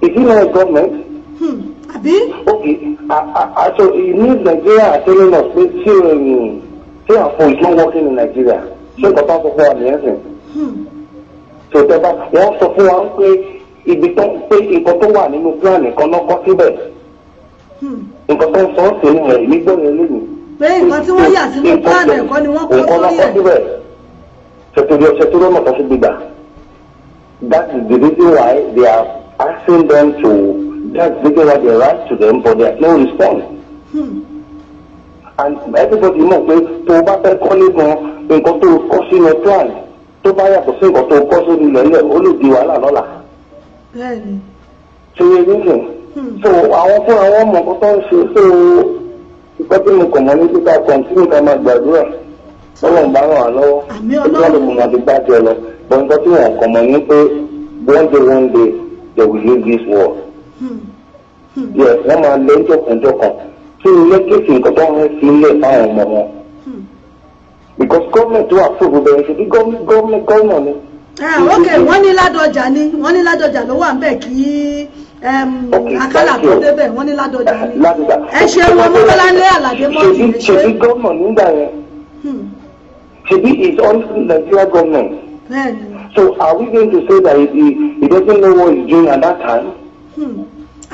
is he not a government. Hmm àbí. okay so it means Nigeria are telling us pé tí tí àpò is not working in Nigeria ṣé nǹkan tó ń sọ fún wa nìyẹn sìn. Hmm. so tẹ́fà wọ́n sọ fún wa pé ibi tó pé nǹkan tó wà nínú plan nìkan náà kọ́ síbẹ̀ hmm. nǹkan tó ń sọ ọ́ sí nìyẹn èmi gbọ́ yẹn lónìí. pé nǹkan tí wọ́n yà sínú plan ẹ̀kọ́ ni wọ́n kọ́ sórí ẹ̀. nǹkan náà kọ́ síbẹ̀ ṣètòrí ọ̀ṣẹ́ tó lọ́nà tó fi gbégbà that is the reason why they are asking them to That's exactly what they write to them, but there's no response. Hmm. And everybody mọ̀ pé tó o bá fẹ́ kọ́lé gan nǹkan tó o kọ́ sínú plan tó bá yàtọ̀ sí nǹkan tó o kọ́ sínú ilẹ̀ ilẹ̀ lè di wàhálà lọ́la. Bẹ́ẹ̀ni. yẹ yín sìn? Hmm. So àwọn fúnra wọn mọ̀ nǹkan tó ń ṣe so nǹkan tí mo kàn mọ́ ní títà kọ̀ǹtínú ká máa gbàdúrà ọlọ́run bá ràn án lọ́wọ́ ẹgbẹ́ ọlọ́run máa ti gbájọ lọ but nǹkan tí wọ́n kàn mọ́ ní pé one day one day they will leave this world. Hmm yẹ wọ́n máa lọ ńjọkànjọ kan kí ilé kéèké nǹkan tó ń fi ilé fáwọn ọmọ wọn. Hmm. because gọ́ọ̀mẹ̀ntì wà fún òbí bẹ̀rẹ̀ ṣèbí gọ́ọ̀mẹ̀ntì gọ́ọ̀mọ̀ ni. ok ah, wọ́n ní ládọjà ni wọ́n ní ládọjà ló wà ń bẹ̀ kí akálà tó débẹ̀ wọ́n ní ládọjà ni eh, ẹ ṣe wo mọ́tòlálé àlàdé mọ́tì ẹ ṣe. ṣèbí gọ́ọ̀mọ̀ nígbà yẹn hmm. ṣèbí is honestly Nigeria government. so are we going to say that he, he doesn't know what he's doing at that time. Hmm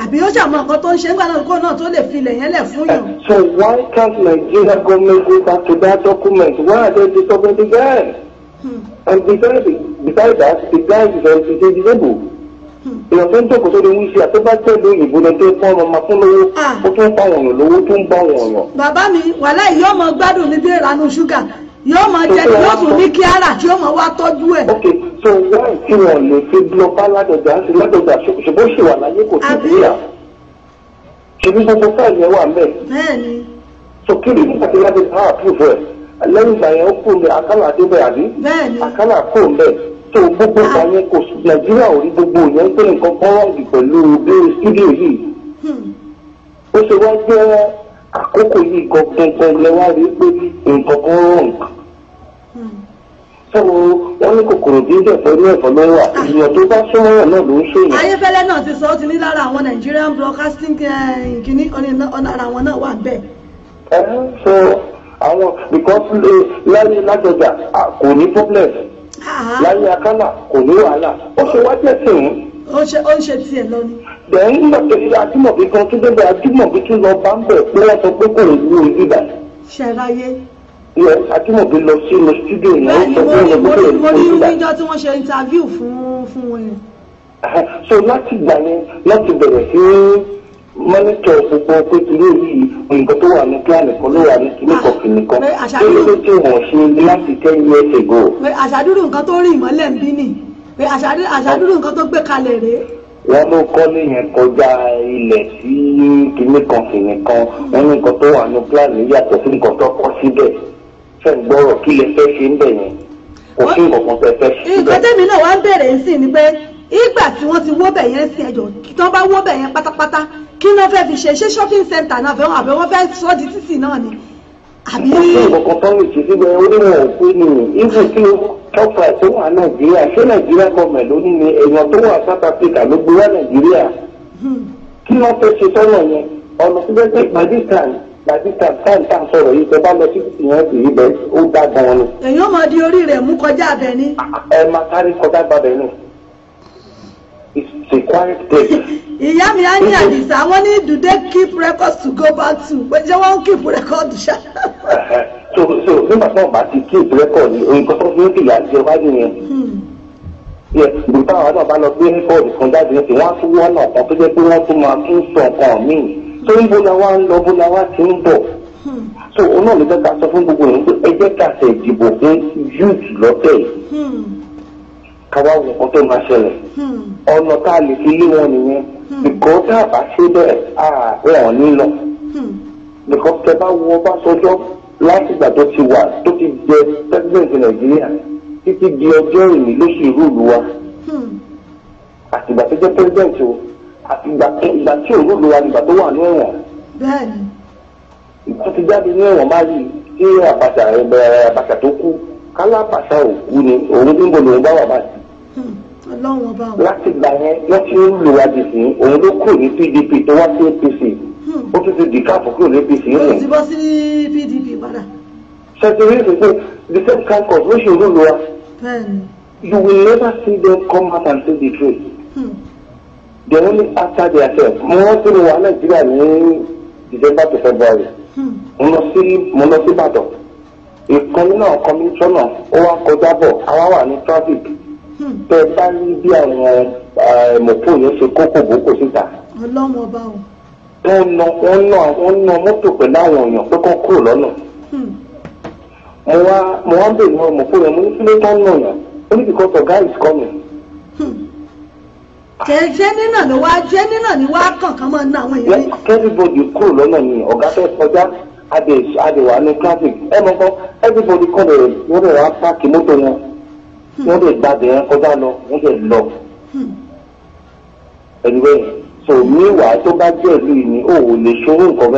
àbí ó ṣàmọ nǹkan tó ń ṣe nígbà náà kó náà tó lè filẹ̀ yẹn lẹ̀ fún yàn. so why can't Nigeria government go back to that document why are they disturbing the guy hmm. and besides besides that the guy is very disabled hmm. èèyàn tó ń jókòó sórí wíṣẹ àtọ́gbá tẹ̀lé òyìnbó lọ tó ń fọ́ ọmọ fún ah. lówó ó tún ń pa àwọn èèyàn lówó tó ń bá àwọn èèyàn. bàbá mi wàhálà yìí yóò mọ gbádùn níbi ìranú ṣúgà yóò mọ jẹ yóò tún ní kí ara tí yóò mọ wá tọ́jú ẹ̀. ok tó wá ìtí wọn lè fi lọ bá ládọjà sí ládọjà ṣùgbọ́n ṣì wà láyé kò sí ìyá ṣèbí gbogbo fáìlì ẹ wà mẹ́ẹ̀. bẹ́ẹ̀ni. so kí ni nígbà tí ládọjà á àpúrò ẹ lẹ́yìn ìgbà yẹn ó kó lẹ àkàlà àdébẹ̀ àbí. bẹ́ẹ̀ni. àkàlà kó mbẹ́ tó gbogbo ìgbà ah. yẹn kò sí nàìjíríà ò rí gbogbo yẹn pé nǹkan kan wà ní pẹ̀lú bí studio yìí. Hmm. ó ṣe wá jẹ́ àkókò yìí gangan lẹ́wà rí pé nǹkan kan rọrùn tó wọn ní kòkòrò dídẹ̀ pẹ̀lú ẹ̀fọ́ lọ́wọ́ ìyàn tó bá súnmọ́ yàn náà ló ń ṣèyàn. ayéfẹ́lẹ́ náà ti sọ ó ti ní lára àwọn Nigerian broadcasting eh, kìíní ọ̀nà àwọn náà wà bẹ́ẹ̀. ẹ so àwọn because eh, láyé lájọjà kò ní problem láyé akálà kò ní wàhálà ó ṣe wájú ẹsẹ̀ òun. ó ń ṣe tiẹ̀ lọ ni. bẹ́ẹ̀ ń gbà pé adúmọ̀bí kan tún débẹ̀ adúmọ̀bí tún lọ bá ń bẹ̀ pé wọ́n sọ pé kò ní yẹ akínmọ̀bí lọ sínú stúdíò yẹn ó sọ pé wọ́n gbọ́dọ̀ ìfún ìgbà. mo rí níjọ́ tí wọ́n ṣe interview fún fún wọn ni. Uh-huh. so láti gbà yẹn láti bẹ̀rẹ̀ sí mọ́nítọ̀ gbogbo pé kìlú yìí nǹkan tó wà ní plan kan ló wà ní kìlú kan ah, kìlú kan kí ló tí wọ́n ṣe láti ten years ago. pé àṣàdúró nǹkan tó rí ìmọ́lẹ̀ ń bí nì pé àṣàdúró nǹkan tó gbé kalẹ̀ rèé wọ́n ló kọ́lé yẹn kọjá ilẹ̀ sí kinní kan kìnìkan wọ́n ní nǹkan tó wà ní plan yàtọ̀ sí nǹkan tó kọ́ síbẹ̀ fẹ́ gbọ́rọ̀ kí lè fẹ́ ṣe ń bẹ̀ yẹn kò sí nǹkan fẹ́ fẹ́ ṣe. nǹkan tẹ́mi náà wá ń bẹ̀rẹ̀ ń sìn ni pé ìgbà tí wọ́n ti wó bẹ̀ yẹn sí ẹjọ́ tán bá wó bẹ̀ yẹn pátápátá kí náà fẹ́ fi ṣe ṣé shopping center náà fẹ́ wọn àbẹ̀ wọ́n fẹ́ sọ di títì náà ni. àbí. kò sí nǹkan tán lè ṣe síbẹ̀ onímọ̀ òkú ni ibi tí tọ́pà tó wà nàìjíríà ṣé nàìjíríà gọọmẹ̀ ló ní ni èèyàn tó wà South Africa ló gbé wá nàìjíríà hmm. kí wọ́n fẹ́ ṣe tọ́nà yẹn ọ̀nà tó bẹ́ẹ̀ gbàdí kàǹtàn tá à ń yìí tẹ bá lọ sí ìyẹn sì ibẹ̀ ó dá gan ni. èèyàn máa di orí rẹ̀ mú kọjá abẹ ni. ẹ máa kárí kọjá gbàbẹ̀ nù. ìyá mi á ní àdìsá wọn ní do keep records to go back to pé ṣé wọn ń keep record ṣá. so so nígbà tí wọn bá ti keep record nǹkan tó ń fìyà jẹ wá nìyẹn gbogbo hmm. àwọn náà bá lọ gbé rẹ́kọ̀dì kan jáde ní á tún wọ́n náà kan tó jẹ́ pé wọ́n tún máa tún sọ nǹkan míì tó ń bó la wá ń lọ bó la wá ti ń bọ̀ hmm. so òun náà ló fẹ́ ká sọ fún gbogbo yẹn pé ẹ jẹ́ ká ṣe ìdìbò fún youth lọ́tẹ̀ yìí hmm. ká wá wo nǹkan tó máa ṣẹlẹ̀ hmm. ọ̀nà tá a lè fi lé wọn nìyẹn ìkọ́ tá a bá ṣe bẹ́ẹ̀ á wọ̀n ní lọ tẹ bá wo Ọbásanjọ́ láti ìgbà tó ti wà tó ti jẹ pẹ́sidẹ̀ntì Nàìjíríà títí di ọjọ́ ìní lóṣù ìrú wa àtìgbà tó jẹ́ pẹ́sidẹ̀ntì o àti ìgbà tí òun lòlò àgbà tó wà ní ẹ̀wọ̀n. bẹ́ẹ̀ni. ìgbà tí jáde ní ẹ̀wọ̀n bá rí àbàṣà ẹ̀bẹ̀rẹ̀ àbàṣà tó kú kálá òkú ni òun tí ń bolo òun wà báyìí. Hmm, láti gbà yẹn wọ́n ti ń lò wá dìsí òun ló kúrò ní PDP tó wá sí APC hmm. ó tún ti dìkáàpù kúrò ní APC. ó ti bọ́ sí PDP padà. ṣètìlẹ́ ìfẹ́ the same kind of ló ṣe olúwa. you will never see them come out and say the truth. Hmm. The only after their self mo rántí mo wà nàìjíríà ní december to february hmm. mo lọ sí mo lọ sí ìbàdàn ìkan nínú ọkàn mi tọ́nà ó wá kọjá bọ̀ àwa wà ní traffic hmm. tẹ bá rí bí àwọn eh, mọ̀pó yẹn ṣe kókò bókò síta. ọlọ́run ọba o. wọ́n na wọ́n na wọ́n na mọ́tò pẹ̀lú àwọn èèyàn pé kán kúrò lọ́nà. Hmm. mo wá mo wá ń bèèrè mọ̀pó yẹn mo ní kí tán nà yàn ó ní because ọ̀gá is coming. Hmm. kẹ́ẹ́ jẹ́ nínà ni wá jẹ́ nínà ni wá kànkan kúrò lọ́nà ọ̀gá fẹ́ adé adé wà ní kọ́ everybody wọ́n lè wá páàkì wọn hmm. wọ́n lè yẹn kọjá lọ wọ́n lè lọ. Hmm. anyway so meanwhile tó bá ìlú yìí ni ó ò lè ṣòro nǹkan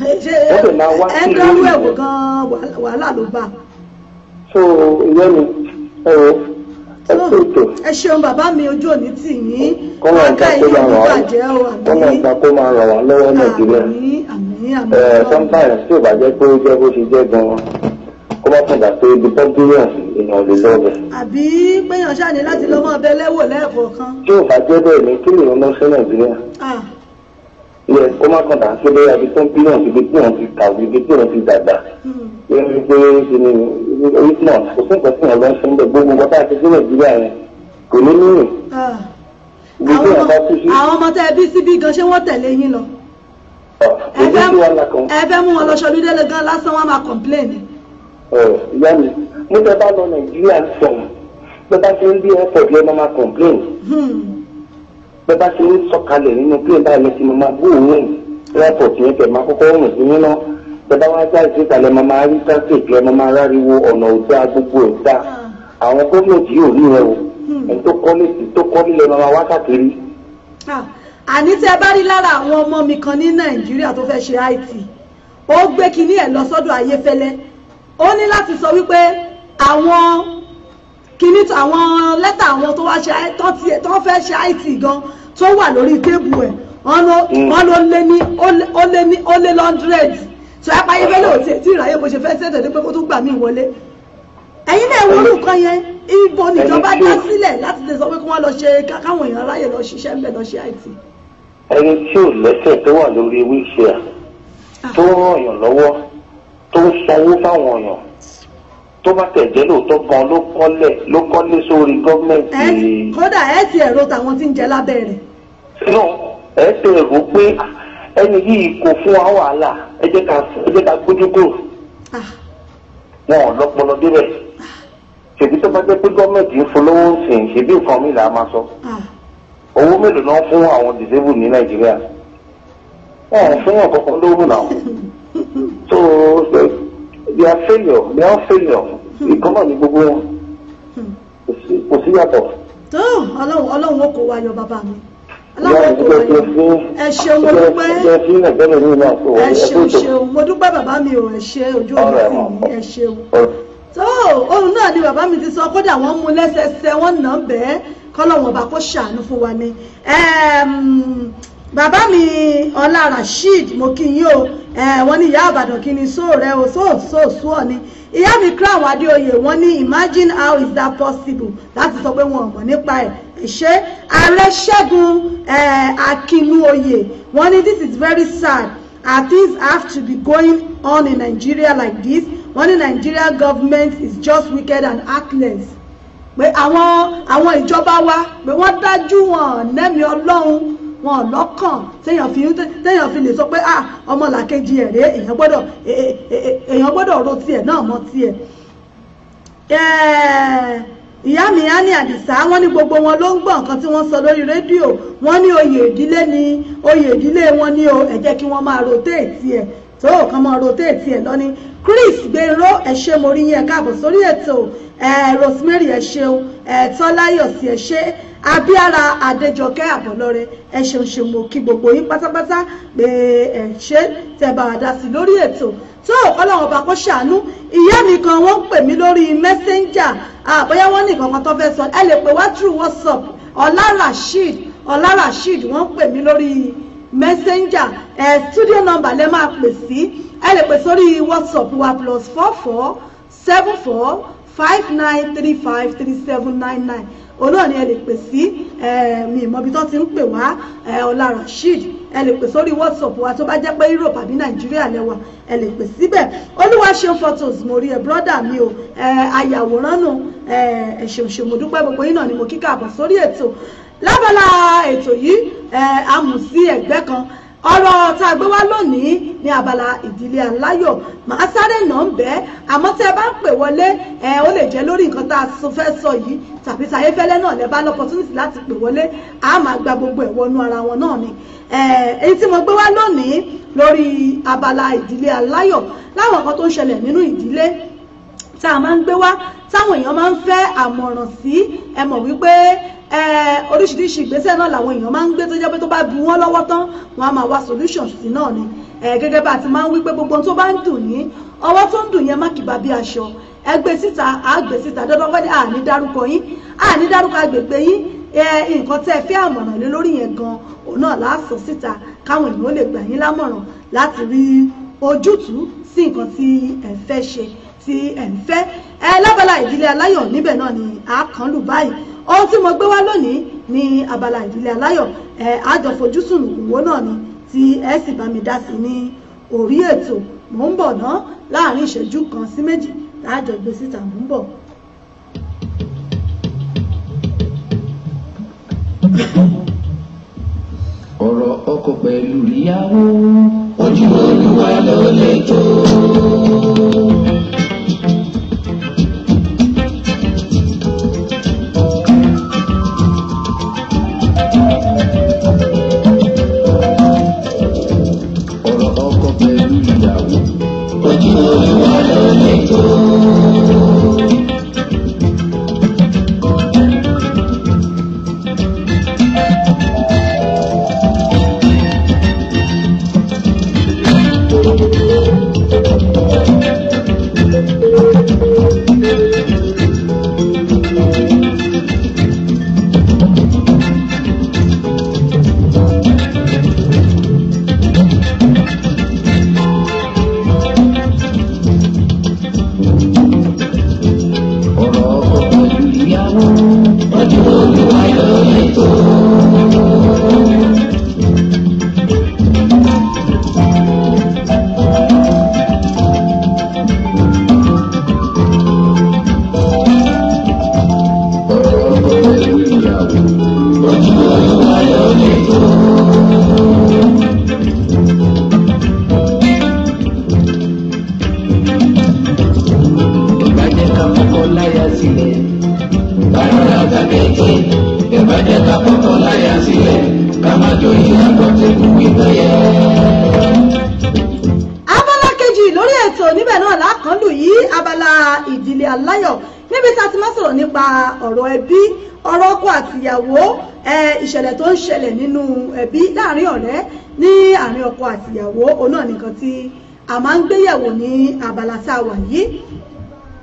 bẹ́ẹ̀ yẹn ẹ ṣeun bàbá mi ojú òní tì yín ọgá ìlú òní bàjẹ́ o àmì ọgá kó máa ràn wá lọ́wọ́ nàìjíríà ẹ sometimes tí ò bá jẹ́ pé ó jẹ́ bó ṣe jẹ́ gan-an kó má fúnra pé ibi tó bílíọ̀n èèyàn lè lọ́ọ̀bẹ̀. àbí péyàn ṣáà ní láti lọ́mọ ọbẹ̀ lẹ́wò lẹ́ẹ̀kọ̀ọ̀kan. tí ò bá jẹ́ bẹ́ẹ̀ ni kí lèèyàn lọ sí nàìjíríà yẹ kó má kàn dà pé bóyá ibi tó ń bí náà ibi tí wọ́n ti kàwé ibi tí wọ́n ti dàgbà hmm. yẹ kí pé ṣe ni orí tí wọ́n kò sí nǹkan tí wọ́n lọ ń ṣe ń bẹ gbogbo nǹkan tá a ti sí nàìjíríà yẹn kò ní nírè. Ah. àwọn ọmọ tẹ bí síbí gan ṣé wọ́n tẹ̀lé yín lọ. Ah, ẹ fẹ́ mú wọn lọ ṣọlúdé gan lásán wọn máa complain. Oh, ìyá mi mo tẹ bá lọ nàìjíríà sọ̀rọ̀ bẹ́ẹ̀ bá ṣe ń sọ̀kalẹ̀ nínú plane báyìí lọ sí mo máa bó òun airport yẹn kẹ̀ máa kọ́kọ́ rìn sí yín náà bẹ́ẹ̀ bá wá já ìṣèta lẹ́ máa máa rí traffic lẹ́ máa máa ráriwo ọ̀nà òdá gbogbo òdá ah. àwọn gómìnà yóò rí rẹ o hmm. ẹni tó kọ́ tó kọ́ nílẹ̀ máa wá káàkiri. Ah. àní tẹ bá rí lára àwọn ọmọ mi kan ní nàìjíríà tó fẹ́ ṣe it ó gbé kinní ẹ̀ lọ sọ́dọ̀ ayéfẹ́lẹ́ ó ní láti sọ wípé àwọn kinní àwọn lẹ́tà àwọn tó wá ṣe tó fẹ́ ṣe it gan-an tó wà lórí tébù ẹ̀ wọ́n ló mm. lé ní ó lé ní ó lé lọ́ndrẹ́dì tó yá páyé fẹ́lẹ́ òtí ètí ìráyè bó ṣe fẹ́ sẹ́tẹ̀ ní pé kó tún gbà mí wọlé ẹ̀yin náà wọ́n orúkọ yẹn ibo níjọba dá sílẹ̀ láti lè sọ pé kí wọ́n lọ ṣe káwọn èèyàn ráyè lọ ṣiṣẹ́ ńbẹ̀ lọ ṣe àìtì. ẹni tí ò lẹ́sẹ̀ tó wà lórí wíṣẹ́ ah. tó ràn yàn lọ́wọ́ tó ń sanwó fáwọn èèyàn tó bá tẹ̀jẹ́ lóòótọ́ gan ló kọ́lé sórí gọ́ọ̀mẹ̀ntì. kódà ẹ ti ẹ̀rọ tàwọn tí ń jẹ lábẹ́ rẹ̀ sínú ẹ ṣe rò pé ẹni yìí kò fún wa wàhálà ẹ jẹ́ ká ẹ jẹ́ ká gbójú kúrò ah. wọn ò lọ́pọlọ débẹ̀ ah. ṣèbí tó bá jẹ́ pé gọ́ọ̀mẹ̀ntì ń fọlọ́wọ́ sìn ṣèbí nǹkan mi là á máa sọ ah. owó mélòó náà fún àwọn disabled ní nàìjíríà wọn ò fún yàn kankan lówó náà so they are failure they are failure hmm. ìkọ́nà ní gbogbo wọn hmm. kò sí yàtọ̀. tó ọlọ́run ọlọ́run ó kó wa yọ bàbá mi ẹ ṣeun mo dúpẹ́ ẹ ṣeun ṣeun mo dúpẹ́ bàbá mi ò ẹ ṣe ojú ọ̀nà sí mi ẹ ṣeun tó ohun náà ni bàbá mi ti sọ kódà wọ́n mú lẹ́sẹsẹ wọ́n nà ń bẹ́ẹ̀ kọ́lọ́wọ́n ọba kó ṣàánú fún wa ni bàbá mi ọlá rasheed mo kí yín o wọ́n ní ìyá àbàdàn kí ni sóò rẹ o sóò sóò sóò ni ìyá mi crown adéoyè wọ́n ní imagine how is that possible láti sọ pé wọn ò mọ̀ nípa ẹ̀ ṣe ààrẹ ṣẹ́gun akínúoyè wọ́n ní this is very sad and things have to be going on in Nigeria like this when the Nigeria government is just wicked and actless pé àwọn àwọn ìjọba wa pé wọ́n dájú wọn nẹ́mi ọlọ́run wọn lọ́kàn téèyàn fi téèyàn fi lè sọ pé ah ọmọlàkejì ẹ̀ rèé èèyàn gbọ́dọ̀ èèyàn gbọ́dọ̀ ro tiẹ̀ náà mọ́ tiẹ̀ ìyá mi Annie Àdìsá wọ́n ní gbogbo wọn ló ń gbọ́ nǹkan tí wọ́n sọ lórí rédíò wọ́n ní oyè ìdílé ni oyè ìdílé wọn ní o ẹ jẹ́ kí wọ́n máa rotéètì ẹ̀ tó kàn máa rotéètì ẹ̀ lọ́ní Chris Gbèrò ẹ ṣé mo rí yín ẹ káàbọ̀ sórí ètò Rosemary ẹ ṣeun Tọ́láyọ̀sí ẹ ṣé abíára adéjọkẹ́ àbọ̀lọ́rẹ ẹ ṣeun ṣe mo kí gbogbo yín pátápátá pé ẹ ṣe tẹ́ bá dá sí lórí ètò tó ọlọ́run ọba kó ṣàánú ìyá mi kan wọ́n pè mí lórí messenger bóyá wọ́n ní nǹkan kan tó fẹ́ sọ ẹ lè pè wá through whatsapp ọlá rasheed ọlá rasheed wọ́n pè mí lórí messenger ẹ studio number lẹ máa pè sí ẹ lè pè sórí whatsapp wa plus four four seven four five nine three five three seven nine nine òun náà ni ẹ lè pè sí mi ìmọ̀bi tó ti ń pè wá ọlá rasheed ẹ lè pè sórí whatsapp wa tó bá jẹ́ pé europe àbí nàìjíríà lẹ́wà ẹ lè pè síbẹ̀ olúwa ṣeun photos mo rí ẹ brọ́dà mi o ayàwòrán nù ẹ ṣeun ṣeun mo dúpẹ́ gbogbo yín náà ni mo kíkà àbọ̀ sórí ètò lábala ètò yìí a mú sí ẹ̀gbẹ́ kan ọ̀rọ̀ tá a gbé wá lónìí ní abala ìdílé aláyọ̀ màá sáré nà ń bẹ́ẹ̀ àmọ́ tẹ́ ẹ bá ń pè wọlé ẹ ó lè jẹ́ lórí nǹkan tá a sọ fẹ́ sọ yìí tàbí sàyẹ́fẹ́lẹ́ náà lẹ bá lọ́pọ̀túnìtì láti pè wọlé a máa gba gbogbo ẹ̀ wọnú ara wọn náà ni èyí tí mo gbé wá lónìí lórí abala ìdílé aláyọ̀ láwọn nǹkan tó ń ṣẹlẹ̀ nínú ìdílé tá a máa ń gbé wá táwọn èèyàn máa ń fẹ́ àmọ̀ràn sí ẹ mọ̀ wípé oríṣiríṣi ìgbésẹ̀ náà làwọn èèyàn máa ń gbé tó jẹ́ pé tó bá bu wọ́n lọ́wọ́ tán wọ́n á máa wá solution sí náà ni gẹ́gẹ́ bá a ti máa ń wí pé gbogbo tó bá ń dùn yín ọwọ́ tó ń dùn yẹn má kìbá bí aṣọ ẹgbẹ́ síta àgbẹ̀ síta dandan fẹ́ àní dárúkọ yín àní dárúkọ agbègbè yín nǹkan tẹ́ ẹ fẹ́ àmọ̀ràn lé lórí yẹn gan òun náà láàsọ síta káwọn èèyàn lè gbà yín lámọ̀ràn láti rí ojútùú sí nǹkan tí ẹ fẹ́ ṣe tí ẹ ń fẹ́ ẹ lábala ìdílé aláyọ̀ níbẹ̀ náà ni àákànlù báyìí ohun tí mo gbé wá lónìí ní abala ìdílé aláyọ̀ ẹ àjọfojúsùn ìwò náà ni tí ẹ sì bá mi dá sí ní orí ètò mò ń bọ̀ ná láàrin ìṣẹ́jú kan sí méjì láàjọ gbé síta mò ń bọ̀. ọ̀rọ̀ ọkọ pẹ̀lú ìyàwó ojú olúwa ló lè tó. Lord, what a victory. tí a máa ń gbéyẹ̀wò ní abala tá a wà yìí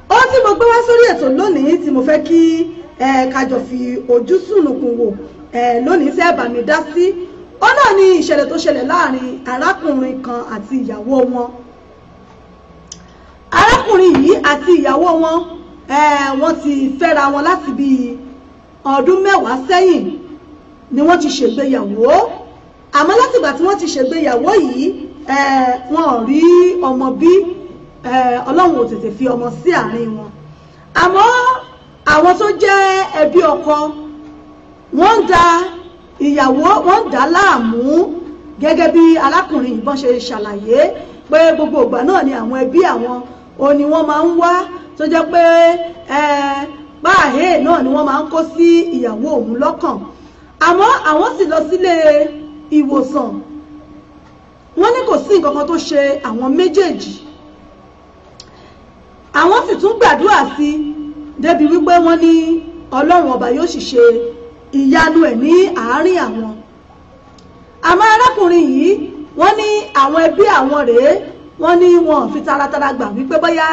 ó tí mo gbé wá sórí ètò lónìí tí mo fẹ́ kí ẹ kájọ fi ojú sùnùkùn wò ẹ lónìí tẹ́ ẹ bá mi dá sí ó náà ní ìṣẹ̀lẹ̀ tó ṣẹlẹ̀ láàrin arákùnrin kan àti ìyàwó wọn arákùnrin yìí àti ìyàwó wọn ẹ wọ́n ti fẹ́ra wọn láti bí ọdún mẹ́wàá sẹ́yìn ni wọ́n ti ṣègbéyàwó àmọ́ látìgbà tí wọ́n ti ṣègbéyàwó yìí wọn ò rí ọmọ bí ọlọ́run ò tètè fi ọmọ sí àárín wọn àmọ́ àwọn tó jẹ́ ẹbí ọkọ wọ́n ń da ìyàwó wọ́n ń dà á láàmú gẹ́gẹ́ bí alákùnrin ìbọn ṣe ṣàlàyé pé gbogbo ìgbà náà ni àwọn ẹbí àwọn o ni wọ́n máa ń wá tó jẹ́ pé páàhé náà ni wọ́n máa ń kó sí ìyàwó òun lọ́kàn àmọ́ àwọn sì lọ sílé ìwòsàn wọ́n ní kò sí nǹkan kan tó ṣe àwọn méjèèjì àwọn sì tún gbàdúrà sí débi wípé wọ́n ní ọlọ́run ọba yóò sì ṣe ìyanu ẹ̀ ní àárín àwọn àmọ́ arákùnrin yìí wọ́n ní àwọn ẹbí àwọn rèé wọ́n ní wọn fi taratara gbà wípé bóyá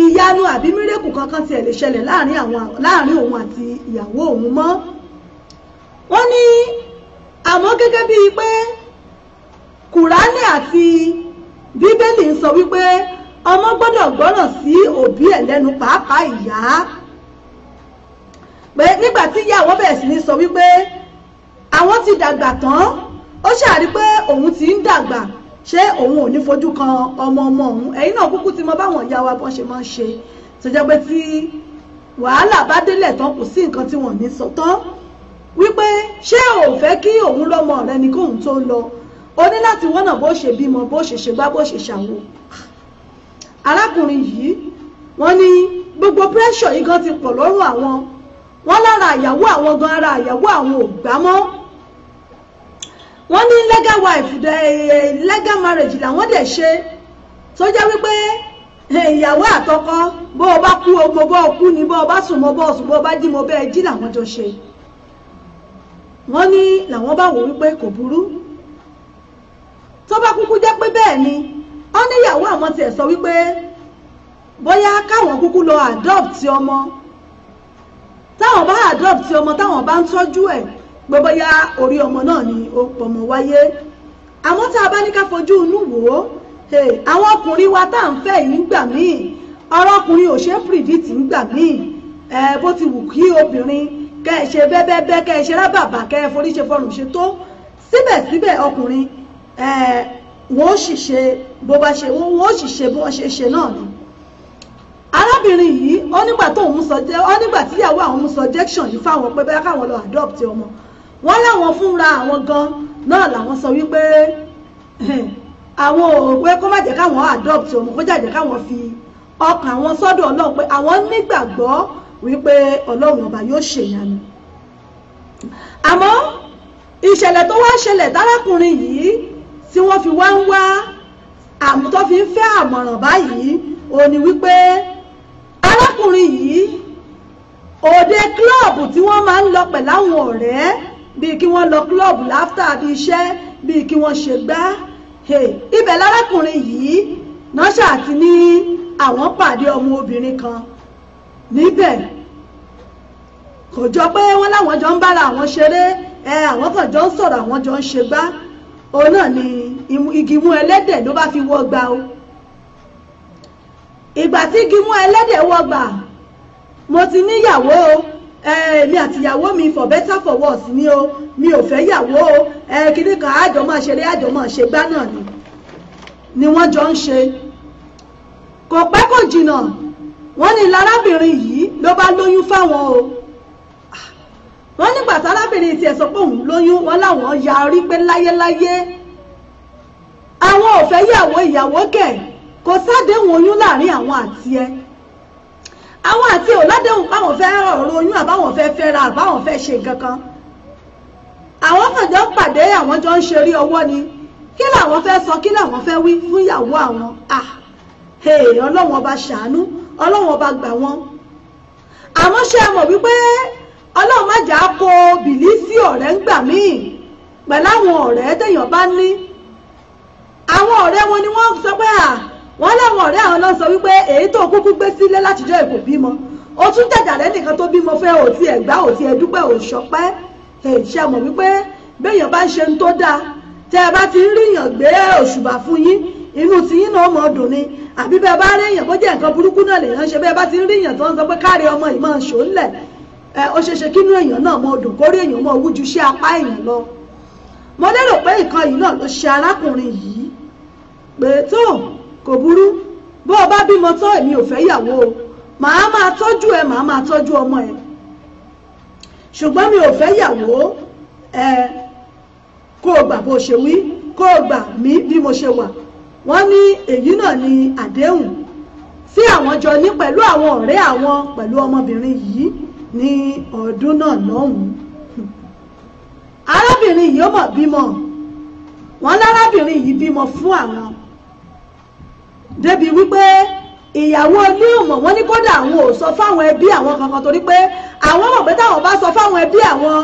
ìyanu àbí mírèkù kankan tiẹ̀ lè ṣẹlẹ̀ láàrin òun àti ìyàwó òun mọ́ wọ́n ní àmọ́ gẹ́gẹ́ bíi pé kùránì àti bíbélì ń sọ wípé ọmọ gbọ́dọ̀ gbọ́ràn sí òbí ẹ̀ lẹ́nu pàápàá ìyá pé nígbà tí ìyàwó bẹ̀rẹ̀ sí ní sọ wípé àwọn ti dàgbà tán ó ṣàrí pé òun ti ń dàgbà ṣé òun ò ní fojú kan ọmọ ọmọ òun ẹ̀yin náà kúkú ti mọ báwọn ìyá wa bọ́n ṣe máa ń ṣe tó pé tí wàhálà bá délẹ̀ tán kò sí nǹkan tí wọ́n ní sọ tán wípé ṣé ò fẹ́ kí òun lọ́mọ rẹ ni kóun tó lọ o ní láti wọ́nà bó ṣe bímọ bó ṣe ṣe gbá bó ṣe ṣàwo arákùnrin yìí wọ́n ní gbogbo pressure yìí gan ti pọ̀ lọ́rùn àwọn wọ́n lára àyàwó àwọn gan ara àyàwó àwọn ò gbá mọ́ wọ́n ní legal wife eh, legal marriage làwọn dẹ̀ ṣe tó jẹ́ wípé eh, ìyàwó àtọkọ bó o bá kú ogbó bó o kú ni bó o bá sùn mọ́ bó o sùn bó o bá jí mọ́ bẹ́ẹ̀ jí làwọn jọ ṣe wọ́n ní làwọn bá wò wípé kò burú tó bá kúkú jẹ́ pé bẹ́ẹ̀ ni ó níyàwó àwọn tiẹ̀ sọ wípé bóyá káwọn kúkú lọ adopt ọmọ táwọn bá adopt ọmọ táwọn bá ń tọ́jú ẹ̀ pé bóyá orí ọmọ náà ni ó pọmọ wáyé àmọ́ tá a bá ní ká fojú inú wò ó àwọn ọkùnrin wa tá à ń fẹ́ yìí nígbà míì ọ̀rọ̀ ọkùnrin ò ṣe é predict nígbà míì bó ti wù kí obìnrin kẹ́ ẹ ṣe bẹ́ẹ̀ bẹ́ẹ̀ kẹ́ ẹ ṣe rábàbà kẹ́ ẹ forí fọrùn ṣe tó síbẹ̀síbẹ̀ ọkùnrin wọ́n ó sì ṣe bó bá ṣe wọ́n ó sì ṣe bó wọ́n ṣe ṣe náà ni arábìnrin yìí ó nígbà tóun sọ jẹ́ ó nígbà tíyàwó àwọn mú suggestion yìí fáwọn pé bẹ́ẹ̀ káwọn lọ adopt ọmọ wọ́n láwọn fúnra àwọn gan náà làwọn sọ wípé àwọn ò pé kó má jẹ́ káwọn adopt ọmọ kó jàjẹ́ káwọn fi ọkàn àwọn sọ́dọ̀ ọlọ́run pé àwọn nígbàgbọ́ wípé ọlọ́run ọba yóò ṣèyanu àmọ́ ìṣẹ̀lẹ̀ tó wá ṣẹlẹ̀ tárákùnrin yìí tí wọ́n fi wá ń wá àmọ́ tó fi ń fẹ́ àmọ̀ràn báyìí ó ní wípé arákùnrin yìí òde kílọ̀bù tí wọ́n máa ń lọ pẹ̀láwọn ọ̀rẹ́ bíi kí wọ́n lọ kílọ̀bù láftà bíi iṣẹ́ bíi kí wọ́n ṣe gbá ibẹ̀ lárákùnrin yìí nọ́ṣà ti ní àwọn pàdé ọmọ obìnrin kan níbẹ̀ kò jọ pé wọ́n láwọn jọ ń bára àwọn ṣeré àwọn kan jọ ń sọ̀rọ̀ àwọn jọ ń ṣe gbá òun náà ni igi mú ẹlẹ́dẹ̀ ló bá fi wọgbà o ìgbà tí igi mú ẹlẹ́dẹ̀ wọgbà mo ti níyàwó o èmi àtìyàwó mi for better for worse ni o mi ò fẹ́ yàwó o kíní kan àjọ máa ṣeré àjọ máa ṣe gbá náà ni ni wọ́n jọ ń ṣe kò pẹ́ kò jìnnà wọ́n ní lárábìnrin yìí ló bá lóyún fáwọn o wọ́n nígbà tárábìnrin tiẹ̀ sọ pé òun lóyún wọn láwọn ya orí pé láyéláyé àwọn ò fẹ́ yàwó ìyàwó kẹ̀ kò sádéhùn oyún láàrin àwọn àti ẹ àwọn àti ò ládéhùn báwọn fẹ́ ọ̀rọ̀ oyún àbáwọn fẹ́ fẹ́ra àbáwọn fẹ́ ṣe nǹkan kan àwọn kàn jọ pàdé àwọn jọ ń ṣeré ọwọ́ ni kí làwọn fẹ́ sọ kí làwọn fẹ́ wí fún ìyàwó àwọn à ọlọ́wọ́n ọba ṣàánú ọlọ́wọ́n ọba gbà wọ́n àmọ́ ṣe mọ̀ wípé ọlọ́run má jà á kó bìlísì ọ̀rẹ́ ń gbà míì pẹ̀lú àwọn ọ̀rẹ́ téèyàn bá ní àwọn ọ̀rẹ́ wọn ni wọ́n sọ pé à wọ́n láwọn ọ̀rẹ́ àwọn náà sọ wípé èyí tó kúkú gbé sílé látijọ́ èkó bímọ ó tún jàjàlẹ́ nìkan tó bímọ fẹ́ ò tiẹ̀ gbá ò tiẹ̀ dúpẹ́ ò ṣọpẹ́ èyí ṣe mọ̀ wípé béèyàn bá ṣe ń tó dáa tẹ́ ẹ bá ti ń ríyàn gbé òṣùbà fún yín inú tiyín náà mọ̀ dùn ni àbí bẹ́ẹ̀ bá ríyàn kó jẹ́ nǹkan burúkú náà lèèyàn ṣe bẹ́ẹ̀ bá ti ń ríyàn tó ń sọ pé káre ọmọ yìí ó ṣeéṣe kínú èèyàn náà mọ odò kórè èèyàn mọ owú ju iṣẹ́ apá èèyàn lọ mo lérò pé nǹkan yìí náà ló ṣe arákùnrin yìí pé tó kò burú bó o bá bímọ tán èmi ò fẹ́ yàwó o màá máa tọ́jú ẹ màá máa tọ́jú ọmọ ẹ ṣùgbọ́n mi ò fẹ́ yàwó ẹ kó o gbà bó o ṣe wí kó o gbà mí bí mo ṣe wà wọ́n ní èyí náà ni àdéhùn tí àwọn jọ ní pẹ̀lú àwọn ọ̀rẹ́ àwọn pẹ̀lú ọmọbìnrin yìí ní ọdún náà lọ́hùn-ún arábìnrin yìí ó mọ̀ bímọ wọn lárábìnrin yìí bímọ fún àwọn débi wípé ìyàwó ilé ìmọ̀ wọn ní kódà àwọn ò sọ fáwọn ẹbí àwọn kankan torí pé àwọn mọ̀ pé táwọn bá sọ fáwọn ẹbí àwọn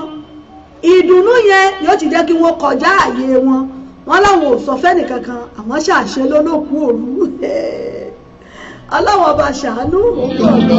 ìdùnnú yẹn yóò ti jẹ́ kí wọ́n kọjá àyè wọn wọn láwọn ò sọ fẹ́nì kankan àwọn ṣàṣe lólókù òru ọlọ́wọ́n ọba ṣàánú òun kọ̀ ọ̀dọ́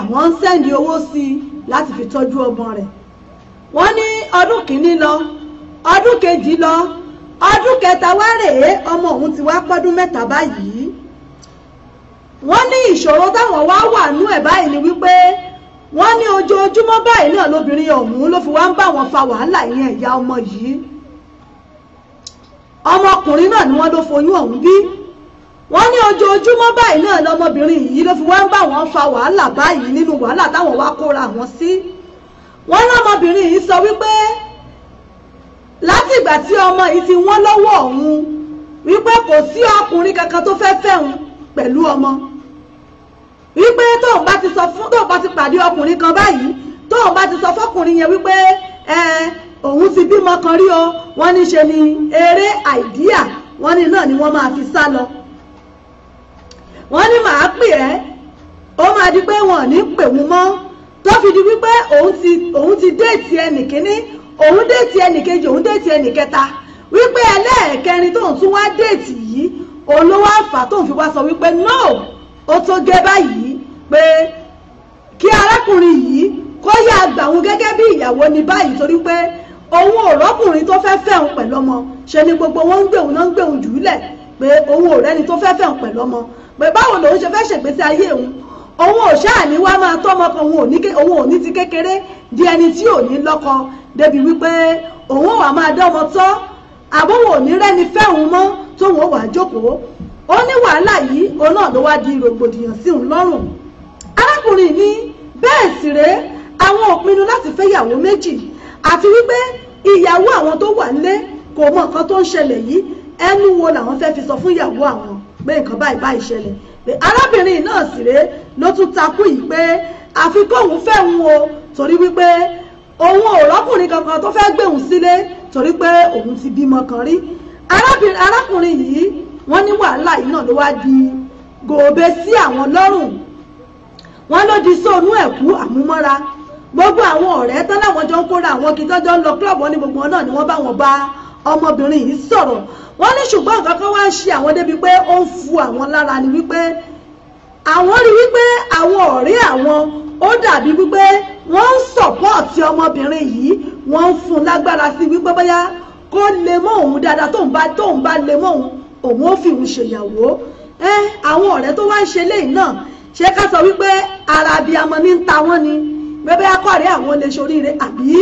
àwọn ń sẹ́ndì owó sí i láti fi tọ́jú ọmọ rẹ̀ wọ́n ní ọdún kìíní lọ ọdún kejì lọ ọdún kẹta wá rèé ọmọ òun ti wá pọ́dún mẹ́ta báyìí wọ́n ní ìṣòro táwọn wá wà nú ẹ̀ báyìí ni wípé wọ́n ní ojoojúmọ́ báyìí náà lóbìnrin ọ̀hún ló fi wá ń bá wọn fa wàhálà ìyẹn ìyá ọmọ yìí ọmọkùnrin náà ni wọ́n ló foyún ọ̀hún bí wọ́n ní ojoojúmọ́ báyìí náà lọmọbìnrin yìí ló fi wá ń bá wọn fa wàhálà báyìí nínú wàhálà táwọn wá kóra wọn sí wọ́n lọmọbìnrin yìí sọ wípé láti ìgbà tí ọmọ yìí ti wọ́n lọ́wọ́ òun wípé kò sí ọkùnrin kankan tó fẹ́ẹ́ fẹ́ òun pẹ̀lú ọmọ wípé tóun bá ti sọ fún tóun bá ti pàdé ọkùnrin kan báyìí tóun bá ti sọ fọkùnrin yẹn wípé ẹ òun ti bímọ kan rí o wọ́n ní ṣe ni eré àìdíà wọ́n ní náà ni wọ́n máa fi sá lọ wọ́n ní màá pè ẹ́ ó máa di pé wọn ò ní pè wọ́n mọ́ tó fi di wípé òun ti déètì ẹnì kíní òun déètì ẹnì kejì òun déètì ẹnì kẹta wípé ẹlẹ́ẹ̀kẹrin tóun tún wá déètì yìí òun ló wá fà tóun fi wá sọ wípé no ó tó gẹ báyìí pé kí arákùnrin yìí kó yá gbà òun gẹ́gẹ́ bí ìyàwó ní báyìí torí pé òun ò rọ́kùnrin tó fẹ́ fẹ́ òun pẹ̀lú ọmọ ṣe ni gbogbo wọn ń gbé òun náà ń gbé òun jù ú lẹ̀ pé òun ò rẹ́ni tó fẹ́ fẹ̀hùn pẹ̀lú ọmọ pé báwo lòun ṣe fẹ́ ṣègbésí ayé òun òun ò ṣáà ní wá máa tọ́ ọmọ kan òun ò ní ti kékeré di ẹni tí ò ní lọ́kọ débi wípé òun ò wá máa dá ọmọ tọ́ àbóhùn ò ní rẹ́ni fẹ́hùn mọ́ tóun ò wá jókòó ó ní wàhálà yìí òun náà ló wá di rògbòdìyàn sí òun lọ́rùn arákùnrin ní bẹ́ẹ̀ sì rèé àwọn ò pinnu láti fẹ́yàwó méjì àti wípé ìyàwó àwọn tó wà nílé kò mọ nǹkan tó ń ṣẹlẹ̀ yìí ẹnu wo làwọn fẹ́ fi sọ fún ìyàwó àwọn pé nǹkan báyìí báyìí ṣẹlẹ̀ pé arábìnrin náà sì rèé ló tún takú yìí pé àfi kóun fẹ́ òun o torí wípé òun ò rọ́kùnrin kankan tó fẹ́ gbé òun sílé torí pé òun ti bímọ kan rí arákùnrin yìí wọ́n ní wàhálà yìí náà ló wá di gòbè sí àwọn lọ́rùn wọ́n ló di sóònú ẹ̀kú àmúmọ́ra gbogbo àwọn ọ̀rẹ́ tán láwọn jọ ń kóra àwọn kí ń lọ kílọ̀bù wọn ní gbogbo wọn náà ni wọ́n bá wọn bá ọmọbìnrin yìí sọ̀rọ̀ wọ́n ní ṣùgbọ́n nǹkan kan wá ń ṣe àwọn débi pé ó ń fu àwọn lára ni wípé àwọn rí wípé àwọn ọ̀rẹ́ àwọn ó dàbí wípé wọ́n ń sọ̀pọ́ọ̀tì ọmọbìnrin yìí wọ́n ń fún un lágbára sí wípé bóyá kó lè mọ òun dáadáa tóun bá tóun bá lè mọ òun òun ó fi òun ṣèyàwó ẹ àwọn ọ̀rẹ́ tó wá ń ṣe léyìí náà ṣé ká sọ wípé ara abiyamọ ní ń ta wọ́n ni bẹ́ẹ̀ akọ́rẹ́ àwọn lè ṣoríire àbí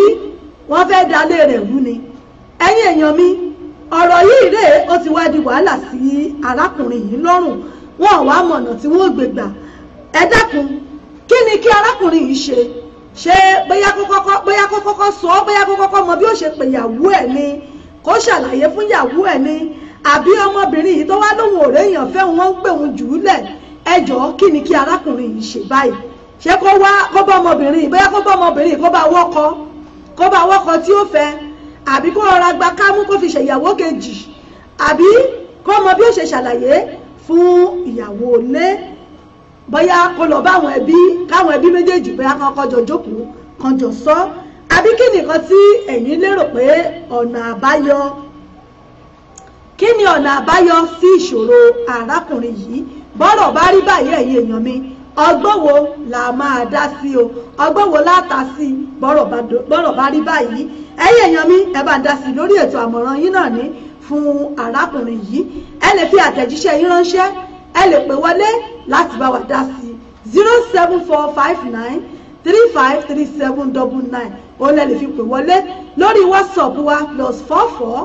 wọ́n fẹ́ dalé rẹ̀ wú ni ẹ̀yin èèyàn mi ọ̀rọ̀ yìí rèé ó ti wá di wàhálà sí arákùnrin yìí lọ́rùn wọn ò wá mọ̀nà tí wọ́n gbé gbà ẹ dákun kí ni kí arákùnrin yìí ṣe ṣé bóyá kó kọ́kọ́ sọ ọ́ bóyá kó kọ́kọ́ mọ bí ó ṣe pè yàwó ẹ̀ ni kó ṣàlàyé fún yàwó ẹ̀ ni àbí ọmọbìnrin yìí tó wá lóhùn ọ̀rẹ́ èèyàn fẹ́ wọn ń pè wọn jù ú lẹ̀ ẹ jọ̀ọ́ kí ni kí arákùnrin yìí ṣe báyìí ṣé kó wá kó bá ọmọbìnrin bóyá kó bá ọmọbìnrin kó bá wọ́kọ kó bá wọ́kọ tí ó fẹ́ àbí kó rọra gba kámú kó fi ṣèyàwó kejì àbí kó mọ bí ó ṣe ṣàlàyé fún ìyàwó ilé bóyá kó lọ bá àwọn ẹbí káwọn ẹbí méjèèjì bóyá kan kọjọ jókòó kan jọ sọ àbí kí nìkan tí ẹ̀yin lérò pé ọ̀nà àbáyọ kí ni ọ̀nà àbáyọ sí ìṣòro arákùnrin yìí bọ́rọ̀ bá rí báyìí ẹ̀yin èèyàn mi ọgbọ́n wo là máa dá sí o ọgbọ́n wo láta sí bọ́rọ̀ bá rí báyìí ẹ̀yin èèyàn mi ẹ bá dá sí lórí ètò àmọ̀ràn yín náà ní fún arákùnrin yìí ẹ lè fi àtẹ̀jíṣẹ́ yín ránṣẹ́ ẹ lè pè wọlé láti bá wa dá sí zero seven four five nine three five three seven double nine òun lè fi pè wọlé lórí whatsapp wa plus four four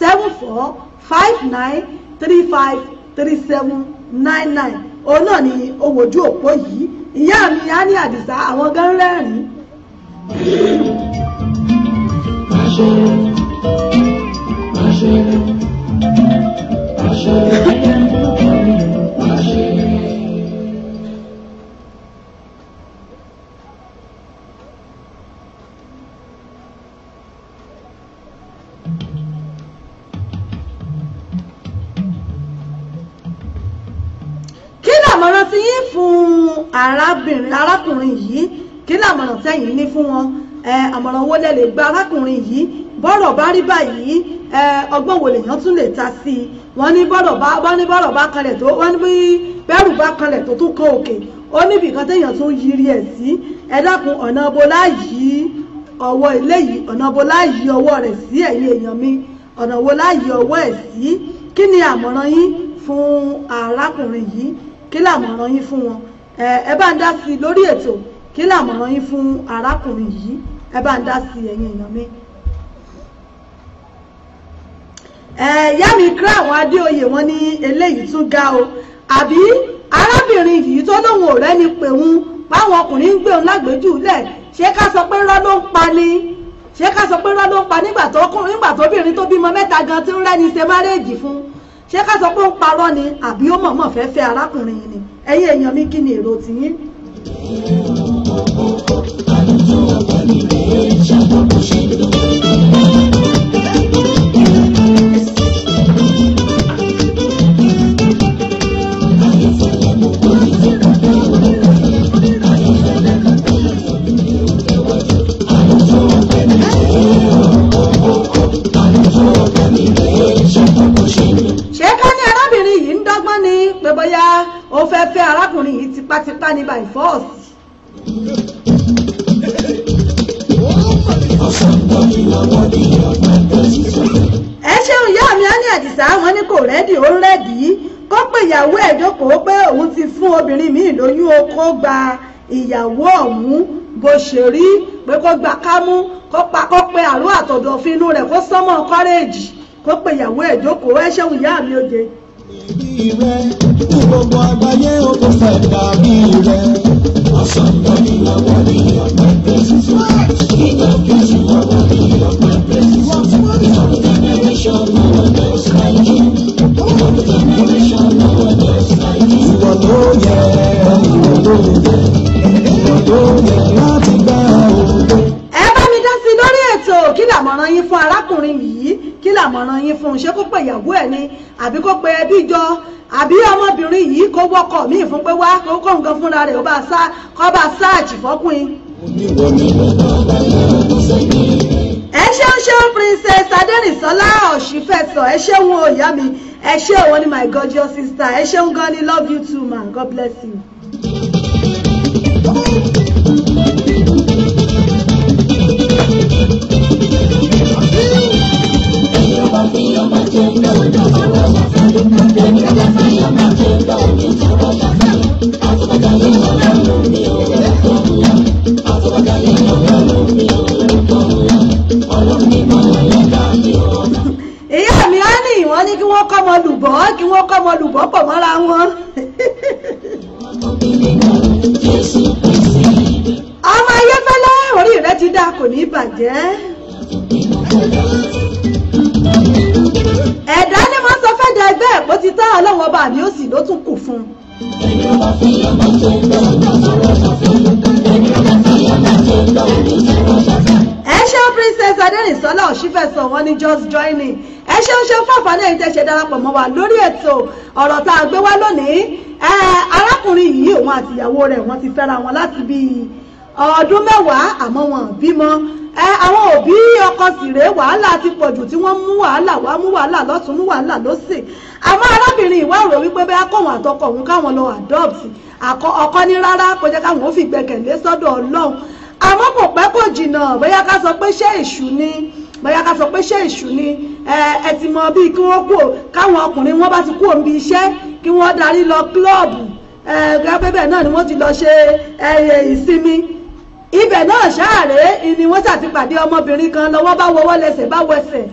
seven four five nine three five three seven nine nine òun náà ni owójú òpó yìí ìyá mi á ní àdìsá àwọn gan rẹ́rìn. Thank you. arábìnrin arákùnrin yìí kí làmọ̀ràn tẹ̀yin ní fún wọn àmọ̀ràn wo lẹ lè gba arákùnrin yìí bọ́rọ̀ bá rí báyìí ọgbọ́n wo lèèyàn tún lè ta sí i wọ́n ní bọ́rọ̀ bá wọ́n ní bọ́rọ̀ bá kanlẹ̀ tó wọ́n ní bí bẹ́rù bá kanlẹ̀ tó tún kan òkè ó níbi kan téèyàn tún yiri ẹ̀ sí ẹ dákun ọ̀nà bọ́lá yìí ọwọ́ ilé yìí ọ̀nà wo láàyè ọwọ́ rẹ̀ sí ẹ̀yin èèyàn mi ọ̀nà wo láàyè ọwọ́ ẹ̀ sí kí ni àmọ̀ràn yín fún arákùnrin yìí kí làmọ̀ràn yín fún wọn ẹ bá ń dá sí i lórí ètò kí làmọ̀ràn yín fún arákùnrin yìí ẹ bá ń dá sí i ẹ̀yin èèyàn mi. ìyá mi kíra àwọn adéoyè wọn ní eléyìí tún ga o àbí arábìnrin yìí tó lóun ò rẹ́ni pèun páwọn ọkùnrin ń gbéun lágbèjú lẹ̀ ṣé ká sọ pé rọ́ ló ń pa ni ṣé ká sọ pé rọ́ ló ń pa nígbà tó ọkùnrin nígbà tó obìnrin tó bímọ mẹ́ta gan ti ń rẹ́ni ṣe márẹ́ẹ̀jì fún ṣé ká sọ pé ó ń parọ́ ni àbí ó mọ̀ọ́mọ̀ fẹ́ fẹ́ arákùnrin yìí ni ẹ̀yin èèyàn mi kí ni èrò tiyín. àdúgbò àgbà nìyẹn ìṣàkóso gba ìyàwó ọ̀hún bó ṣe rí pé kó gba kámú kó pe àrò àtọ̀dọ̀ fínú rẹ̀ kó sọ́mọ́ kọ́rẹ́ẹ̀jì kó pe ìyàwó ẹ̀ jókòó ẹ ṣeun ìyá mi oje. ìrírí rẹ fún ẹ bá mi dá sí lórí ètò kí làmọ̀ràn yín fún arákùnrin yìí kí làmọ̀ràn yín fún un ṣé kó pe ìyàwó ẹ̀ ni àbí kó pe ẹbí jọ àbí ọmọbìnrin yìí kó wọ́kọ̀ míì fún pé wá kó kó nǹkan fúnra rẹ̀ kó bá sáàjì fọ́kùnrin. ẹ ṣeun ṣeun princess adẹ́rìnsọ́lá ọ̀ṣìfẹ́sọ ẹ ṣeun o ìyá mi ẹ ṣeun o ní my gorgeous sister ẹ ṣeun gan ni love you too man god bless you èyí àmì á ní ìwọ́n ní kí wọ́n kọ́ ọmọ lùbọ́ kí wọ́n kọ́ ọmọ lùbọ́ pọ̀ mọ́ra wọn ọmọ ayéfẹ́lẹ́ orí rẹ ti dá kò ní bàjẹ́. ẹ̀dá ni wọ́n sọ fẹ́ẹ́ dẹgbẹ́ ẹ̀kọ́ ti tá ọlọ́wọ́ bá mi ó sì ló tún kù fún un. ẹ ṣeun princess adẹ́rìnsọ́lá òṣìfẹ́sọ wọn ní just joining ẹ ṣeun ṣeun fún àǹfààní ẹ̀yin tẹ́ ṣe darapọ̀ mọ́ wa lórí ètò ọ̀rọ̀ tá a gbé wá lónìí arákùnrin yìí òun àti ìyàwó rẹ̀ wọ́n ti fẹ́ra wọn láti bí ọdún mẹ́wàá àmọ́ wọn bímọ àwọn òbí ọkọ sì rèé wàhálà ti pọ̀jù tí wọ́n mú wàhálà wá mú wàhálà lọ́tún mú wàhálà lọ́sì àmọ́ arábìnrin ìwà rò wípé bẹ́ẹ̀ kọ̀wọ̀n àtọkọ òun káwọn lọ adopt ọkọ ní rárá kò jẹ́ káwọn ó fi gbẹ̀kẹ̀lé sọ́dọ̀ ọlọ́run àmọ́ kò pẹ́ kò jìnnà bóyá ká sọ pé ṣé èṣù ni bóyá ká sọ pé ṣé èṣù ni ẹ ti mọ bíi kí wọ́n kú kí wọ́n darí lọ kílọ̀bù gbẹ́bẹ́ náà ni wọ́n ti lọ ṣe ìsinmi ibẹ̀ náà ṣáàrẹ́ ni wọ́n ṣàtìpàdé ọmọbìnrin kan lọ́wọ́ bá wọwọ́ lẹ́sẹ̀ bá wẹsẹ̀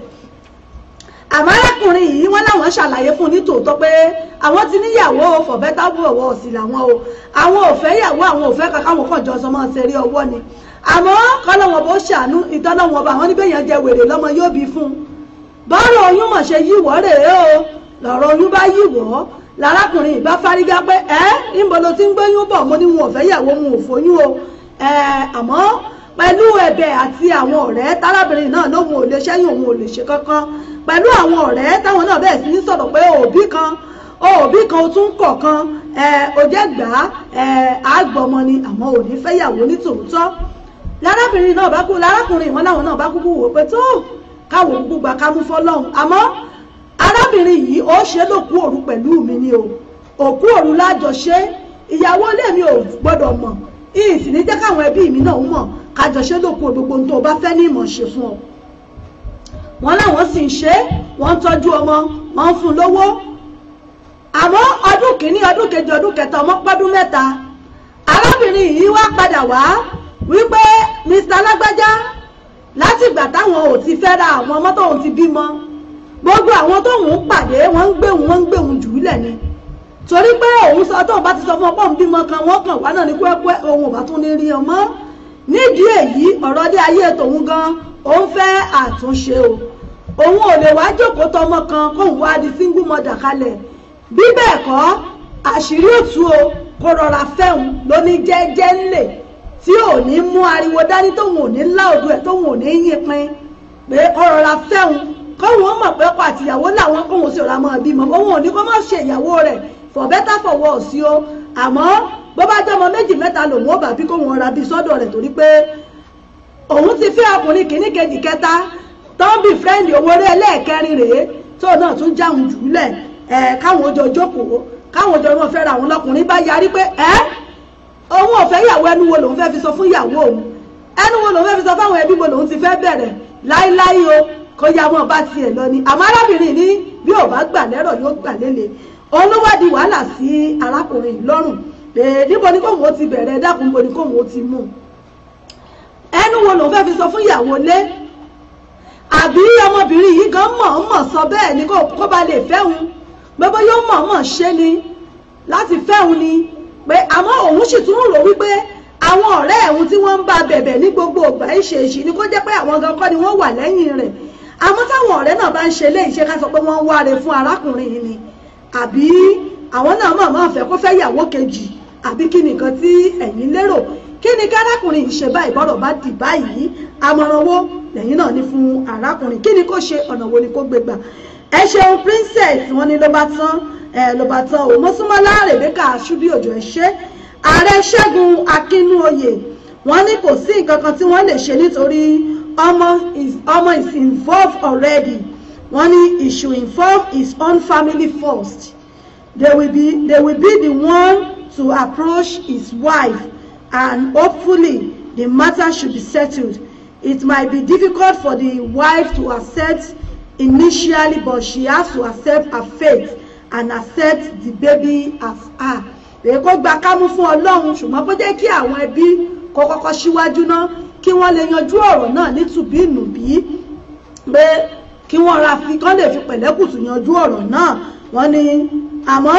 àmọ́ arákùnrin yìí wọ́n láwọn ṣàlàyé fún un nítòótọ́ pé àwọn ti níyàwó fọ̀bẹ́tàbù ọ̀wọ́ òsì làwọn o àwọn ò fẹ́ yàwó àwọn ò fẹ́ kankan àwọn kan jọ sọmọ ṣeré ọwọ́ ni àmọ́ kọ́lọ́wọ́n bó ṣàánú ìtọ́lọ́wọ́n ọba àwọn níbẹ̀ yẹn jẹ wèrè lọ́mọ yóò bí fún un bọ́ọ̀rọ̀ oyún mọ̀ ṣe yíwọ́ rèé o lọ́rọ̀ oyún bá yíwọ́ lárákùnrin ìbá fárígá pé ẹ níbo ló ti ń gbóyún bọ̀ mo ní wọn ò fẹ́ yàwó wọn ò fóyún o àmọ́ pẹ̀lú ẹ̀bẹ̀ àti àwọn ọ̀rẹ́ tárábìnrin náà lóun ò lè ṣẹ́yìn òun ò lè ṣe kankan pẹ̀lú àwọn ọ̀rẹ́ táwọn náà bẹ̀rẹ̀ sí ní sọ̀rọ̀ pé òbí kan òbí kan tún kọ̀ọ̀kan òjẹ́gbà àgbọ̀mọ ni àmọ́ ò ní fẹ́yàwó ní tòótọ́ lárábìnrin náà bá kú lárákùnrin ìwọ́n láwọn náà bá kúkú wò pé tó káwọn gbúgba ká mú fọ́lọ́hún àmọ́ arábìnrin yìí ó ṣe lókú òru pẹ̀lú mi ni o òkú òru lájọṣe ìyàwó ilé mi ò gbọ́dọ̀ mọ̀ ìsì ní jẹ́ káwọn ẹbí mi náà mọ̀ kájọṣe lókú gbogbo ohun tó o bá fẹ́ ní ìmọ̀ ṣe fún ọ wọn láwọn sì ń ṣe wọn ń tọ́jú ọmọ wọn ń fún lówó àmọ́ ọdún kìíní ọdún kejì ọdún kẹta ọmọ pọ́dún mẹ́ta arábìnrin yìí wá padà wá wípé Mr. alágbájá látìgbà táwọn ò ti fẹ́ ra àwọn ọmọ tóun ti bímọ gbogbo àwọn tóun ń pàdé wọ́n ń gbéhùn wọ́n ń gbéhùn jù ú lẹ̀ ni torí pé òun sọ tóun bá ti sọ fún ọpọ́n bímọ kan wọ́n kàn wá náà ní pẹ́pẹ́ òun ò bá tún ní rí ọmọ nídìí èyí ọ̀rọ̀ dé ayé tòun gan òun fẹ́ àtúnṣe o òun ò lè wá jókòó tọmọ kan kóun wá di single mother kalẹ̀ bí bẹ́ẹ̀ kọ́ àṣírí òtún o kó rọra fẹ́hùn ló ní jẹ́jẹ́ ńlẹ̀ tí ò ní mú ariwo dání tóun ò ní lá òdu ẹ̀ tóun ò ní yín pin pé ó rọra fẹ́hùn kọ́ wọn mọ̀ pé ọkọ àtìyàwó làwọn kó wọn sì ra mọ́ bímọ òun ò ní kó má ṣe ìyàwó rẹ̀ for better for worse sí o àmọ́ bó bá jẹ́ ọmọ méjì mẹ́ta lòun ó bà bí kó wọn ra bí sọ́dọ̀ rẹ̀ torí pé òun ti fẹ́ ọkùnrin kìíní kejì kẹta tó ń bí fírẹ́ǹdì owó rẹ̀ lẹ́ẹ̀kẹrin rèé tó náà tún jáun jù ú lẹ̀ ẹ̀ káwọn ọjọ́ jókòó káwọn ọjọ́ wọn fẹ́ ra àwọn lọkùnrin bá yarí pé ẹ́ òun ò fẹ́ ìyàwó ẹnu wo lòun fẹ́ fi sọ fún ìyàwó òun ẹnu wo lòun fẹ́ fi sọ fáwọn ẹbí wo lòun ti fẹ́ bẹ̀rẹ̀ láíláí o kọjá mọ́ bá tiẹ̀ lọ ni àmọ́ arábìnrin ní bí ò bá gbà lẹ́rọ̀ yóò gbà lélẹ̀ olówádìí wàhálà sí arákùnrin lọ́rùn pé níbo ni kóhùn ó ti bẹ̀rẹ̀ dákun bo ni kóhùn ó ti mú ẹnu wo lòun fẹ́ fi sọ fún ìyàwó lé àbí ọmọbìnrin yìí gan mọ̀ọ́mọ̀ sọ bẹ́ẹ̀ ni kó ba lè fẹ́hun gbogbo yóò mọ̀ọ́mọ̀ ṣe ni láti fẹ́hun ni pé àmọ́ òun sì tún rò wípé àwọn ọ̀rẹ́ ẹ̀hún tí wọ́n ń bá bẹ̀bẹ̀ ní gbogbo ìgbà ìṣèṣì ni kó jẹ́ pé àwọn gan kọ́ ni wọ́n wà lẹ́yìn rẹ̀ àmọ́ táwọn ọ̀rẹ́ náà bá ń ṣe léyìí ṣe ká sọ pé wọ́n ń wáre fún arákùnrin yìí ni àbí àwọn náà máa máa fẹ́ kó fẹ́ yàwó kejì àbí kí ni nǹkan tí ẹ̀yin lérò kí ni kárákùnrin yìí ṣe báyìí bọ́rọ̀ bá dì báyìí àmọ̀ràn lẹ́yìn náà ní fún arákùnrin kí ni kó ṣe ọ̀nà wo ni kó gbé gbà ẹ ṣeun princess wọn ni ló bá tán ẹ ló bá tán o mọ́súnmọ́lá rèbékà ṣubíòjò ẹ ṣe ààrẹ ṣẹ́gun akínúoyè wọn ní kò sí nǹkan kan tí wọ́n lè ṣe nítorí almost is almost is involved already wọ́n ní he should involve his own family first they will be they will be the one to approach his wife and hopefully the matter should be settled it might be difficult for the wife to accept initially but she has to accept her fate and accept the baby as her. èkó gba kámú fún ọlọ́run ṣùgbọ́n bó jẹ́ kí àwọn ẹbí kó kọ́kọ́ síwájú ná kí wọ́n lè yanjú ọ̀rọ̀ náà nítùbí ìnùbí pé kí wọ́n ra fi kán lè fi pẹ̀lẹ́kùtù yanjú ọ̀rọ̀ náà wọ́n ní àmọ́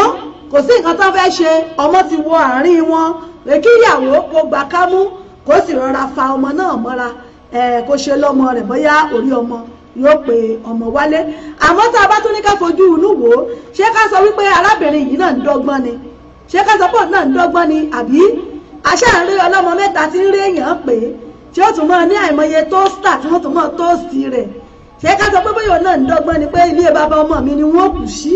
kò sí nǹkan tó fẹ́ ṣe ọmọ ti wọ àárín wọn pé kí ìyàwó kó gbà kámú kó sì rọra fa ọmọ náà mọ́ra kó ṣe lọ́mọ rẹ̀ bóyá orí ọmọ yóò pe ọmọ wálé àmọ́ tá a bá tún ní ká fojú inú wò ó ṣé ká sọ wípé arábìnrin yìí náà ń dọ́gbọ́n ni ṣé ká sọ pé náà ń dọ́gbọ́n ni àbí aṣáàrí ọlọ́mọ mẹ́ta tí ń rí èèyàn pé tí ó tún mọ́ ní àìmọye tóstà tí wọ́n tún mọ́ tóstì rẹ̀ ṣé ká sọ pé bóyá náà ń dọ́gbọ́n ni pé ilé bàbá ọmọ mi ni wọ́n kù sí.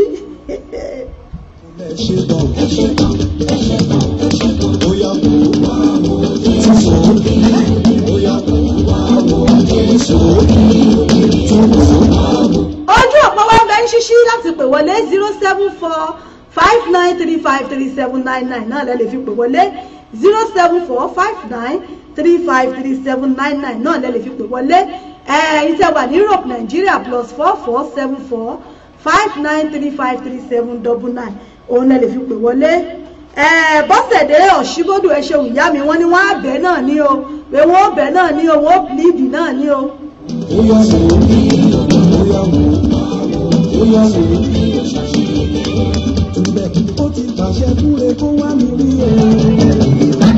ojú ọ̀pọ̀ wa bẹ ń ṣíṣí láti pè wọlé zero seven four five nine three five three seven nine nine náà lẹ́ lè fi pè wọlé zero seven four five nine three five three seven nine nine náà lẹ lè fi pè wọlé ẹ̀yin tẹ́ wà ní Europe Nigeria plus four four seven four five nine three five three seven double nine òun lẹ lè fi pè wọlé bọ́sẹ̀dé ọ̀ṣíbódù ẹ ṣeun ìyá mi wọ́n ní wọ́n á bẹ̀ náà ní o pé wọ́n ó bẹ̀ náà ní o wọ́n ó náà ní o. ó yà wò ó ti pàṣẹ fúre kó wá mi rí o.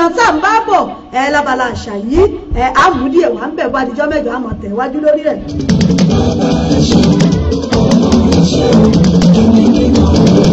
sísọ tá à ń bá bọ̀ ẹ lábala àṣà yìí ẹ àmúdíè wà ń bẹ̀ bá adijọ́ mẹ́jọ àmọ̀ tẹ̀wájú lórí rẹ̀. bàbá ẹ ọmọ ẹ ẹni nínú rẹ.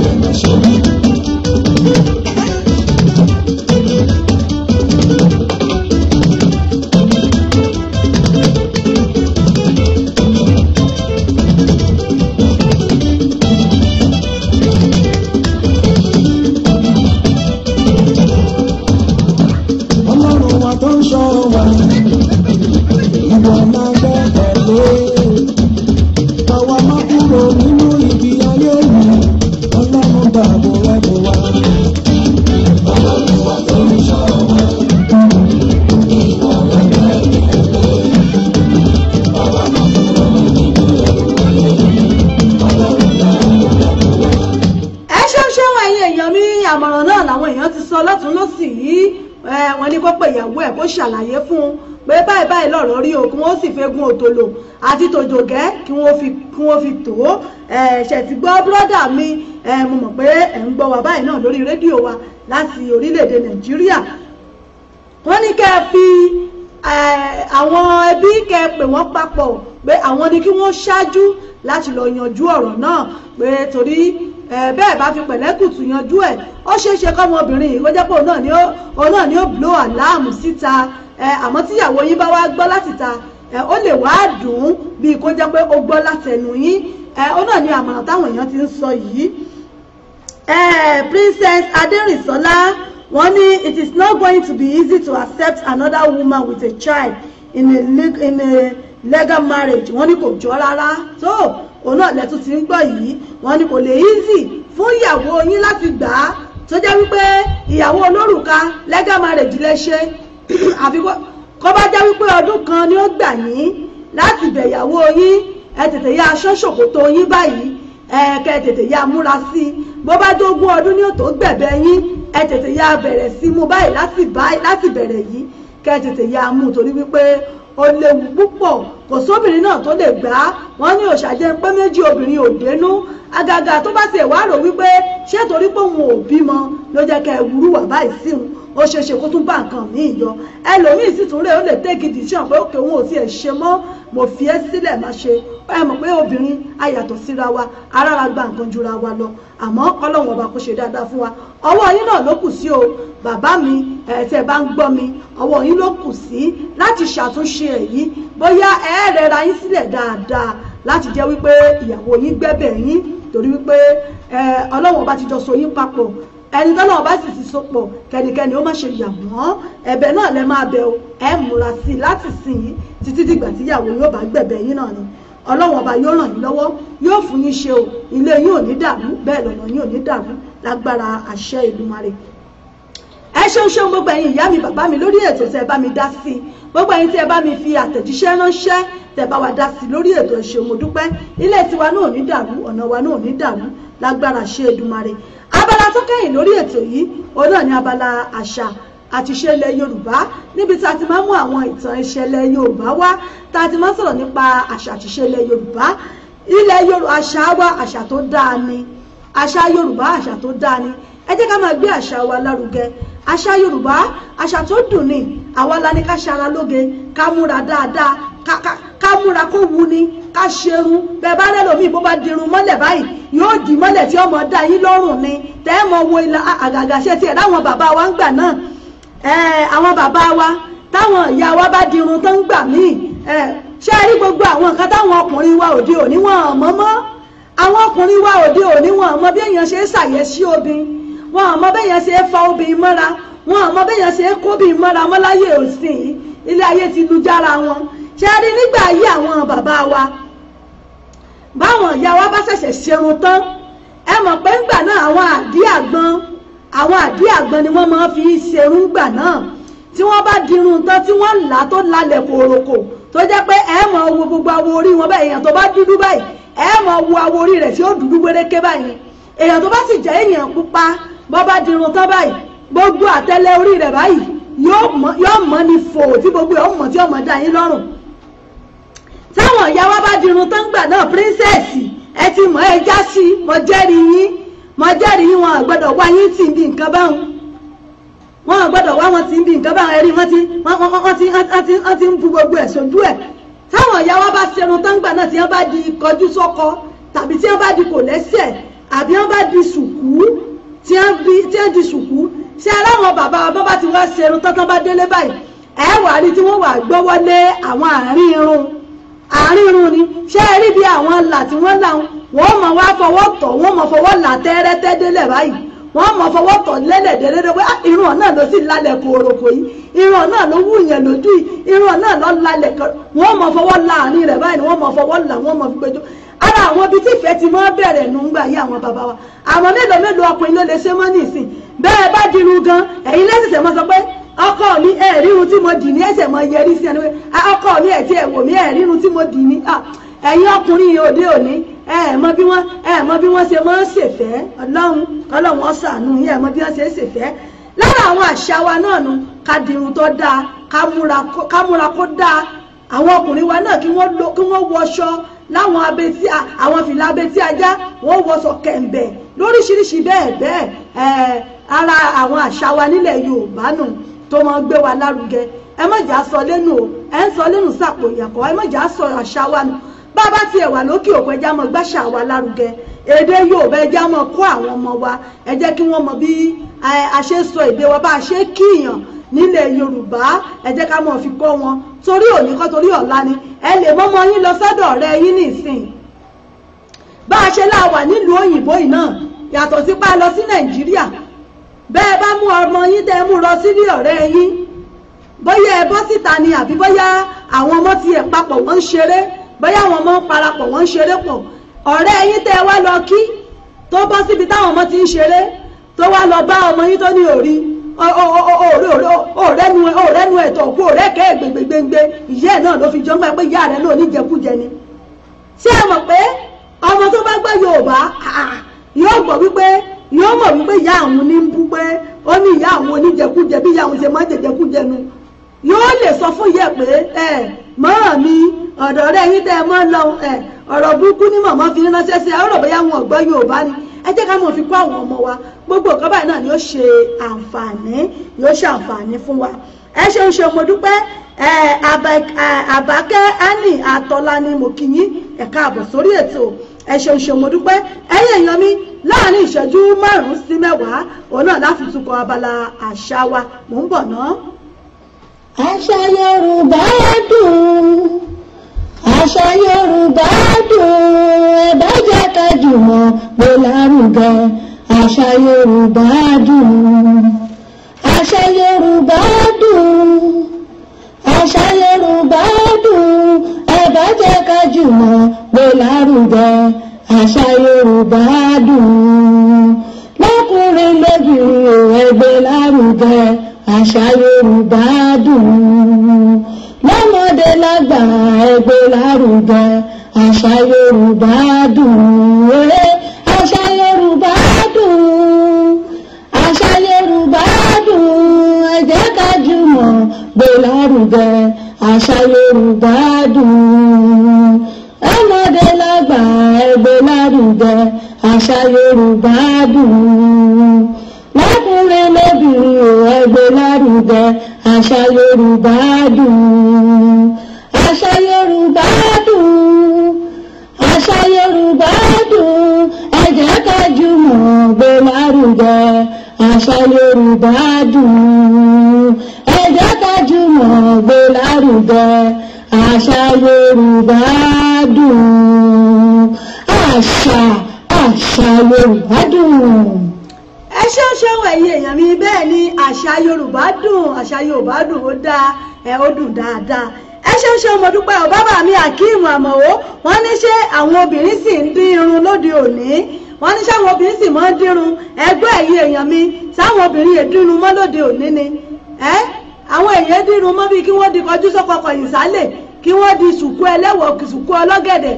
àti tòjògẹ́ kí wọ́n fi kí wọ́n fi tó ṣẹ̀tì gbọ́ bírọ́dà mi mo mọ̀ pé ẹ̀ ń gbọ́ wa báyìí náà lórí rédíò wa láti orílẹ̀-èdè nàìjíríà wọ́n ní kẹ́ ẹ fi àwọn ẹbí kẹ́ ẹ pè wọ́n papọ̀ pé àwọn ni kí wọ́n ṣáájú láti lọ yanjú ọ̀rọ̀ náà pé torí bẹ́ẹ̀ bá fi pẹ̀lẹ́kùtù yanjú ẹ̀ ó ṣeé ṣe kọ́mọbìnrin yìí kọjá pé òun náà ni ó blow alarm síta àmọ́ tíyàwó yín bá wá gbọ́ láti ta ó lè wá dùn ún bíi kó jẹ́ pé ó gbọ́ látẹnu yín ó náà ní àmọ̀ràn táwọn èèyàn ti ń sọ yìí Princess Adérìnsọ́lá wọ́n ní it is not going to be easy to accept another woman with a child in a, in a legal marriage wọ́n ní kò jọ rárá tó òun náà lẹ́tún ti ń gbọ́ yìí wọ́n ní kò lè easy fún ìyàwó yín láti gbà á tó jẹ́ wípé ìyàwó olórùka legal marriage lè ṣe àfikún kó bá jẹ́ wípé ọdún kan ni ó gbà yín láti bẹ̀yàwó yín ẹ tètè yá aṣọ ṣòkòtò yín báyìí ẹ kẹ tètè yá múra sí i bó bá dógún ọdún ní òtó gbẹ̀bẹ̀ yín ẹ tètè yá bẹ̀rẹ̀ sí mu báyìí láti bẹ̀rẹ̀ yìí kẹ tètè yá mú torí wípé ó léwu púpọ̀ kò sóbìnrin náà tó lè gbà á wọn ní òṣàjẹ pé méjì obìnrin ò dénú àgàgà tó bá ti wá rò wípé ṣé torí pé òun ò bímọ ló jẹ́ ká ẹ wúrú wà báyìí sí òun ó ṣe ṣe kó tún bá nǹkan míì yọ ẹlòmíì sì tún rè ó lè tẹ́kì decision pé òkè òun ò tiẹ̀ ṣe mọ́ mo fi ẹ́ sílẹ̀ má ṣe ẹ mọ̀ pé obìnrin á síra wa ara wa gba nǹkan jura wa lọ àmọ́ ọlọ́run ọba kò ṣe dáadáa fún wa ọwọ́ yín náà ló kù sí o bàbá mi ẹ̀ ń gbọ́ mi ọwọ́ yín ló kù sí láti ṣàtúnṣe èyí bóyá ẹ ẹ rẹ ra yín sílẹ̀ dáadáa láti jẹ́ wípé ìyàwó yín gbẹ́bẹ̀ yín torí wípé ọlọ́wọ́n bá ti jọ so yín papọ̀ ẹni tọ́lọ́wọ́n bá sì ti so pọ̀ kẹ́nikẹ́ni ó má ṣe yà wọ́n ẹ̀bẹ̀ náà lẹ máa bẹ̀ o ẹ múra sí i láti sìn yín títí dìgbà tí ìyàwó yóò bá gbẹ̀bẹ̀ yín náà ni ọlọ́wọ́n ọba yóò ràn yín lọ́wọ́ yóò fún yín ṣe o ilé yín ò ní dàrú bẹ́ẹ̀ lọ́nà yín ò ní dàrú lágbára àṣẹ Èdùmàrè ẹ ṣeun ṣeun gbogbo ẹ̀yin ìyá mi bàbá mi lórí ètò tẹ́ ẹ bá mi dá sí i gbogbo ẹ̀yin tí ẹ bá mi fi àtẹ̀jíṣẹ́ ránṣẹ́ tẹ́ bá wa dá sí i lórí ètò ìṣeun mo dúpẹ́ ilé tiwa náà ò ní dàrú ọ̀nà wa náà ò ní dàrú lágbára ṣe Èdùmàrè abala tó kẹ́yìn lórí ètò yìí òun náà ni abala àṣà àti ìṣẹ̀lẹ̀ Yorùbá níbi tá a ti máa mú àwọn ìtàn ìṣẹ̀lẹ̀ Yorùbá wá tá a ti máa sọ̀rọ̀ nípa àṣà àti ìṣẹ̀lẹ̀ Yorùbá ilẹ̀ Yorùbá àṣà wa àṣà tó dáa ni àṣà Yorùbá àṣà tó dáa ni ẹ jẹ́ ká máa gbé àṣà wa lárugẹ àṣà yorùbá àṣà tó dùn ni àwa la ní ká ṣara lóge ká múra dáadáa ká múra kó wu ni ká ṣerun bẹ́ẹ̀ bá rẹ lómi bó bá dirun mọ́lẹ̀ báyìí yóò dì mọ́lẹ̀ tí ọmọ dá yín lọ́rùn ni tẹ́ ẹ mọ wo ilà àgàgà ṣe tiẹ̀ láwọn bàbá wa ń gbà náà àwọn bàbá wa táwọn ìyá wa bá dirun tó ń gbà míì ṣé ẹ rí gbogbo àwọn nǹkan táwọn ọkùnrin wa òde òní wọn mọ́ mọ́ àwọn ọkùnrin wa òde òní wọn mọ bí èèyàn ṣe ń ṣàyẹ̀sí obìnrin wọn àmọ́ bẹ́yẹn ṣe é fa obìnrin mọ́ra wọn àmọ́ bẹ́yẹn ṣe é kóbìnrin mọ́ra mọ́ láyé òsìn yìí ilé ayé ti lu jára wọn ṣe rí nígbà ayé àwọn bàbá wa báwọn ìyá wa bá ṣẹ̀ṣẹ̀ ṣerun tán ẹ mọ̀ pé ńgbà náà àwọn àdí àgbọn àwọn àdí àgbọn ni wọ́n máa fi ṣerun gbà náà tí wọ́n bá dirun tán tí wọ́n là tó lalẹ̀ kòròkò tó jẹ́ pé ẹ mọ̀ wo gbogbo awo orí wọn bẹ́ẹ̀ èèyàn tó bá dúdú báyìí ẹ mọ̀ wo awo orí rẹ̀ tí ó dúdú gbéréké báyìí èèyàn tó bá sì jẹ́ èèyàn pupa bọ́bá dirun tán báyìí gbogbo àtẹlẹ orí rẹ̀ báyìí yóò mọ́ ní fò tí gbogbo ẹ̀ ó mọ̀ tí ọmọ dá yín lọ́rùn táwọn ìyá wa bá dirun tán gbà náà píríncẹ́sì ẹ ti mọ̀ ẹ já sí mo jẹ́rìí yín mo jẹ́rìí yín wọn àgbọ́dọ̀ wá yín tì bí nǹkan báwọn wọn àgbọ́dọ̀ wá wọn tì bí nǹkan báwọn ẹ̀rí wọn ti wọ́n ti ń bu gbogbo ẹ̀ sójú ẹ̀ táwọn ìyá wa bá serun tán gbà náà tí wọ́n bá di kọjú sọ́kọ tàbí tí wọ́n bá di kò lẹ́sẹ̀ àbí wọ́n bá di sùkúù tí ẹ di ṣùkú ṣé aláwọn bàbá wa bá ti wá ṣerun tán tán bá délé báyìí ẹ wà rí tí wọ́n wà gbọ́wọ́ lé àwọn àárín irun àárín irun ni ṣé ẹ rí bí àwọn là tí wọ́n là wọ́n mọ̀ wá fọwọ́ tọ̀ wọ́n mọ̀ fọwọ́ là tẹ́rẹ́tẹ́ délẹ̀ báyìí wọ́n mọ̀ fọwọ́ tọ̀ lélẹ̀ délẹ̀ pé ah, irun náà ló sì lálẹ̀ kòròkò yìí irun náà ló wù yẹn lójú yìí irun náà ló lálẹ̀ kan wọ́n mọ̀ fọwọ́ là àárín rẹ̀ báyìí wọ́n mọ̀ fọwọ́ là wọ́n mọ̀ fi gbẹjọ́ ara àwọn ibi tí ìfẹ́ ti máa bẹ̀rẹ̀ nù ń gbà yí àwọn bàbá wa àmọ́ mélòó mélòó ọkùnrin ló lè ṣe mọ́ nìsín bẹ́ẹ̀ bá dirú gan ẹ̀yin lẹ́sẹ̀sẹ̀ mọ́ sọ pé ọkọ mi ẹ̀ rírun tí mo dì ní ẹ̀sẹ̀ mọ́ yẹrí sí ẹni pé ọkọ mi ẹ̀ tí ẹ̀ wò mí ẹ̀ rírun tí mo dì ní ẹ̀yin ọkùnrin òde òní ẹ mọ bí wọn ẹ mọ bí wọn ṣe máa ń ṣèfẹ́ Ọlọ́run Ọlọ́run ó àwọn ọkùnrin wa náà kí wọ́n lo kí wọ́n wọṣọ láwọn abetí àwọn fìlà abetí ajá wọ́n wọṣọ kẹ̀m̀bẹ̀ lóríṣiríṣi bẹ́ẹ̀ bẹ́ẹ̀ ẹ̀ eh, ara àwọn àṣà wa nílẹ̀ Yorùbá nù tó máa ń gbé wa lárugẹ ẹ má jà sọ lẹ́nu o ẹ ń sọ lẹ́nu sàpò ìyàkọ́ ẹ má jà sọ àṣà wa nù bá a bá tiẹ̀ wà lókè òkú ẹja mọ gbàṣà wa lárugẹ èdè Yorùbá ẹja mọ kó àwọn ọmọ wa ẹ jẹ́ kí wọ́n mọ bí eh, a ṣe sọ èdè wa bá a ṣe kíyàn nílẹ̀ Yorùbá ẹ jẹ́ ká mọ̀ fi kọ́ wọn torí òní kọ́ torí ọ̀la ni ẹ lè mọ́mọ́ yín lọ sọ́dọ̀ ọ̀rẹ́ yín nìsín bá a ṣe la wà nílùú òyìnbó yìí náà yàtọ̀ sí pa lọ sí nàìjíríà bẹ́ẹ̀ bá mú ọmọ yín tẹ́ mú lọ sí ní ọ̀rẹ́ yín bóyá ẹ bọ́ síta ni àbí bóyá àwọn ọmọ tiẹ̀ papọ̀ wọ́n ń ṣeré bóyá àwọn ọmọ parapọ̀ wọ́n ń ṣeré pọ̀ ọ̀rẹ́ yín tẹ́ wá lọ kí tó bọ́ síbi táwọn ọmọ ti ń ṣeré tó wá lọ bá ọmọ yín tó ní òrí ọ̀rẹ́nu ẹ̀ ọ̀rẹ́nu ẹ̀ tọ̀ kú ọ̀rẹ́kẹ́ gbẹ̀gbẹ̀gbẹ̀ ìyá ẹ̀ náà ló fi jọ́mọ́ pé ìyá rẹ̀ ló ní jẹkújẹ ni ṣé ẹ mọ̀ pé ọmọ tó bá gbọ́ Yorùbá yóò gbọ́ wípé yóò mọ̀ wípé ìyá àwọn ní ń bú pé ó ní ìyá àwọn oníjẹkújẹ bí ìyá àwọn ṣe máa ń jẹjẹkújẹ nu yóò lè sọ fún ìyá pé ẹ mọ́ràn mi ọ̀dọ̀ rẹ̀ yín tẹ́ ẹ mọ́ lọ ọ̀rọ̀ burúkú ní màmá fi ránṣẹ́ sí ẹ ọ̀rọ̀ bóyá wọn ò gbọ́ Yorùbá ni ẹ jẹ́ ká mọ̀ fi kọ́ àwọn ọmọ wa gbogbo nǹkan báyìí náà ni ó ṣe àǹfààní yóò ṣe àǹfààní fún wa ẹ ṣe ń ṣe mo dúpẹ́ àbákẹ́ ẹnì àtọ́lá ni mo kí yín ẹ káàbọ̀ sórí ètò ẹ ṣeun ṣeun mo dúpẹ́ ẹ̀yin èèyàn mi láàrin ìṣẹ́jú márùn sí mẹ́wàá òun náà láti tukọ̀ abala àṣà wa mò ń bọ̀ ná. àṣà Yorùbá dùn àṣà Yorùbá dùn ẹ bá jẹ́ ká jùmọ̀ pé lárugẹ àṣà Yorùbá dùn àṣà Yorùbá dùn àṣà Yorùbá dùn ẹ bá jẹ́ ká jùmọ̀ pé lárugẹ àṣà Yorùbá dùn lọ́kùnrin lóbìnrin ẹgbẹ́ lárugẹ àṣà Yorùbá dùn lọ́mọdé lágbà ẹgbẹ́ lárugẹ àṣà Yorùbá dùn ẹ àṣà Yorùbá dùn àṣà Yorùbá dùn ẹ jẹ́ ká jùmọ̀ gbé lárugẹ àṣà Yorùbá dùn lọ́mọdé lágbà ẹgbẹ́ lárugẹ àṣà Yorùbá dùn lọ́kùnrin lóbìnrin ẹgbẹ́ lárugẹ àṣà Yorùbá dùn àṣà Yorùbá dùn àṣà Yorùbá dùn ẹ jẹ́ ká jùmọ̀ gbé lárugẹ àṣà Yorùbá dùn ẹ jẹ́ ká jùmọ̀ gbé lárugẹ àṣà Yorùbá dùn àṣà àṣà Yorùbá dùn ẹ ṣé ó ṣeun ẹ̀yin èèyàn mi bẹ́ẹ̀ ni àṣà Yorùbá dùn àṣà Yorùbá dùn ó dáa ẹ ó dùn dáadáa ẹ ṣe ń ṣe ọmọ dúpẹ́ ọ bàbá mi akeem àmọ̀wó wọ́n ní ṣé àwọn obìnrin sì ń dín irun lóde òní wọ́n ní ṣé àwọn obìnrin sì máa ń dínrun ẹgbẹ́ ẹ̀yìn èèyàn mi sáwọn obìnrin èdínrun mọ́ lóde òní ni ẹ àwọn èèyàn dínrun mọ́ bíi kí wọ́n di kọjú sọ́kọkọ ìsálẹ̀ kí wọ́n di sùkú ẹlẹ́wọ̀ sùkú ọlọ́gẹ̀dẹ̀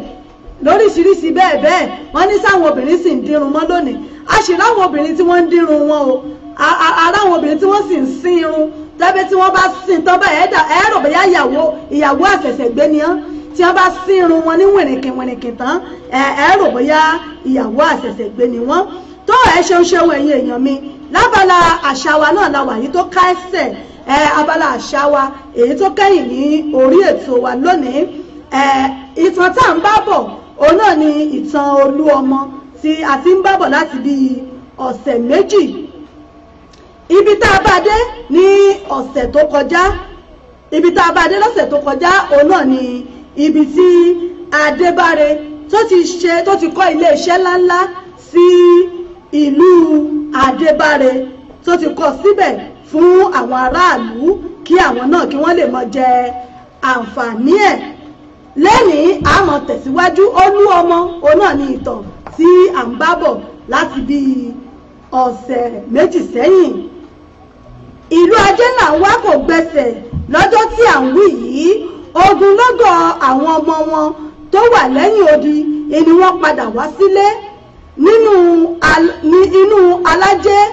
lóríṣiríṣi bẹ́ẹ̀ bẹ́ẹ̀ wọ́n ní sáwọn obìnrin sì ń dirun mọ́ lónìí a sì ráwọn obìnrin tí wọ́n ń dirun wọn o aráwọn obìnrin tí wọ́n sì ń sin irun tẹ́bí tí wọ́n bá sin tán báyìí ẹ̀rọ bẹ́yà ìyàwó ìyàwó àfẹ̀sẹ̀gbé ni án tí wọ́n bá sin irun wọn ní wìnrìnkìn wìnrìnkìn tán ẹ̀rọ bẹ́yà ìyàwó àfẹ̀sẹ̀gbé ni wọ́n tó ẹ̀ ṣeun ṣeun ẹ̀yin èèyàn mi lábala àṣà wa náà la wà yìí tó ká ẹsẹ̀ abala àṣà wa èyí tó kẹ́yìn ní orí ètò wa lónìí ìtàn tá à ń bá bọ̀ òun náà ni ìtàn olú ọmọ tí a ti ń bábọ̀ láti bí ọ̀sẹ̀ méjì ibi tá a bá dé ní ọ̀sẹ̀ tó kọjá ibi tá a bá dé lọ́sẹ̀ tó kọjá òun náà ni ibi tí adébáre tó ti ṣe tó ti kọ́ iléeṣẹ́ ńláńlá sí ìlú adébáre tó ti kọ́ síbẹ̀ fún àwọn aráàlú kí àwọn náà kí wọ́n lè mọ jẹ àǹfààní ẹ̀ lẹ́nìí àmọ̀ tẹ̀síwájú olú ọmọ òun náà ni ìtàn tí à ń bá bọ̀ láti bí ọ̀sẹ̀ méjì sẹ́yìn ìlú ajé là ń wá kò gbẹsẹ̀ lọ́jọ́ tí à ń wí yìí ogunlọ́gọ̀ àwọn ọmọ wọn tó wà lẹ́yìn odi ni wọ́n padà wá sílé nínú inú alájẹ́